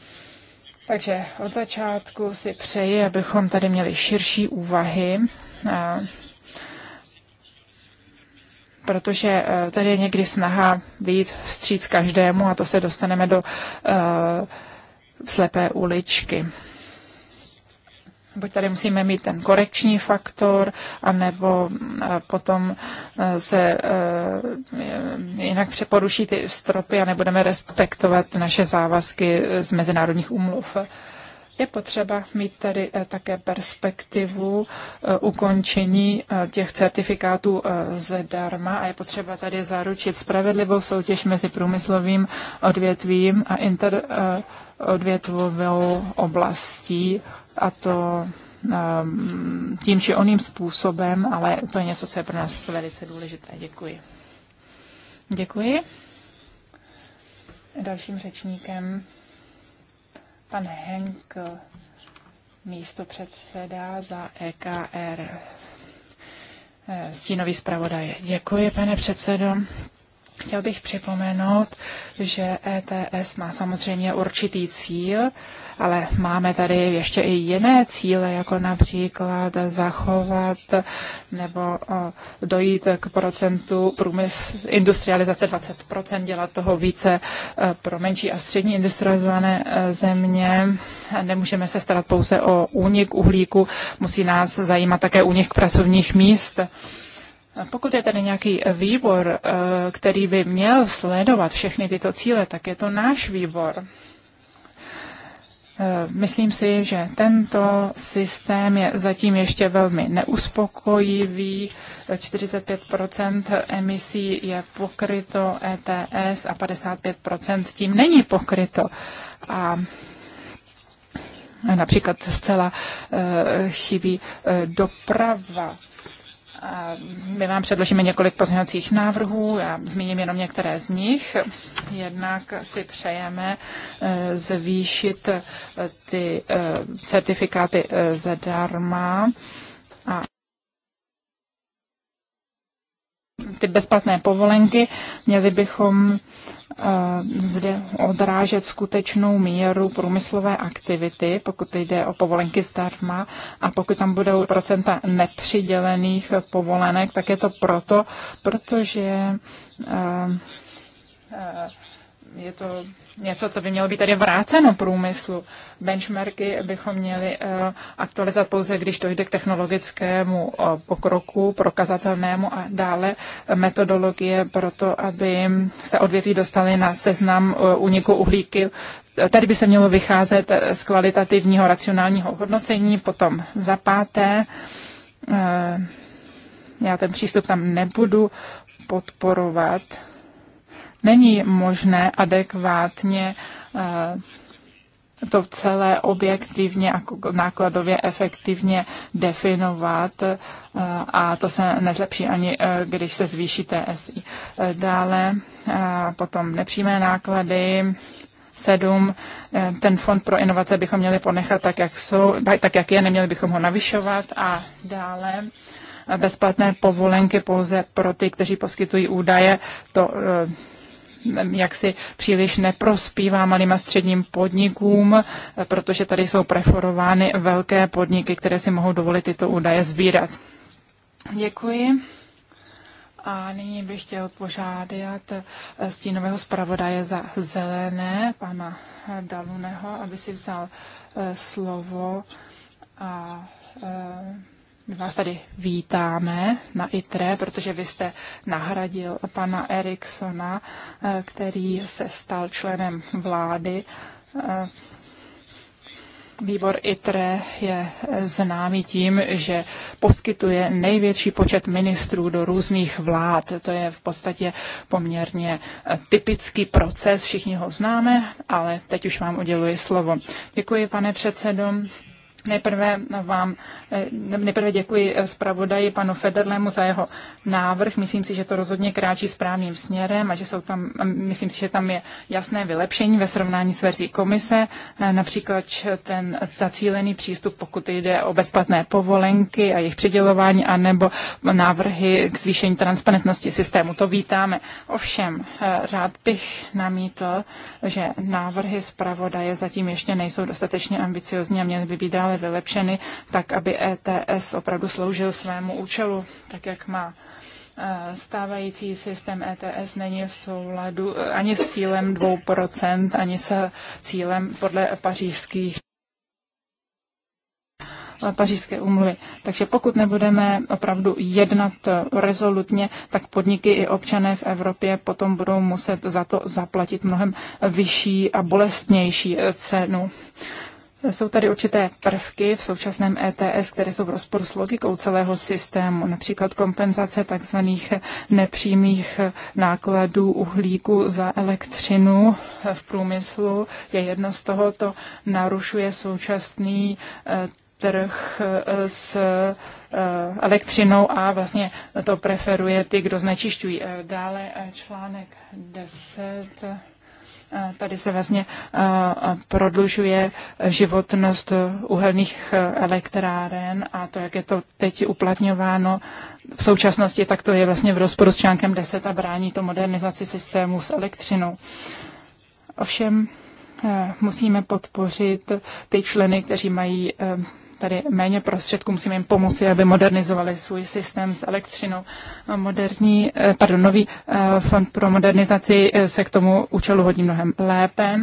Takže od začátku si přeji, abychom tady měli širší úvahy protože eh, tady je někdy snaha vyjít vstříc každému a to se dostaneme do uh, slepé uličky. Buď tady musíme mít ten korekční faktor, anebo eh, potom se jinak přeporuší ty stropy a nebudeme respektovat naše závazky z mezinárodních umluv. Je potřeba mít tady eh, také perspektivu eh, ukončení eh, těch certifikátů zdarma a je potřeba tady zaručit spravedlivou soutěž mezi průmyslovým odvětvím a interodvětvovou oblastí a to tím či oným způsobem, ale to je něco, co je pro nás velice důležité. Děkuji. Děkuji. Dalším řečníkem Pan Henkel, místo předseda za EKR. Eh, stínový zpravodaj. Děkuji, pane předsedo. Chtěl bych připomenout, že ETS má samozřejmě určitý cíl, ale máme tady ještě i jiné cíle, jako například zachovat nebo dojít k procentu průmysl, industrializace 20%, dělat toho více e, pro menší a střední industrializované e, země. Nemůžeme se starat pouze o únik uhlíku, musí nás zajímat také únik pracovních míst. Pokud je tady nějaký výbor, eh, který by měl sledovat všechny tyto cíle, tak je to náš výbor. Eh, myslím si, že tento systém je zatím ještě velmi neuspokojivý. 45 emisí je pokryto ETS a 55 tím není pokryto. A například zcela eh, chybí doprava. My vám předložíme několik pozměňovacích návrhů, já zmíním jenom některé z nich. Jednak si přejeme eh, zvýšit eh, ty eh, certifikáty zadarma a ty bezplatné povolenky. Měli bychom Eh, zde odrážet skutečnou míru průmyslové aktivity, pokud jde o povolenky zdarma a pokud tam budou procenta nepřidělených povolenek, tak je to proto, protože eh, eh, je to něco, co by mělo být tady vráceno průmyslu. Benchmarky bychom měli eh, aktualizovat pouze, když dojde k technologickému eh, pokroku, prokazatelnému a dále metodologie pro to, aby se odvětví dostaly na seznam eh, úniku uhlíky. Tady by se mělo vycházet z kvalitativního racionálního hodnocení, potom za páté. Já ten přístup tam nebudu podporovat není možné adekvátně eh, to celé objektivně a nákladově efektivně definovat eh, a to se nezlepší ani, eh, když se zvýší TSI. Dále potom nepřímé náklady, sedm Ten fond pro inovace bychom měli ponechat tak, jak, jsou, tak, jak je, neměli bychom ho navyšovat a dále bezplatné povolenky pouze pro ty, kteří poskytují údaje, to jaksi příliš neprospívá malým a středním podnikům, protože tady jsou preforovány velké podniky, které si mohou dovolit tyto údaje sbírat. Děkuji. A nyní bych chtěl požádat eh, stínového zpravodaje za zelené, pana Daluneho, aby si vzal eh, slovo a eh, my vás tady vítáme na ITRE, protože vy jste nahradil pana Eriksona, eh, který se stal členem vlády. Eh, výbor ITRE je známý tím, že poskytuje největší počet ministrů do různých vlád. To je v podstatě poměrně eh, typický proces, všichni ho známe, ale teď už vám uděluji slovo. Děkuji, pane předsedo. Nejprve vám, eh, nejprve děkuji eh, zpravodaji panu Federlému za jeho návrh. Myslím si, že to rozhodně kráčí správným směrem a že jsou tam, eh, myslím si, že tam je jasné vylepšení ve srovnání s verzí komise, například ten zacílený přístup, pokud jde o bezplatné povolenky a jejich přidělování, anebo návrhy k zvýšení transparentnosti systému. To vítáme. Ovšem, rád bych namítl, že návrhy zpravodaje zatím ještě nejsou dostatečně ambiciozní a měly by být dále vylepšeny tak, aby ETS opravdu sloužil svému účelu, tak jak má. Eh, stávající systém ETS není v souladu eh, ani s cílem 2%, ani s cílem podle pařížských eh, pařížské umluvy. Takže pokud nebudeme opravdu jednat rezolutně, tak podniky i občané v Evropě potom budou muset za to zaplatit mnohem vyšší a bolestnější cenu. Jsou tady určité prvky v současném ETS, které jsou v rozporu s logikou celého systému, například kompenzace tzv. nepřímých nákladů uhlíku za elektřinu v průmyslu. Je jedno z toho, to narušuje současný eh, trh eh, s eh, elektřinou a vlastně to preferuje ty, kdo znečišťují. Dále článek 10 Eh, tady se vlastně eh, prodlužuje životnost uhelných eh, elektráren a to, jak je to teď uplatňováno v současnosti, tak to je vlastně v rozporu s článkem 10 a brání to modernizaci systému s elektřinou. Ovšem musíme podpořit ty členy, kteří mají tady méně prostředků, musíme jim pomoci, aby modernizovali svůj systém s elektřinou. Moderní, eh, pardon, nový eh, fond pro modernizaci eh, se k tomu účelu hodí mnohem lépe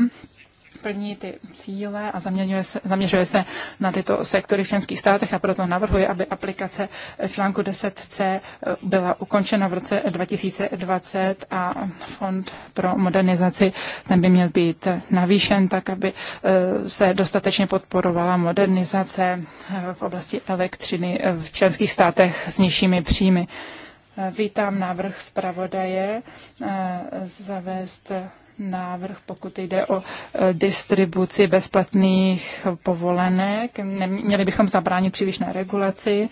plní ty cíle a se, zaměřuje se na tyto sektory v členských státech a proto navrhuje, aby aplikace článku 10c eh, byla ukončena v roce 2020 a fond pro modernizaci ten by měl být navýšen tak, aby eh, se dostatečně podporovala modernizace eh, v oblasti elektřiny v členských státech s nižšími příjmy. Vítám návrh zpravodaje zavést návrh, pokud jde o eh, distribuci bezplatných povolenek. Měli bychom zabránit přílišné regulaci.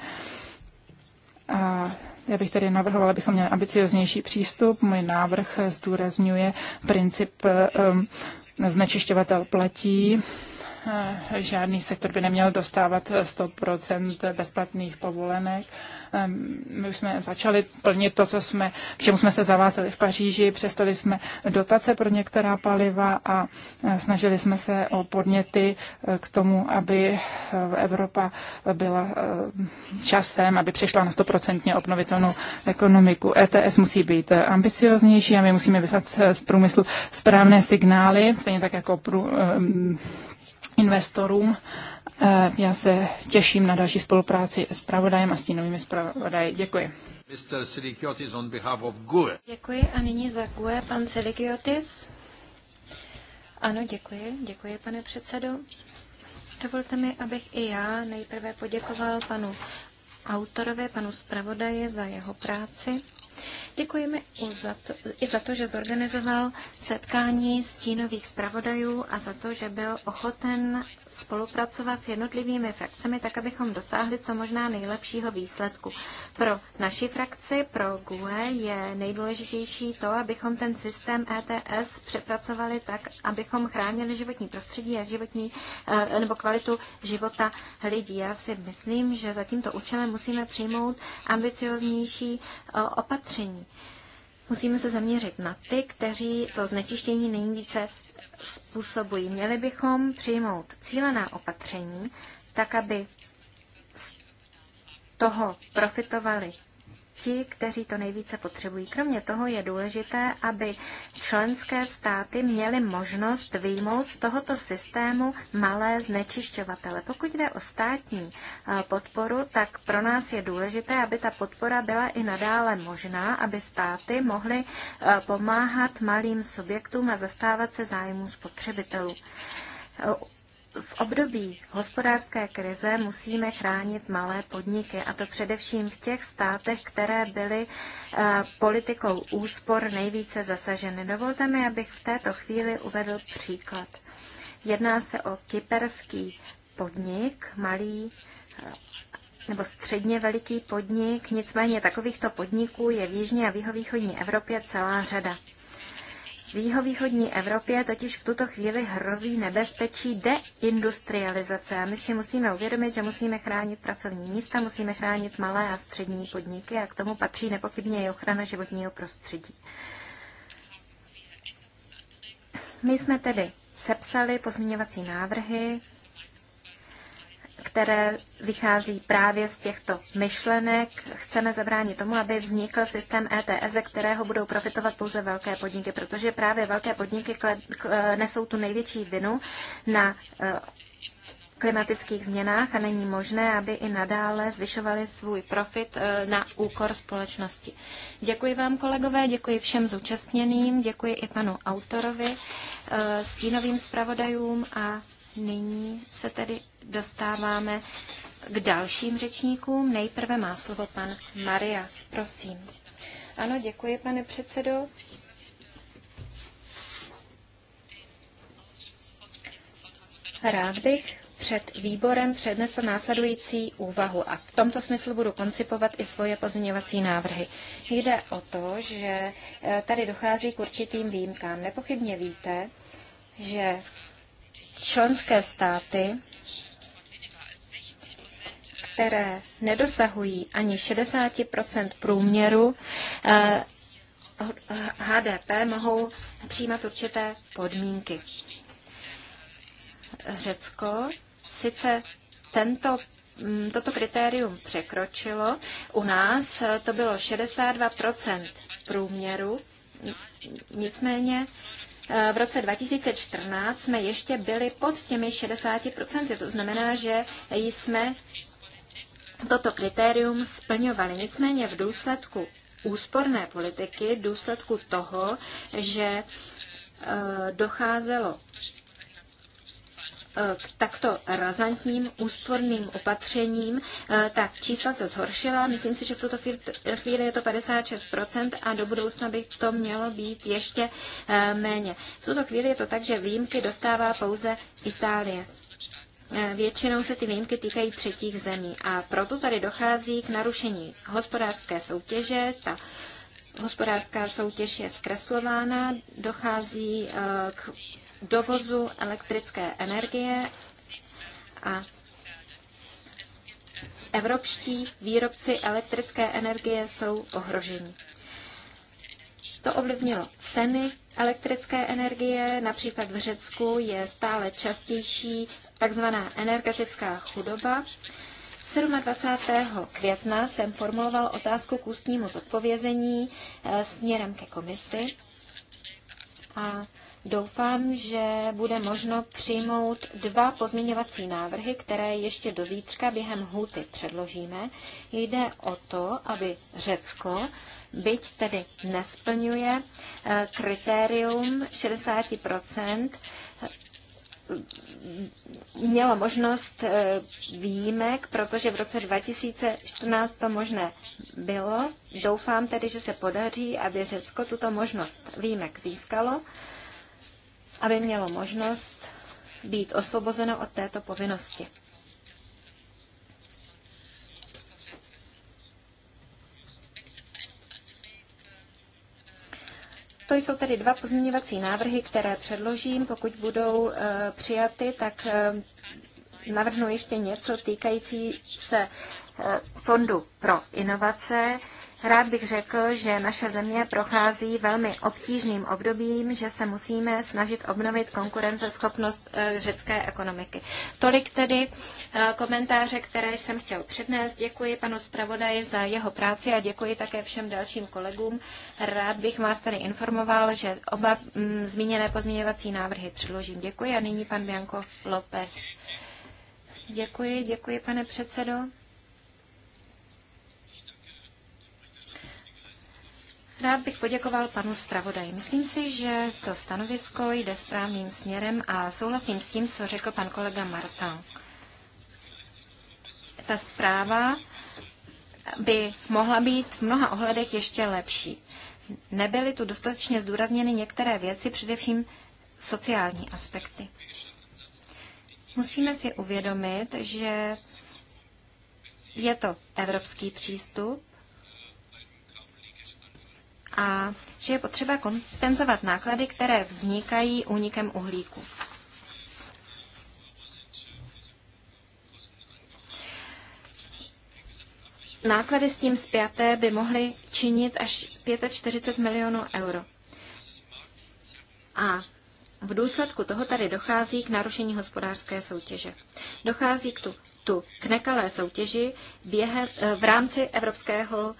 A já bych tedy navrhovala, abychom měli ambicioznější přístup. Můj návrh zdůrazňuje princip um, znečišťovatel platí. Eh, žádný sektor by neměl dostávat 100% bezplatných povolenek. Ehm, my jsme začali plnit to, co jsme, k čemu jsme se zavázali v Paříži, přestali jsme dotace pro některá paliva a e, snažili jsme se o podněty e, k tomu, aby e, Evropa byla časem, aby přišla na 100% obnovitelnou ekonomiku. ETS musí být ambicioznější a my musíme vyslat z průmyslu správné signály, stejně tak jako prů, investorům já se těším na další spolupráci s pravodajem a stínovými zpravodaji. Děkuji. Mr. Silikiotis on behalf of GUE. Děkuji a nyní za GUE pan Silikiotis. Ano, děkuji. Děkuji, pane předsedo. Dovolte mi, abych i já nejprve poděkoval panu autorovi, panu zpravodaji za jeho práci. Děkujeme i za, to, i za to, že zorganizoval setkání stínových zpravodajů a za to, že byl ochoten spolupracovat s jednotlivými frakcemi, tak abychom dosáhli co možná nejlepšího výsledku. Pro naši frakci, pro GUE, je nejdůležitější to, abychom ten systém ETS přepracovali tak, abychom chránili životní prostředí a životní, eh, nebo kvalitu života lidí. Já si myslím, že za tímto účelem musíme přijmout ambicioznější eh, opatření musíme se zaměřit na ty, kteří to znečištění nejvíce způsobují. Měli bychom přijmout cílená opatření, tak aby z toho profitovali ti, kteří to nejvíce potřebují. Kromě toho je důležité, aby členské státy měly možnost vyjmout z tohoto systému malé znečišťovatele. Pokud jde o státní eh, podporu, tak pro nás je důležité, aby ta podpora byla i nadále možná, aby státy mohly eh, pomáhat malým subjektům a zastávat se zájmu spotřebitelů. Eh, v období hospodářské krize musíme chránit malé podniky, a to především v těch státech, které byly eh, politikou úspor nejvíce zasaženy. Dovolte mi, abych v této chvíli uvedl příklad. Jedná se o kyperský podnik, malý eh, nebo středně veliký podnik, nicméně takovýchto podniků je v jižní a jihovýchodní Evropě celá řada. V jihovýchodní Evropě totiž v tuto chvíli hrozí nebezpečí deindustrializace a my si musíme uvědomit, že musíme chránit pracovní místa, musíme chránit malé a střední podniky a k tomu patří nepochybně i ochrana životního prostředí. My jsme tedy sepsali pozměňovací návrhy, které vychází právě z těchto myšlenek. Chceme zabránit tomu, aby vznikl systém ETS, ze kterého budou profitovat pouze velké podniky, protože právě velké podniky e, nesou tu největší vinu na e, klimatických změnách a není možné, aby i nadále zvyšovali svůj profit e, na úkor společnosti. Děkuji vám, kolegové, děkuji všem zúčastněným, děkuji i panu autorovi, stínovým zpravodajům a nyní se tedy dostáváme k dalším řečníkům. Nejprve má slovo pan Marias. Prosím. Ano, děkuji, pane předsedo. Rád bych před výborem přednesl následující úvahu a v tomto smyslu budu koncipovat i svoje pozměňovací návrhy. Jde o to, že eh, tady dochází k určitým výjimkám. Nepochybně víte, že členské státy které nedosahují ani 60 průměru HDP, eh, mohou přijímat určité podmínky. Řecko sice tento mm, toto kritérium překročilo. U nás eh, to bylo 62 průměru, nicméně eh, v roce 2014 jsme ještě byli pod těmi 60%. To znamená, že jsme toto kritérium splňovaly. Nicméně v důsledku úsporné politiky, v důsledku toho, že e, docházelo e, k takto razantním úsporným opatřením, e, tak čísla se zhoršila. Myslím si, že v tuto chvíli je to 56% a do budoucna by to mělo být ještě méně. V tuto chvíli je to tak, že výjimky dostává pouze Itálie. E, většinou se ty výjimky týkají třetích zemí a proto tady dochází k narušení hospodářské soutěže. Ta hospodářská soutěž je zkreslována, dochází e, k dovozu elektrické energie a evropští výrobci elektrické energie jsou ohroženi. To ovlivnilo ceny elektrické energie, například v Řecku je stále častější takzvaná energetická chudoba. 27. května jsem formuloval otázku k ústnímu zodpovězení eh, směrem ke komisi a doufám, že bude možno přijmout dva pozměňovací návrhy, které ještě do zítřka během hůty předložíme. Jde o to, aby Řecko, byť tedy nesplňuje eh, kritérium 60 mělo možnost e, výjimek, protože v roce 2014 to možné bylo. Doufám tedy, že se podaří, aby Řecko tuto možnost výjimek získalo, aby mělo možnost být osvobozeno od této povinnosti. To jsou tedy dva pozměňovací návrhy, které předložím. Pokud budou eh, přijaty, tak uh, navrhnu ještě něco týkající se eh, Fondu pro inovace. Rád bych řekl, že naše země prochází velmi obtížným obdobím, že se musíme snažit obnovit konkurenceschopnost eh, řecké ekonomiky. Tolik tedy eh, komentáře, které jsem chtěl přednést. Děkuji panu zpravodaji za jeho práci a děkuji také všem dalším kolegům. Rád bych vás tady informoval, že oba mm, zmíněné pozměňovací návrhy přiložím. Děkuji a nyní pan Bianco López. Děkuji, děkuji pane předsedo. Rád bych poděkoval panu zpravodaji. Myslím si, že to stanovisko jde správným směrem a souhlasím s tím, co řekl pan kolega Martin. Ta zpráva by mohla být v mnoha ohledech ještě lepší. Nebyly tu dostatečně zdůrazněny některé věci, především sociální aspekty. Musíme si uvědomit, že je to evropský přístup, a že je potřeba kompenzovat náklady, které vznikají únikem uhlíku. Náklady s tím zpěté by mohly činit až 45 milionů euro. A v důsledku toho tady dochází k narušení hospodářské soutěže. Dochází k tu, tu k nekalé soutěži během, eh, v rámci evropského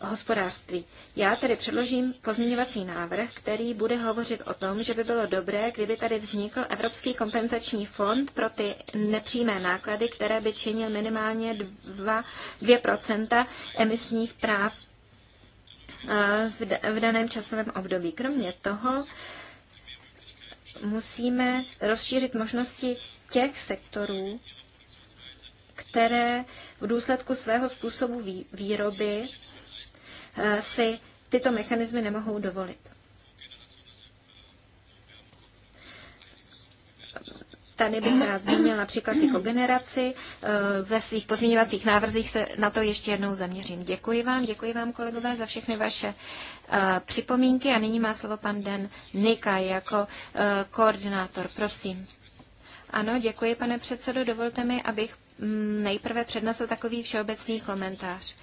hospodářství. Já tedy předložím pozměňovací návrh, který bude hovořit o tom, že by bylo dobré, kdyby tady vznikl Evropský kompenzační fond pro ty nepřímé náklady, které by činil minimálně 2, 2% emisních práv eh, v daném časovém období. Kromě toho musíme rozšířit možnosti těch sektorů, které v důsledku svého způsobu výroby eh, si tyto mechanismy nemohou dovolit. Tady bych rád zmínil například i generaci. Eh, ve svých pozměňovacích návrzích se na to ještě jednou zaměřím. Děkuji vám, děkuji vám, kolegové, za všechny vaše eh, připomínky. A nyní má slovo pan Den Nika jako koordinátor. Prosím. Ano, děkuji, pane předsedo. Dovolte mi, abych Mm, nejprve přednesl takový všeobecný komentář.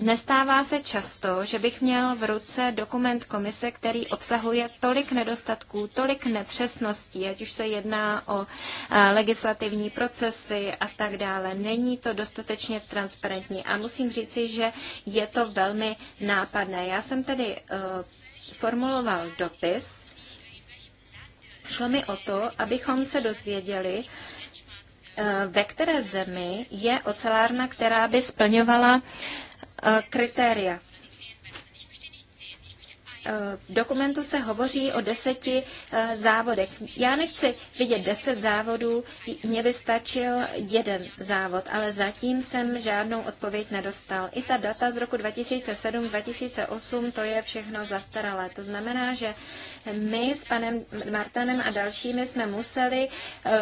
Nestává se často, že bych měl v ruce dokument komise, který obsahuje tolik nedostatků, tolik nepřesností, ať už se jedná o eh, legislativní procesy a tak dále. Není to dostatečně transparentní a musím říci, že je to velmi nápadné. Já jsem tedy eh, formuloval dopis, Šlo mi o to, abychom se dozvěděli, eh, ve které zemi je ocelárna, která by splňovala eh, kritéria v eh, dokumentu se hovoří o deseti eh, závodech. Já nechci vidět deset závodů, mě by stačil jeden závod, ale zatím jsem žádnou odpověď nedostal. I ta data z roku 2007-2008, to je všechno zastaralé. To znamená, že my s panem Martanem a dalšími jsme museli eh,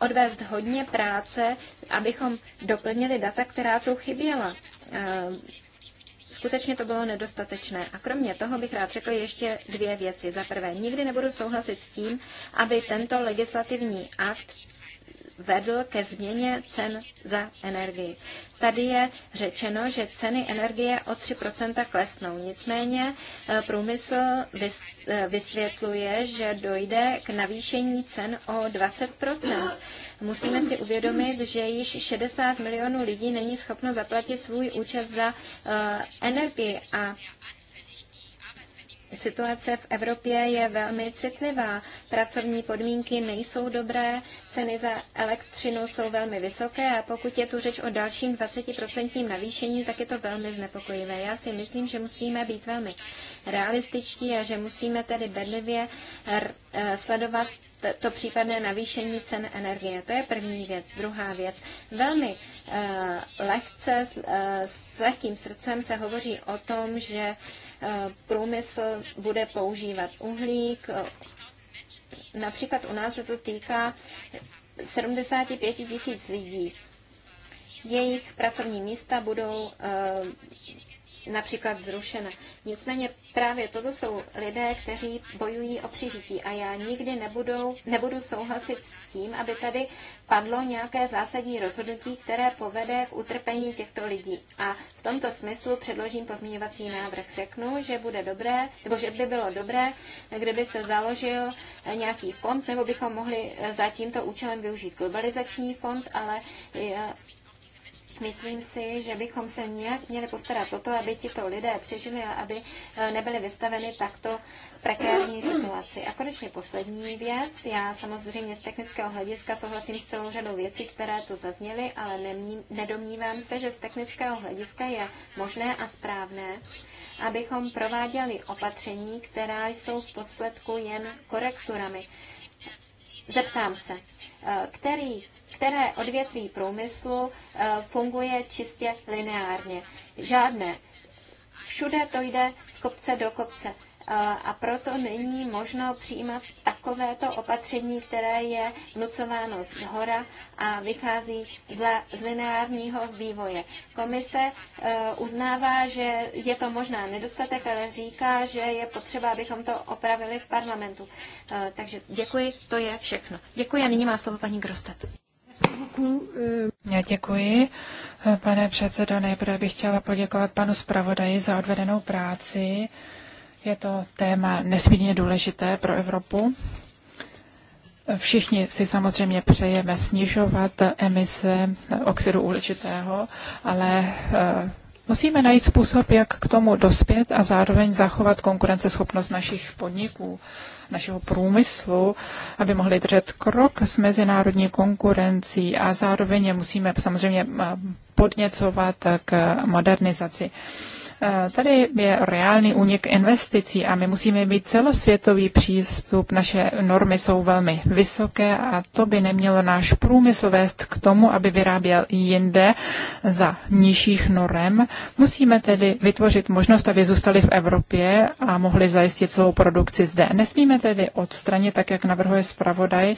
odvést hodně práce, abychom doplnili data, která tu chyběla Skutečně to bylo nedostatečné. A kromě toho bych rád řekl ještě dvě věci. Za prvé, nikdy nebudu souhlasit s tím, aby tento legislativní akt vedl ke změně cen za energii. Tady je řečeno, že ceny energie o 3 klesnou. Nicméně eh, průmysl eh, vysvětluje, že dojde k navýšení cen o 20 Musíme si uvědomit, že již 60 milionů lidí není schopno zaplatit svůj účet za eh, energii a Situace v Evropě je velmi citlivá. Pracovní podmínky nejsou dobré, ceny za elektřinu jsou velmi vysoké a pokud je tu řeč o dalším 20% navýšení, tak je to velmi znepokojivé. Já si myslím, že musíme být velmi realističtí a že musíme tedy bedlivě e, sledovat to případné navýšení cen energie. To je první věc. Druhá věc. Velmi e, lehce, s, e, s lehkým srdcem se hovoří o tom, že Eh, průmysl bude používat uhlík. Například u nás se to týká 75 tisíc lidí. Jejich pracovní místa budou eh, například zrušena. Nicméně právě toto jsou lidé, kteří bojují o přežití a já nikdy nebudu, nebudu souhlasit s tím, aby tady padlo nějaké zásadní rozhodnutí, které povede k utrpení těchto lidí. A v tomto smyslu předložím pozměňovací návrh. Řeknu, že bude dobré, nebo že by bylo dobré, kdyby se založil nějaký fond, nebo bychom mohli za tímto účelem využít globalizační fond, ale Myslím si, že bychom se nějak měli postarat o to, aby tito lidé přežili a aby eh, nebyli vystaveni takto prekérní situaci. A konečně poslední věc. Já samozřejmě z technického hlediska souhlasím s celou řadou věcí, které tu zazněly, ale nedomnívám se, že z technického hlediska je možné a správné, abychom prováděli opatření, která jsou v podsledku jen korekturami. Zeptám se, eh, který které odvětví průmyslu eh, funguje čistě lineárně. Žádné. Všude to jde z kopce do kopce eh, a proto není možno přijímat takovéto opatření, které je vnucováno z hora a vychází z lineárního vývoje. Komise eh, uznává, že je to možná nedostatek, ale říká, že je potřeba, abychom to opravili v parlamentu. Takže děkuji, to je všechno. Děkuji a nyní má slovo paní Grostet. Já děkuji. Pane předsedo, nejprve bych chtěla poděkovat panu zpravodaji za odvedenou práci. Je to téma nesmírně důležité pro Evropu. Všichni si samozřejmě přejeme snižovat emise oxidu uhličitého, ale eh, Musíme najít způsob, jak k tomu dospět a zároveň zachovat konkurenceschopnost našich podniků, našeho průmyslu, aby mohli držet krok s mezinárodní konkurencí a zároveň je musíme samozřejmě eh, podněcovat k modernizaci. Eh, tady je reálný únik investicí a my musíme mít celosvětový přístup. Naše normy jsou velmi vysoké a to by nemělo náš průmysl vést k tomu, aby vyráběl jinde za nižších norem. Musíme tedy vytvořit možnost, aby zůstali v Evropě a mohli zajistit celou produkci zde. Nesmíme tedy odstranit, tak jak navrhuje zpravodaj,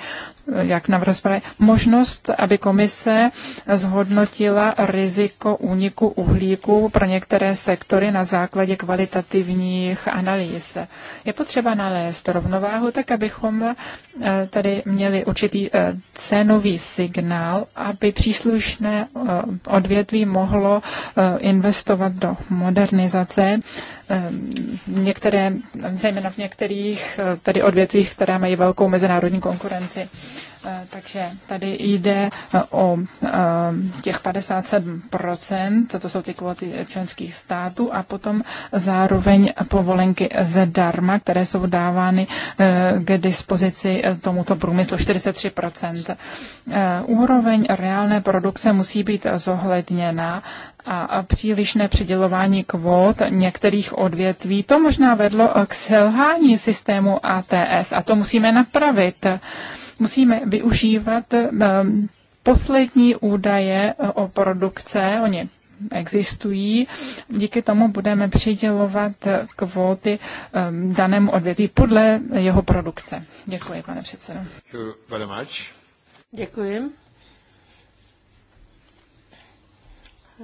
eh, jak navrhuje zpravodaj, možnost, aby komise zhodnotila riziko úniku uhlíku pro některé sektory faktory na základě kvalitativních analýz. Je potřeba nalézt rovnováhu tak, abychom eh, tady měli určitý eh, cenový signál, aby příslušné eh, odvětví mohlo investovat do modernizace. Některé, zejména v některých tady odvětvích, která mají velkou mezinárodní konkurenci. Eh, takže tady jde eh, o eh, těch 57%, to jsou ty kvóty členských států a potom zároveň povolenky zdarma, které jsou dávány k dispozici tomuto průmyslu 43%. Úroveň reálné produkce musí být zohledněna a přílišné přidělování kvót některých odvětví, to možná vedlo k selhání systému ATS a to musíme napravit musíme využívat ehm, poslední údaje eh, o produkce, oni existují. Díky tomu budeme přidělovat eh, kvóty ehm, danému odvětví podle jeho produkce. Děkuji, pane předsedo. Děkuji.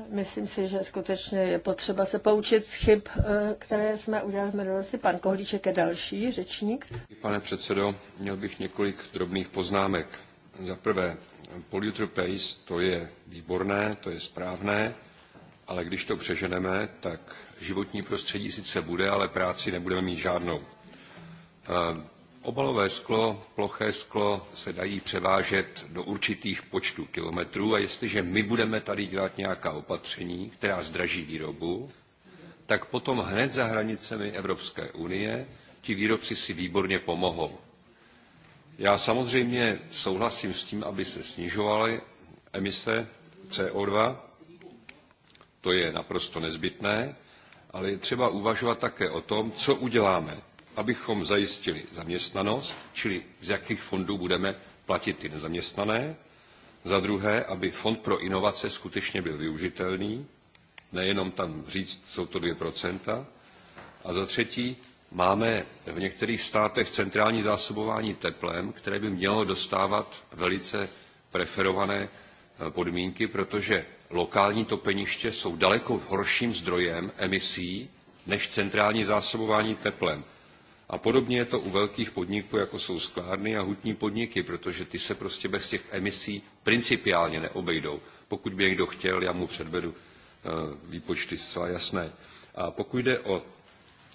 Myslím si, že skutečně je potřeba se poučit z chyb, eh, které jsme udělali v minulosti. Pan Kohlíček je další řečník. Pane předsedo, měl bych několik drobných poznámek. Za prvé, polluter pays, to je výborné, to je správné, ale když to přeženeme, tak životní prostředí sice bude, ale práci nebudeme mít žádnou. Eh, Obalové sklo, ploché sklo se dají převážet do určitých počtů kilometrů a jestliže my budeme tady dělat nějaká opatření, která zdraží výrobu, tak potom hned za hranicemi Evropské unie ti výrobci si výborně pomohou. Já samozřejmě souhlasím s tím, aby se snižovaly emise CO2, to je naprosto nezbytné, ale je třeba uvažovat také o tom, co uděláme abychom zajistili zaměstnanost, čili z jakých fondů budeme platit ty nezaměstnané, za druhé, aby fond pro inovace skutečně byl využitelný, nejenom tam říct, jsou to 2%, a za třetí, máme v některých státech centrální zásobování teplem, které by mělo dostávat velice preferované eh, podmínky, protože lokální topeniště jsou daleko horším zdrojem emisí než centrální zásobování teplem. A podobně je to u velkých podniků, jako jsou sklárny a hutní podniky, protože ty se prostě bez těch emisí principiálně neobejdou. Pokud by někdo chtěl, já mu předvedu eh, výpočty zcela jasné. A pokud jde o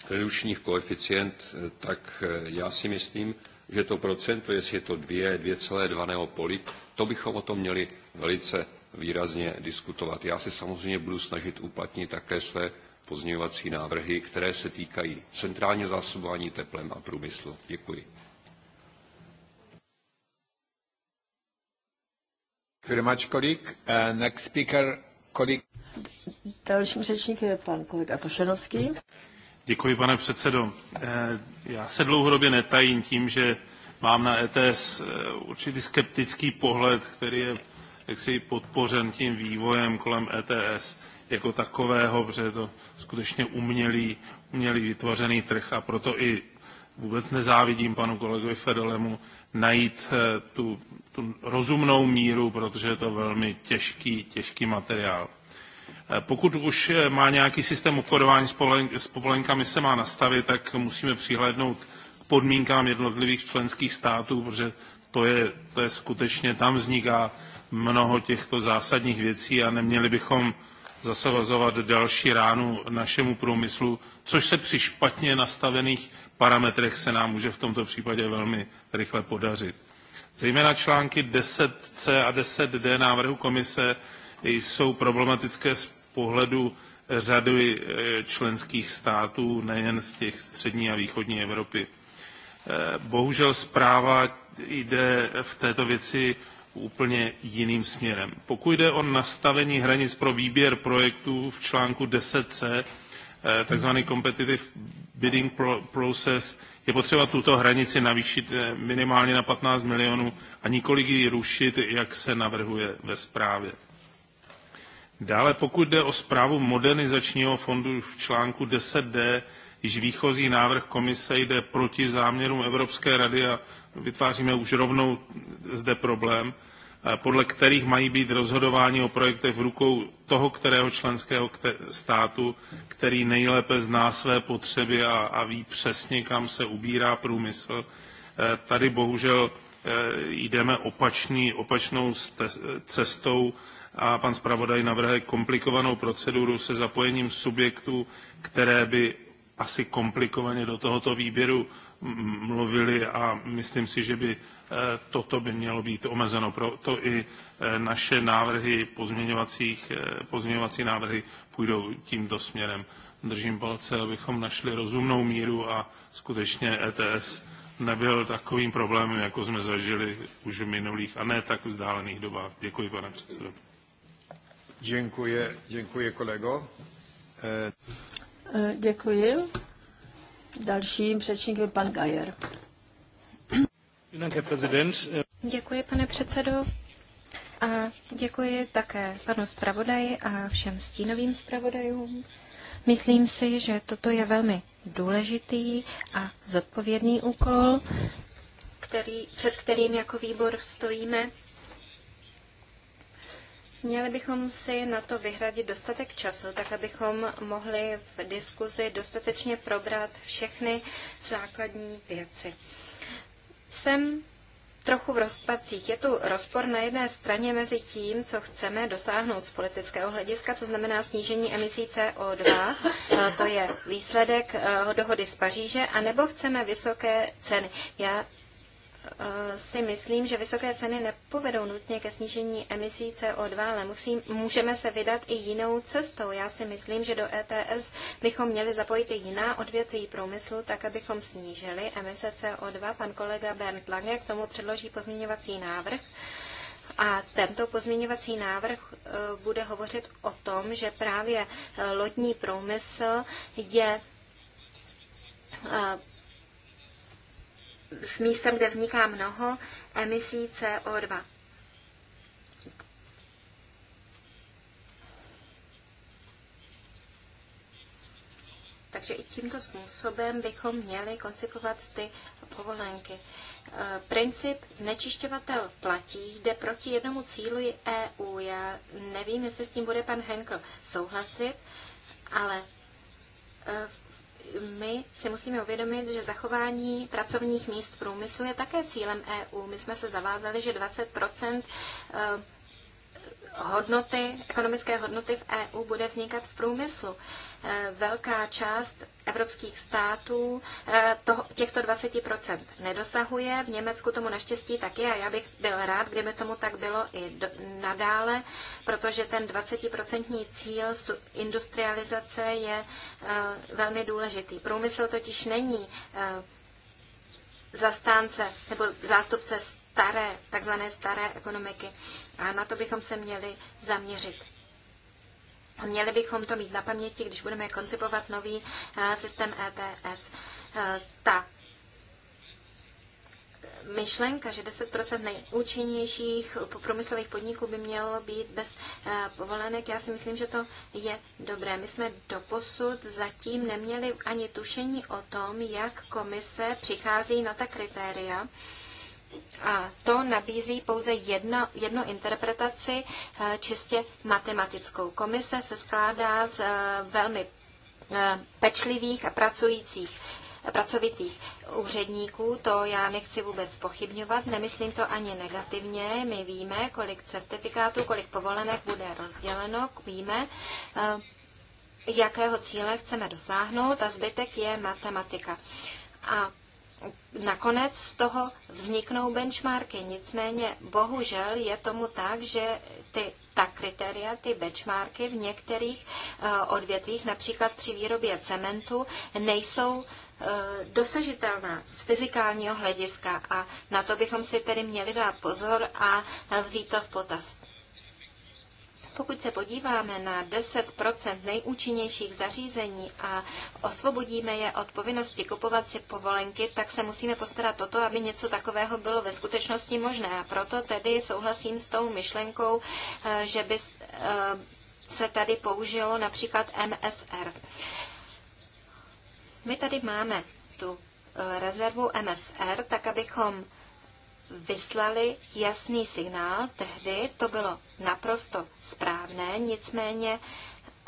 redukční koeficient, eh, tak eh, já si myslím, že to procento, jestli je to 2, 2,2 nebo kolik, to bychom o tom měli velice výrazně diskutovat. Já se samozřejmě budu snažit uplatnit také své pozměňovací návrhy, které se týkají centrálního zásobování teplem a průmyslu. Děkuji. Uh, Dalším řečníkem je pan kolega Tošenovský. Děkuji, pane předsedo. Uh, já se dlouhodobě netajím tím, že mám na ETS uh, určitý skeptický pohled, který je jaksi podpořen tím vývojem kolem ETS jako takového, protože je to skutečně umělý, umělý vytvořený trh a proto i vůbec nezávidím panu kolegovi Fedolemu najít eh, tu, tu rozumnou míru, protože je to velmi těžký, těžký materiál. Eh, pokud už eh, má nějaký systém obchodování s povolenkami se má nastavit, tak musíme přihlédnout k podmínkám jednotlivých členských států, protože to je, to je skutečně, tam vzniká mnoho těchto zásadních věcí a neměli bychom zasazovat další ránu našemu průmyslu, což se při špatně nastavených parametrech se nám může v tomto případě velmi rychle podařit. Zejména články 10c a 10d návrhu komise jsou problematické z pohledu řady eh, členských států, nejen z těch střední a východní Evropy. Eh, bohužel zpráva jde v této věci úplně jiným směrem. Pokud jde o nastavení hranic pro výběr projektů v článku 10c, eh, takzvaný competitive bidding process, je potřeba tuto hranici navýšit eh, minimálně na 15 milionů a nikoliv ji rušit, jak se navrhuje ve zprávě. Dále pokud jde o zprávu modernizačního fondu v článku 10d, již výchozí návrh komise jde proti záměrům Evropské rady a vytváříme už rovnou zde problém. Eh, podle kterých mají být rozhodování o projektech v rukou toho kterého členského státu, který nejlépe zná své potřeby a, a ví přesně, kam se ubírá průmysl. Eh, tady bohužel eh, jdeme opačný, opačnou cestou a pan zpravodaj navrhuje komplikovanou proceduru se zapojením subjektů, které by asi komplikovaně do tohoto výběru mluvili a myslím si, že by Eh, toto by mělo být omezeno. Proto i eh, naše návrhy pozměňovacích, eh, pozměňovací návrhy půjdou tímto směrem. Držím palce, abychom našli rozumnou míru a skutečně ETS nebyl takovým problémem, jako jsme zažili už v minulých a ne tak vzdálených dobách. Děkuji, pane předsedo. Děkuji, děkuji kolego. Děkuji. Dalším je pan Gajer. Děkuji, pane předsedo. A děkuji také panu zpravodaji a všem stínovým zpravodajům. Myslím si, že toto je velmi důležitý a zodpovědný úkol, který, před kterým jako výbor stojíme. Měli bychom si na to vyhradit dostatek času, tak abychom mohli v diskuzi dostatečně probrat všechny základní věci jsem trochu v rozpadcích. Je tu rozpor na jedné straně mezi tím, co chceme dosáhnout z politického hlediska, to znamená snížení emisí CO2, eh, to je výsledek eh, dohody z Paříže, anebo chceme vysoké ceny. Já Eh, si myslím, že vysoké ceny nepovedou nutně ke snížení emisí CO2, ale musím, můžeme se vydat i jinou cestou. Já si myslím, že do ETS bychom měli zapojit i jiná odvětví průmyslu, tak abychom snížili emise CO2. Pan kolega Bernd Lange k tomu předloží pozměňovací návrh. A tento pozměňovací návrh eh, bude hovořit o tom, že právě eh, lodní průmysl je s místem, kde vzniká mnoho emisí CO2. Takže i tímto způsobem bychom měli koncipovat ty povolenky. E, princip znečišťovatel platí jde proti jednomu cílu EU. Já nevím, jestli s tím bude pan Henkel souhlasit, ale v e, my si musíme uvědomit, že zachování pracovních míst v průmyslu je také cílem EU. My jsme se zavázali, že 20 hodnoty, ekonomické hodnoty v EU bude vznikat v průmyslu. Eh, velká část evropských států eh, těchto 20% nedosahuje. V Německu tomu naštěstí taky a já bych byl rád, kdyby tomu tak bylo i nadále, protože ten 20% cíl industrializace je eh, velmi důležitý. Průmysl totiž není zastánce nebo zástupce staré, takzvané staré ekonomiky. A na to bychom se měli zaměřit. Měli bychom to mít na paměti, když budeme koncipovat nový eh, systém ETS. Eh, ta myšlenka, že 10% nejúčinnějších průmyslových podniků by mělo být bez eh, povolenek, já si myslím, že to je dobré. My jsme doposud zatím neměli ani tušení o tom, jak komise přichází na ta kritéria a to nabízí pouze jedna, jednu interpretaci eh, čistě matematickou. Komise se skládá z eh, velmi eh, pečlivých a pracujících pracovitých úředníků, to já nechci vůbec pochybňovat, nemyslím to ani negativně. My víme, kolik certifikátů, kolik povolenek bude rozděleno, víme, jakého cíle chceme dosáhnout a zbytek je matematika. A nakonec z toho vzniknou benchmarky. Nicméně bohužel je tomu tak, že ty, ta kritéria, ty benchmarky v některých eh, odvětvích, například při výrobě cementu, nejsou eh, dosažitelná z fyzikálního hlediska a na to bychom si tedy měli dát pozor a eh, vzít to v potaz. Pokud se podíváme na 10 nejúčinnějších zařízení a osvobodíme je od povinnosti kupovat si povolenky, tak se musíme postarat o to, aby něco takového bylo ve skutečnosti možné. A proto tedy souhlasím s tou myšlenkou, eh, že by eh, se tady použilo například MSR. My tady máme tu eh, rezervu MSR, tak abychom vyslali jasný signál. Tehdy to bylo naprosto správné, nicméně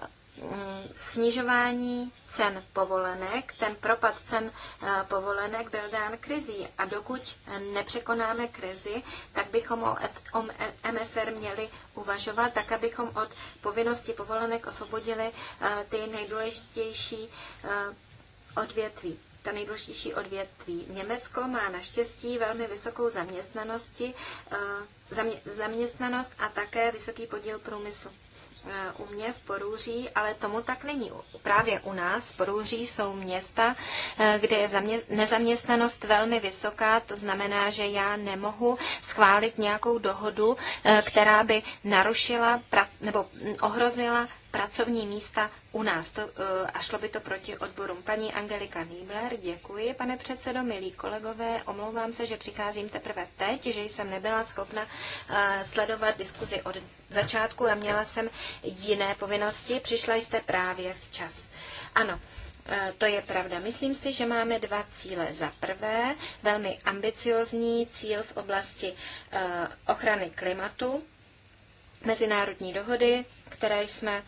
mm, snižování cen povolenek, ten propad cen eh, povolenek byl dán krizí a dokud nepřekonáme krizi, tak bychom o MSR měli uvažovat, tak abychom od povinnosti povolenek osvobodili eh, ty nejdůležitější eh, odvětví ta nejdůležitější odvětví. Německo má naštěstí velmi vysokou zaměstnanosti, eh, zamě, zaměstnanost a také vysoký podíl průmyslu. Eh, u mě v Porůří, ale tomu tak není. Právě u nás v Porůří jsou města, eh, kde je nezaměstnanost velmi vysoká, to znamená, že já nemohu schválit nějakou dohodu, která by narušila nebo mm, ohrozila pracovní místa u nás. To, eh, a šlo by to proti odborům. Paní Angelika Niebler, děkuji, pane předsedo, milí kolegové. Omlouvám se, že přicházím teprve teď, že jsem nebyla schopna eh, sledovat diskuzi od začátku a měla jsem jiné povinnosti. Přišla jste právě včas. Ano. Eh, to je pravda. Myslím si, že máme dva cíle. Za prvé, velmi ambiciozní cíl v oblasti ochrany klimatu, mezinárodní dohody, které jsme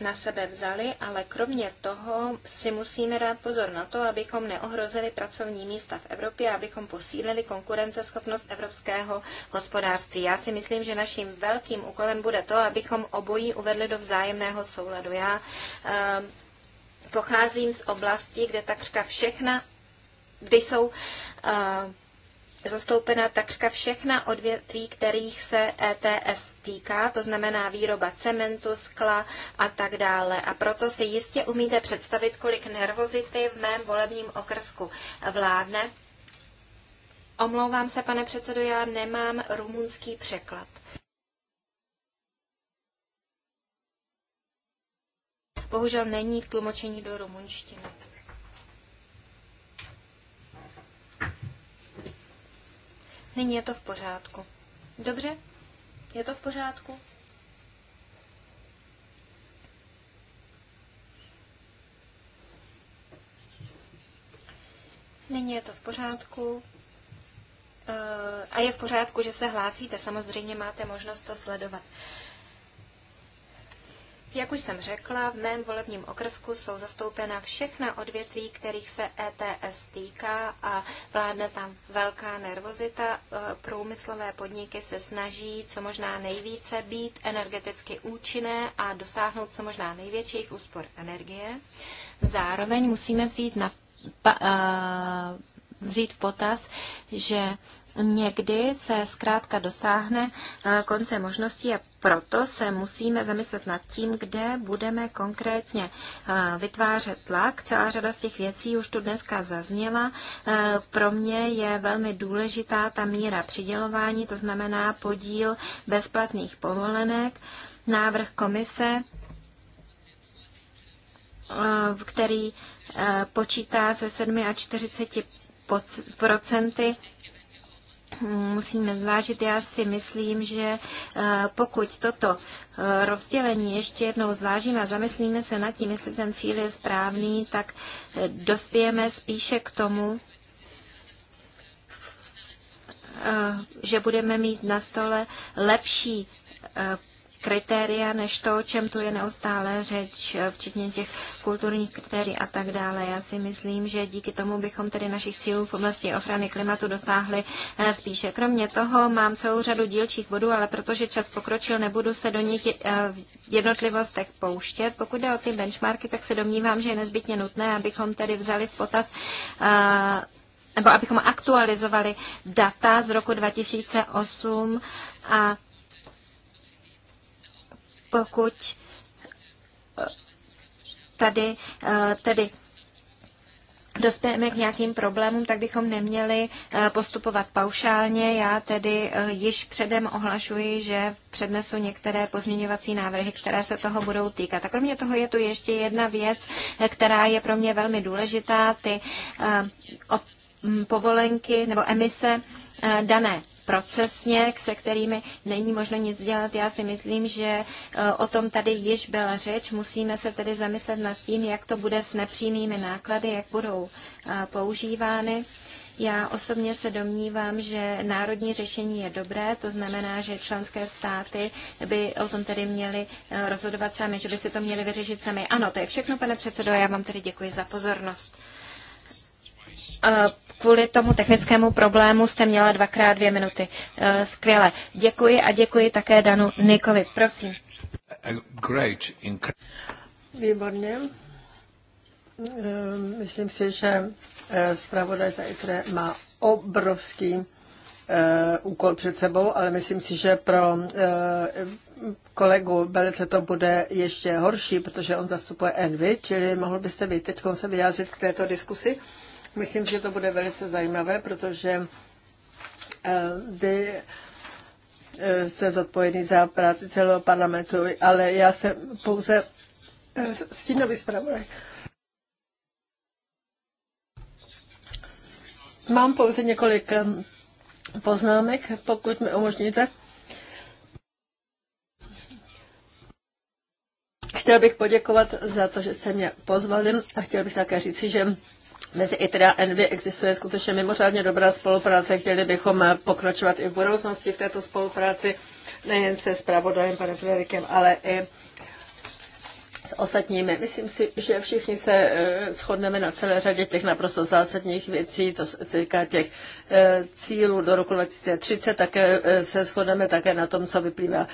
na sebe vzali, ale kromě toho si musíme dát pozor na to, abychom neohrozili pracovní místa v Evropě, abychom posílili konkurenceschopnost evropského hospodářství. Já si myslím, že naším velkým úkolem bude to, abychom obojí uvedli do vzájemného souladu. Já eh, pocházím z oblasti, kde takřka všechna, kde jsou eh, zastoupena takřka všechna odvětví, kterých se ETS týká, to znamená výroba cementu, skla a tak dále. A proto si jistě umíte představit, kolik nervozity v mém volebním okrsku vládne. Omlouvám se, pane předsedo, já nemám rumunský překlad. Bohužel není tlumočení do rumunštiny. Nyní je to v pořádku. Dobře? Je to v pořádku? Nyní je to v pořádku. Eh, a je v pořádku, že se hlásíte. Samozřejmě máte možnost to sledovat. Jak už jsem řekla, v mém volebním okrsku jsou zastoupena všechna odvětví, kterých se ETS týká a vládne tam velká nervozita. E, průmyslové podniky se snaží co možná nejvíce být energeticky účinné a dosáhnout co možná největších úspor energie. Zároveň musíme vzít na, pa, e, vzít potaz, že Někdy se zkrátka dosáhne eh, konce možností a proto se musíme zamyslet nad tím, kde budeme konkrétně eh, vytvářet tlak. Celá řada z těch věcí už tu dneska zazněla. Eh, pro mě je velmi důležitá ta míra přidělování, to znamená podíl bezplatných povolenek. Návrh komise který počítá se 47 procenty musíme zvážit. Já si myslím, že eh, pokud toto eh, rozdělení ještě jednou zvážíme a zamyslíme se nad tím, jestli ten cíl je správný, tak eh, dospějeme spíše k tomu, že budeme mít na stole lepší kritéria, než to, o čem tu je neustále řeč, eh, včetně těch kulturních kritérií a tak dále. Já si myslím, že díky tomu bychom tedy našich cílů v oblasti ochrany klimatu dosáhli eh, spíše. Kromě toho mám celou řadu dílčích bodů, ale protože čas pokročil, nebudu se do nich eh, v jednotlivostech pouštět. Pokud jde o ty benchmarky, tak se domnívám, že je nezbytně nutné, abychom tedy vzali v potaz nebo abychom aktualizovali data z roku 2008 a pokud eh, tady, eh, tedy dospějeme k nějakým problémům, tak bychom neměli eh, postupovat paušálně. Já tedy již předem ohlašuji, že přednesu některé pozměňovací návrhy, které se toho budou týkat. A kromě toho je tu ještě jedna věc, která je pro mě velmi důležitá, ty mm, povolenky nebo emise dané procesně, se kterými není možno nic dělat. Já si myslím, že e, o tom tady již byla řeč. Musíme se tedy zamyslet nad tím, jak to bude s nepřímými náklady, jak budou e, používány. Já osobně se domnívám, že národní řešení je dobré, to znamená, že členské státy by o tom tedy měly e, rozhodovat sami, že by si to měly vyřešit sami. Ano, to je všechno, pane předsedo, já vám tedy děkuji za pozornost. Kvůli tomu technickému problému jste měla dvakrát dvě minuty. Eh, skvěle. Děkuji a děkuji také Danu Nikovi. Prosím. Výborně. Ehm, myslím si, že eh, zpravodaj za ITRE má obrovský eh, úkol před sebou, ale myslím si, že pro kolegu Belice to bude ještě horší, protože on zastupuje Envy, čili mohl byste být teď se vyjádřit k této diskusi. Myslím, že to bude velice zajímavé, protože eh, vy eh, se zodpovědný za práci celého parlamentu, ale já jsem pouze eh, stínový zpravodaj. Mám pouze několik poznámek, pokud mi umožníte. Chtěl bych poděkovat za to, že jste mě pozvali a chtěl bych také říci, že Mezi ITRA a ENVY existuje skutečně mimořádně dobrá spolupráce. Chtěli bychom pokračovat i v budoucnosti v této spolupráci, nejen se zpravodajem panem Frederikem, ale i s ostatními. Myslím si, že všichni se eh, shodneme na celé řadě těch naprosto zásadních věcí, to se týká těch eh, cílů do roku 2030, také eh, se shodneme také na tom, co vyplývá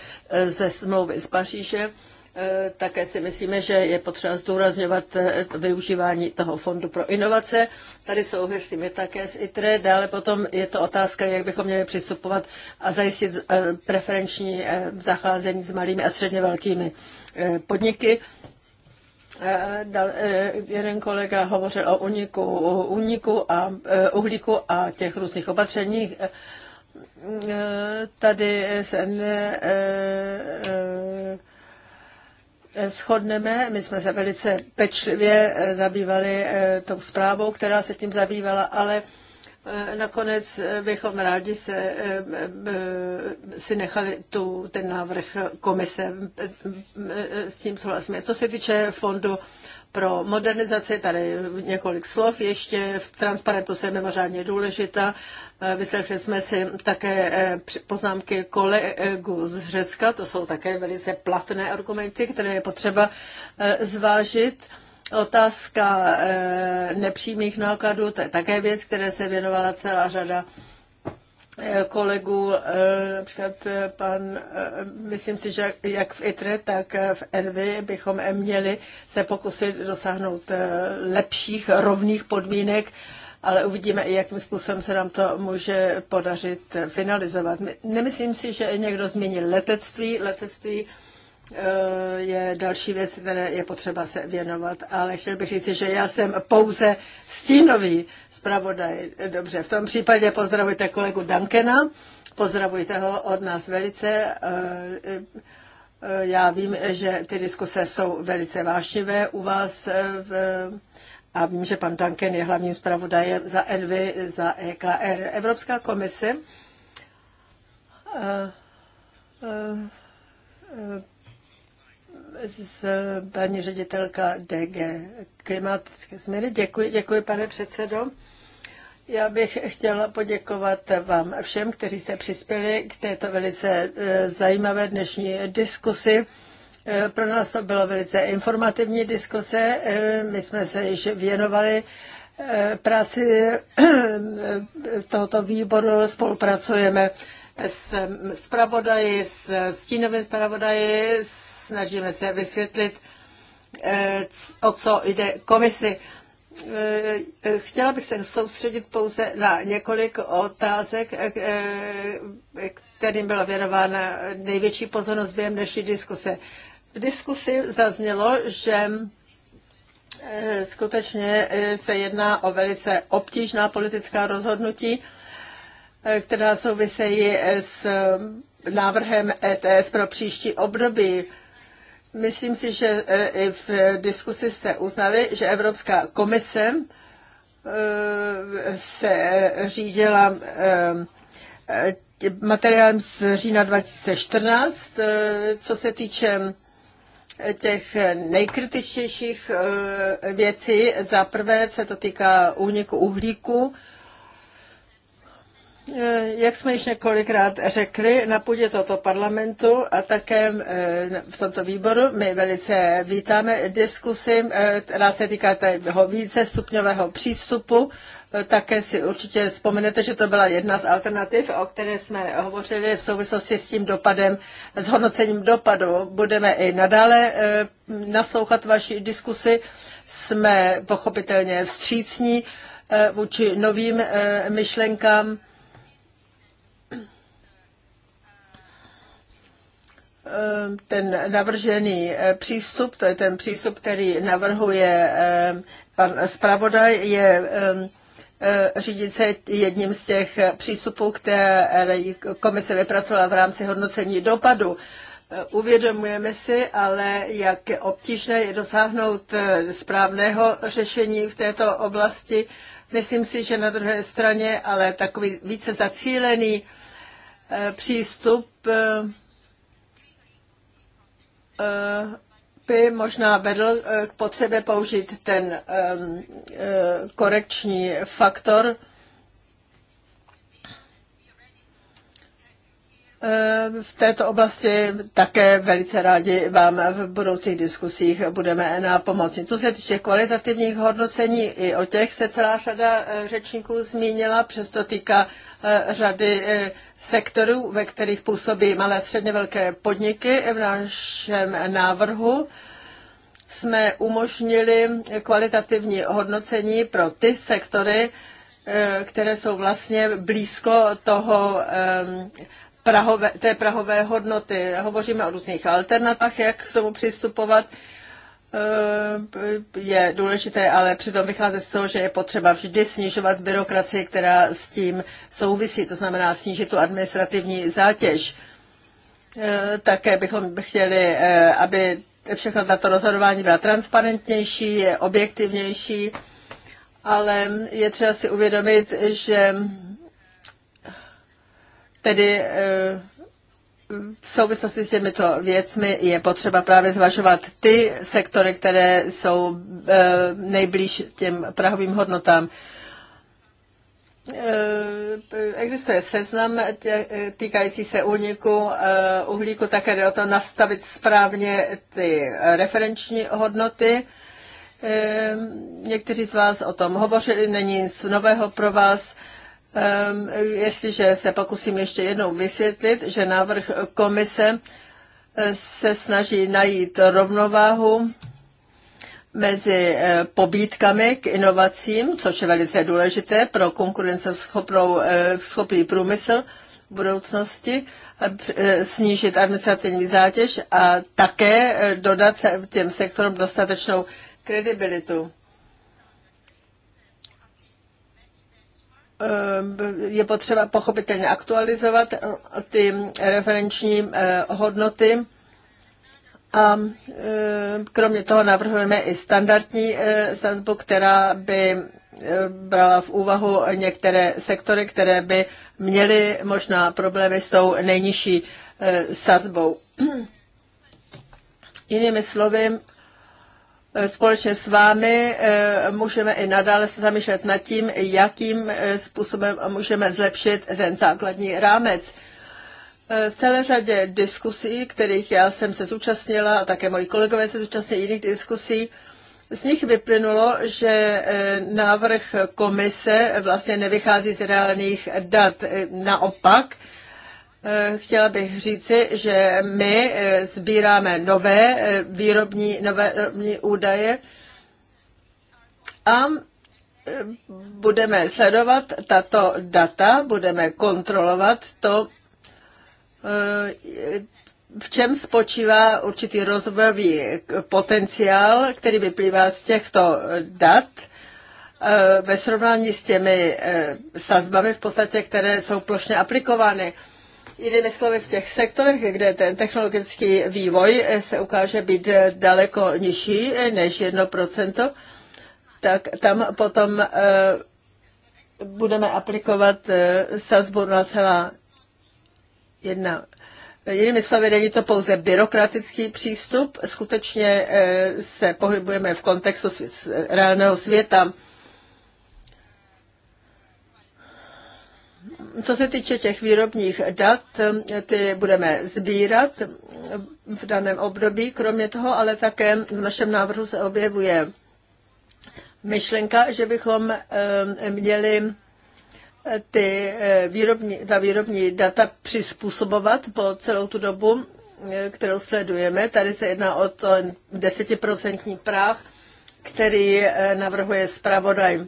ze smlouvy z Paříže. Eh, také si myslíme, že je potřeba zdůrazňovat eh, využívání toho fondu pro inovace. Tady souhlasíme také s ITRE. Dále potom je to otázka, jak bychom měli přistupovat a zajistit eh, preferenční zacházení s malými a středně velkými podniky. Jeden kolega hovořil o uniku, uniku a uhlíku a těch různých opatřeních tady se ne, Eh, shodneme. My jsme se velice pečlivě eh, zabývali eh, tou zprávou, která se tím zabývala, ale nakonec bychom rádi se, si nechali tu, ten návrh komise. S tím souhlasíme. Co se týče fondu pro modernizaci, tady několik slov ještě, v transparentnost je mimořádně důležitá. Eh, vyslechli jsme si také eh, poznámky kolegů z Řecka, to jsou také velice platné argumenty, které je potřeba eh, zvážit. Otázka nepřímých nákladů, to je také věc, které se věnovala celá řada Eh, kolegů, eh, například eh, pan, myslím si, že jak v ITRE, tak v ENVY bychom měli se pokusit dosáhnout lepších, rovných podmínek, ale uvidíme i, jakým způsobem se nám to může podařit finalizovat. Nemyslím si, že někdo změní letectví. Letectví je další věc, které je potřeba se věnovat, ale chtěl bych říct, že já jsem pouze stínový zpravodaj. Dobře, v tom případě pozdravujte kolegu Dankena, pozdravujte ho od nás velice. E, e, já vím, že ty diskuse jsou velice vášnivé u vás e, v, a vím, že pan Duncan je hlavním zpravodajem za Envy, za EKR. Evropská komise z paní ředitelka DG klimatické změny. Děkuji, děkuji, pane předsedo. Já bych chtěla poděkovat vám všem, kteří jste přispěli k této velice eh, zajímavé dnešní diskusi. Eh, pro nás to bylo velice informativní diskuse. Eh, my jsme se již věnovali práci tohoto výboru, spolupracujeme s zpravodaji, s stínovým zpravodaji, snažíme se vysvětlit, o co jde komisi. Eh, chtěla bych se soustředit pouze na několik otázek, eh, eh, kterým byla věnována největší pozornost během dnešní diskuse. V diskusi zaznělo, že skutečně se jedná o velice obtížná politická rozhodnutí, která souvisejí s návrhem ETS pro příští období. Myslím si, že e, i v diskusi jste uznali, že Evropská komise e, se e, řídila materiálem z října 2014, co se týče těch nejkritičtějších věcí. Za prvé se to týká úniku uhlíku. Eh, jak jsme již několikrát řekli, na půdě tohoto parlamentu a také eh, v tomto výboru my velice vítáme diskusi, eh, která se týká toho stupňového přístupu. Také si určitě vzpomenete, že to byla jedna z alternativ, o které jsme hovořili v souvislosti s tím dopadem, s hodnocením dopadu. Budeme i nadále naslouchat vaší diskusi. Jsme pochopitelně vstřícní vůči novým myšlenkám Eh, ten navržený eh, přístup, to je ten přístup, který navrhuje eh, pan zpravodaj, je řídit se jedním z těch přístupů, které komise vypracovala v rámci hodnocení dopadu. Uvědomujeme si ale, jak obtížné je dosáhnout správného řešení v této oblasti. Myslím si, že na druhé straně, ale takový více zacílený přístup Eh, by možná vedl eh, k potřebě použít ten eh, korekční faktor v této oblasti také velice rádi vám v budoucích diskusích budeme na pomoci. Co se týče kvalitativních hodnocení, i o těch se celá řada eh, řečníků zmínila, přesto týká eh, řady eh, sektorů, ve kterých působí malé a středně velké podniky. V našem návrhu jsme umožnili kvalitativní hodnocení pro ty sektory, které jsou vlastně blízko toho prahové, té prahové hodnoty. Hovoříme o různých alternatách, jak k tomu přistupovat. Eh, je důležité, ale přitom vychází z toho, že je potřeba vždy snižovat byrokracii, která s tím souvisí, to znamená snížit tu administrativní zátěž. Eh, také bychom chtěli, eh, aby všechno tato rozhodování byla transparentnější, objektivnější, ale je třeba si uvědomit, že Tedy eh, v souvislosti s těmito věcmi je potřeba právě zvažovat ty sektory, které jsou eh, nejblíž těm prahovým hodnotám. Eh, existuje seznam týkající se úniku uhlíku, také jde o to nastavit správně ty referenční hodnoty. Někteří z vás o tom hovořili, není nic nového pro vás. Um, jestliže se pokusím ještě jednou vysvětlit, že návrh komise eh, se snaží najít rovnováhu mezi eh, pobítkami k inovacím, což je velice důležité pro konkurenceschopnou eh, schopný průmysl v budoucnosti, snížit administrativní zátěž a také dodat těm sektorům dostatečnou kredibilitu. je potřeba pochopitelně aktualizovat eh, ty referenční eh, hodnoty. A eh, kromě toho navrhujeme i standardní sazbu, která by brala v úvahu některé sektory, které by měly možná problémy s tou nejnižší sazbou. Jinými slovy, Eh, společně s vámi eh, můžeme i nadále se zamýšlet nad tím, jakým eh, způsobem můžeme zlepšit ten základní rámec. V celé řadě diskusí, kterých já jsem se zúčastnila a také moji kolegové se zúčastnili jiných diskusí, z nich vyplynulo, že návrh komise vlastně nevychází z reálných dat. Naopak, Eh, chtěla bych říci, že my eh, sbíráme nové eh, výrobní, nové výrobní údaje a budeme sledovat tato data, budeme kontrolovat to, v čem spočívá určitý rozvojový potenciál, který vyplývá z těchto dat ve srovnání s těmi sazbami v podstatě, které jsou plošně aplikovány. Jinými slovy, v těch sektorech, kde ten technologický vývoj se ukáže být daleko nižší než 1%, tak tam potom eh, budeme aplikovat eh, sazbu 0,1. Jinými slovy, není to pouze byrokratický přístup, skutečně eh, se pohybujeme v kontextu reálného světa. Co se týče těch výrobních dat, ty budeme sbírat v daném období. Kromě toho ale také v našem návrhu se objevuje myšlenka, že bychom eh, měli eh, ty eh, výrobní, ta výrobní data přizpůsobovat po celou tu dobu, kterou sledujeme. Tady se jedná o ten desetiprocentní práh, který navrhuje zpravodaj.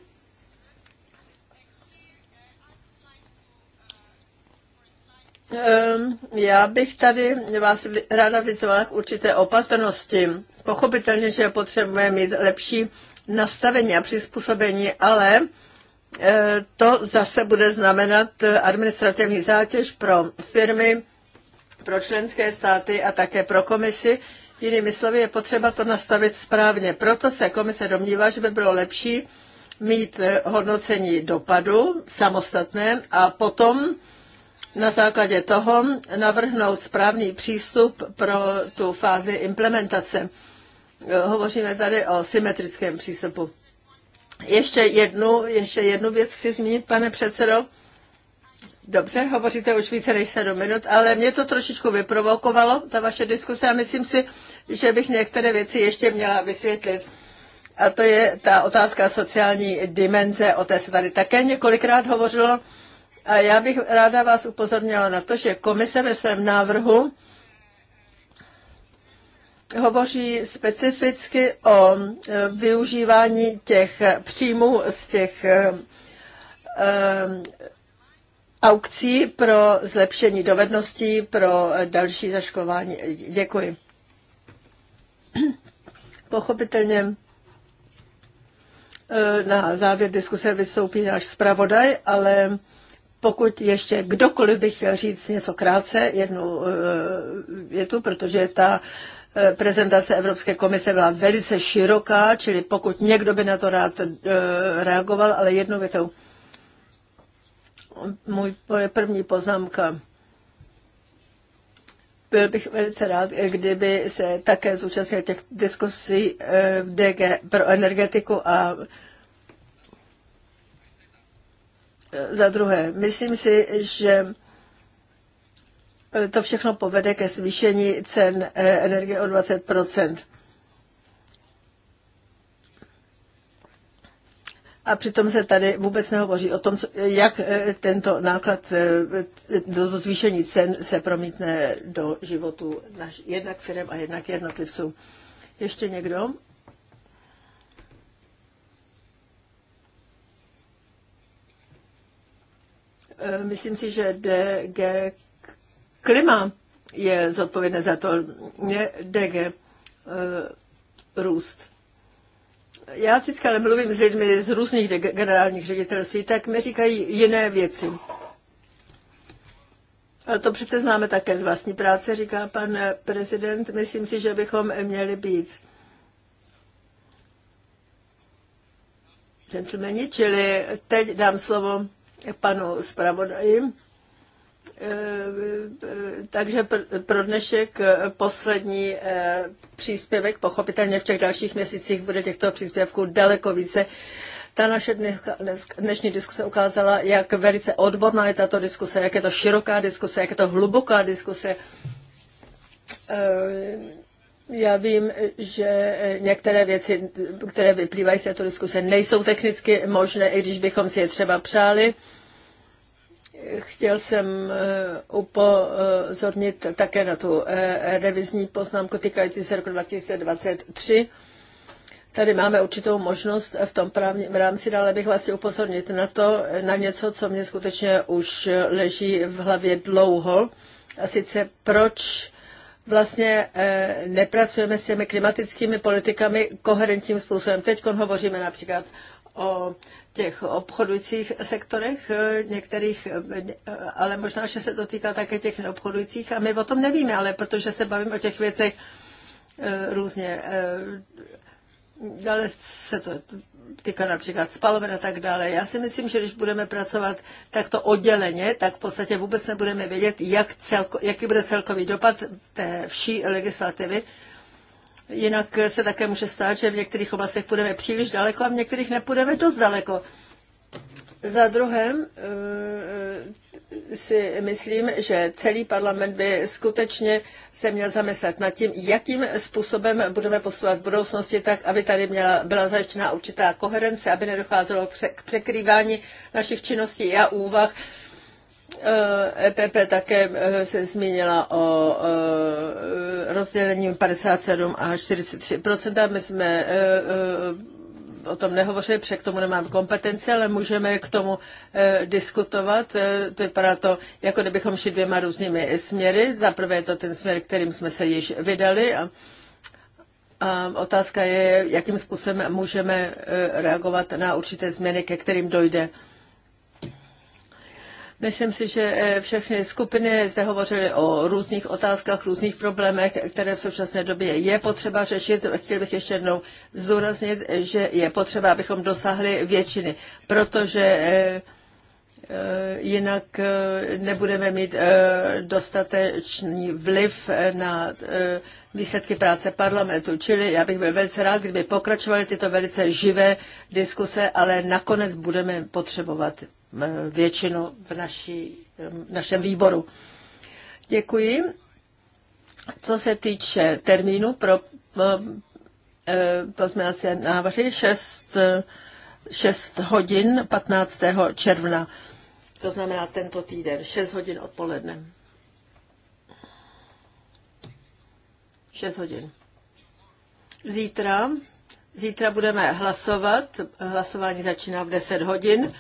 Ehm, já bych tady vás ráda vyzvala k určité opatrnosti. Pochopitelně, že potřebujeme mít lepší nastavení a přizpůsobení, ale eh, to zase bude znamenat eh, administrativní zátěž pro firmy, pro členské státy a také pro komisi. Jinými slovy, je potřeba to nastavit správně. Proto se komise domnívá, že by bylo lepší mít eh, hodnocení dopadu samostatné a potom na základě toho navrhnout správný přístup pro tu fázi implementace. Hovoříme tady o symetrickém přístupu. Ještě jednu, ještě jednu věc chci zmínit, pane předsedo. Dobře, hovoříte už více než sedm minut, ale mě to trošičku vyprovokovalo, ta vaše diskuse, a myslím si, že bych některé věci ještě měla vysvětlit. A to je ta otázka sociální dimenze, o té se tady také několikrát hovořilo. A já bych ráda vás upozornila na to, že komise ve svém návrhu hovoří specificky o e, využívání těch příjmů z těch e, e, aukcí pro zlepšení dovedností, pro další zaškolování. Děkuji. Pochopitelně na závěr diskuse vystoupí náš zpravodaj, ale pokud ještě kdokoliv by chtěl říct něco krátce, jednu eh, větu, protože ta eh, prezentace Evropské komise byla velice široká, čili pokud někdo by na to rád eh, reagoval, ale jednou větu, Můj, první poznámka. Byl bych velice rád, kdyby se také zúčastnil těch diskusí DG pro energetiku a Za druhé, myslím si, že e, to všechno povede ke zvýšení cen e, energie o 20 A přitom se tady vůbec nehovoří o tom, jak e, tento náklad do zvýšení cen se promítne do životu jednak firm a jednak jednotlivců. Ještě někdo? Eh, myslím si, že DG Klima je zodpovědné za to, ne DG eh, Růst. Já vždycky ale mluvím s lidmi z různých generálních ředitelství, tak mi říkají jiné věci. Ale to přece známe také z vlastní práce, říká pan prezident. Myslím si, že bychom měli být gentlemani, čili teď dám slovo panu zpravodaji. Eh, eh, takže pro dnešek eh, poslední příspěvek, pochopitelně v těch dalších měsících bude těchto příspěvků daleko více. Ta naše dneska, dnešní diskuse ukázala, jak velice odborná je tato diskuse, jak je to široká diskuse, jak je to hluboká diskuse. Já vím, že některé věci, které vyplývají z této diskuse, nejsou technicky možné, i když bychom si je třeba přáli. Chtěl jsem eh, upozornit také na tu eh, revizní poznámku týkající se roku 2023. Tady máme určitou možnost v tom právním rámci, ale bych vás upozornit na to, na něco, co mě skutečně už leží v hlavě dlouho. A sice proč vlastně eh, nepracujeme s těmi klimatickými politikami koherentním způsobem. Teď hovoříme například o těch obchodujících sektorech, eh, některých, eh, eh, ale možná, že se to týká také těch neobchodujících a my o tom nevíme, ale protože se bavíme o těch věcech různě, ale se to týká například spaloven a tak dále. Já si myslím, že když budeme pracovat takto odděleně, tak v podstatě vůbec nebudeme vědět, jak celko, jaký bude celkový dopad té vší legislativy Jinak se také může stát, že v některých oblastech půjdeme příliš daleko a v některých nepůjdeme dost daleko. Za druhém eh, si myslím, že celý parlament by skutečně se měl zamyslet nad tím, jakým způsobem budeme posouvat v budoucnosti tak, aby tady měla, byla zajištěna určitá koherence, aby nedocházelo k překrývání našich činností a úvah EPP eh, e také eh, se zmínila o eh, rozdělení 57 a 43 My jsme o tom nehovořili, protože k tomu nemám kompetenci, ale můžeme k tomu diskutovat. vypadá to, jako kdybychom šli dvěma různými směry. Za prvé je to ten směr, kterým jsme se již vydali. A, a otázka je, jakým způsobem můžeme reagovat na určité změny, ke kterým dojde. Myslím si, že eh, všechny skupiny zde hovořily o různých otázkách, různých problémech, které v současné době je potřeba řešit. Chtěl bych ještě jednou zdůraznit, že je potřeba, abychom dosáhli většiny, protože eh, eh, jinak nebudeme mít dostatečný vliv na výsledky práce parlamentu. Čili já bych byl velice rád, kdyby pokračovaly tyto velice živé diskuse, ale nakonec budeme potřebovat většinu v naší, našem výboru. Děkuji. Co se týče termínu pro pozměňovací návrhy 6, 6 hodin 15. června, to znamená tento týden, 6 hodin odpoledne. 6 hodin. Zítra, zítra budeme hlasovat, hlasování začíná v 10 hodin.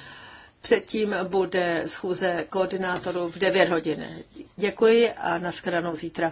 Předtím bude schůze koordinátorů v 9 hodin. Děkuji a nashledanou zítra.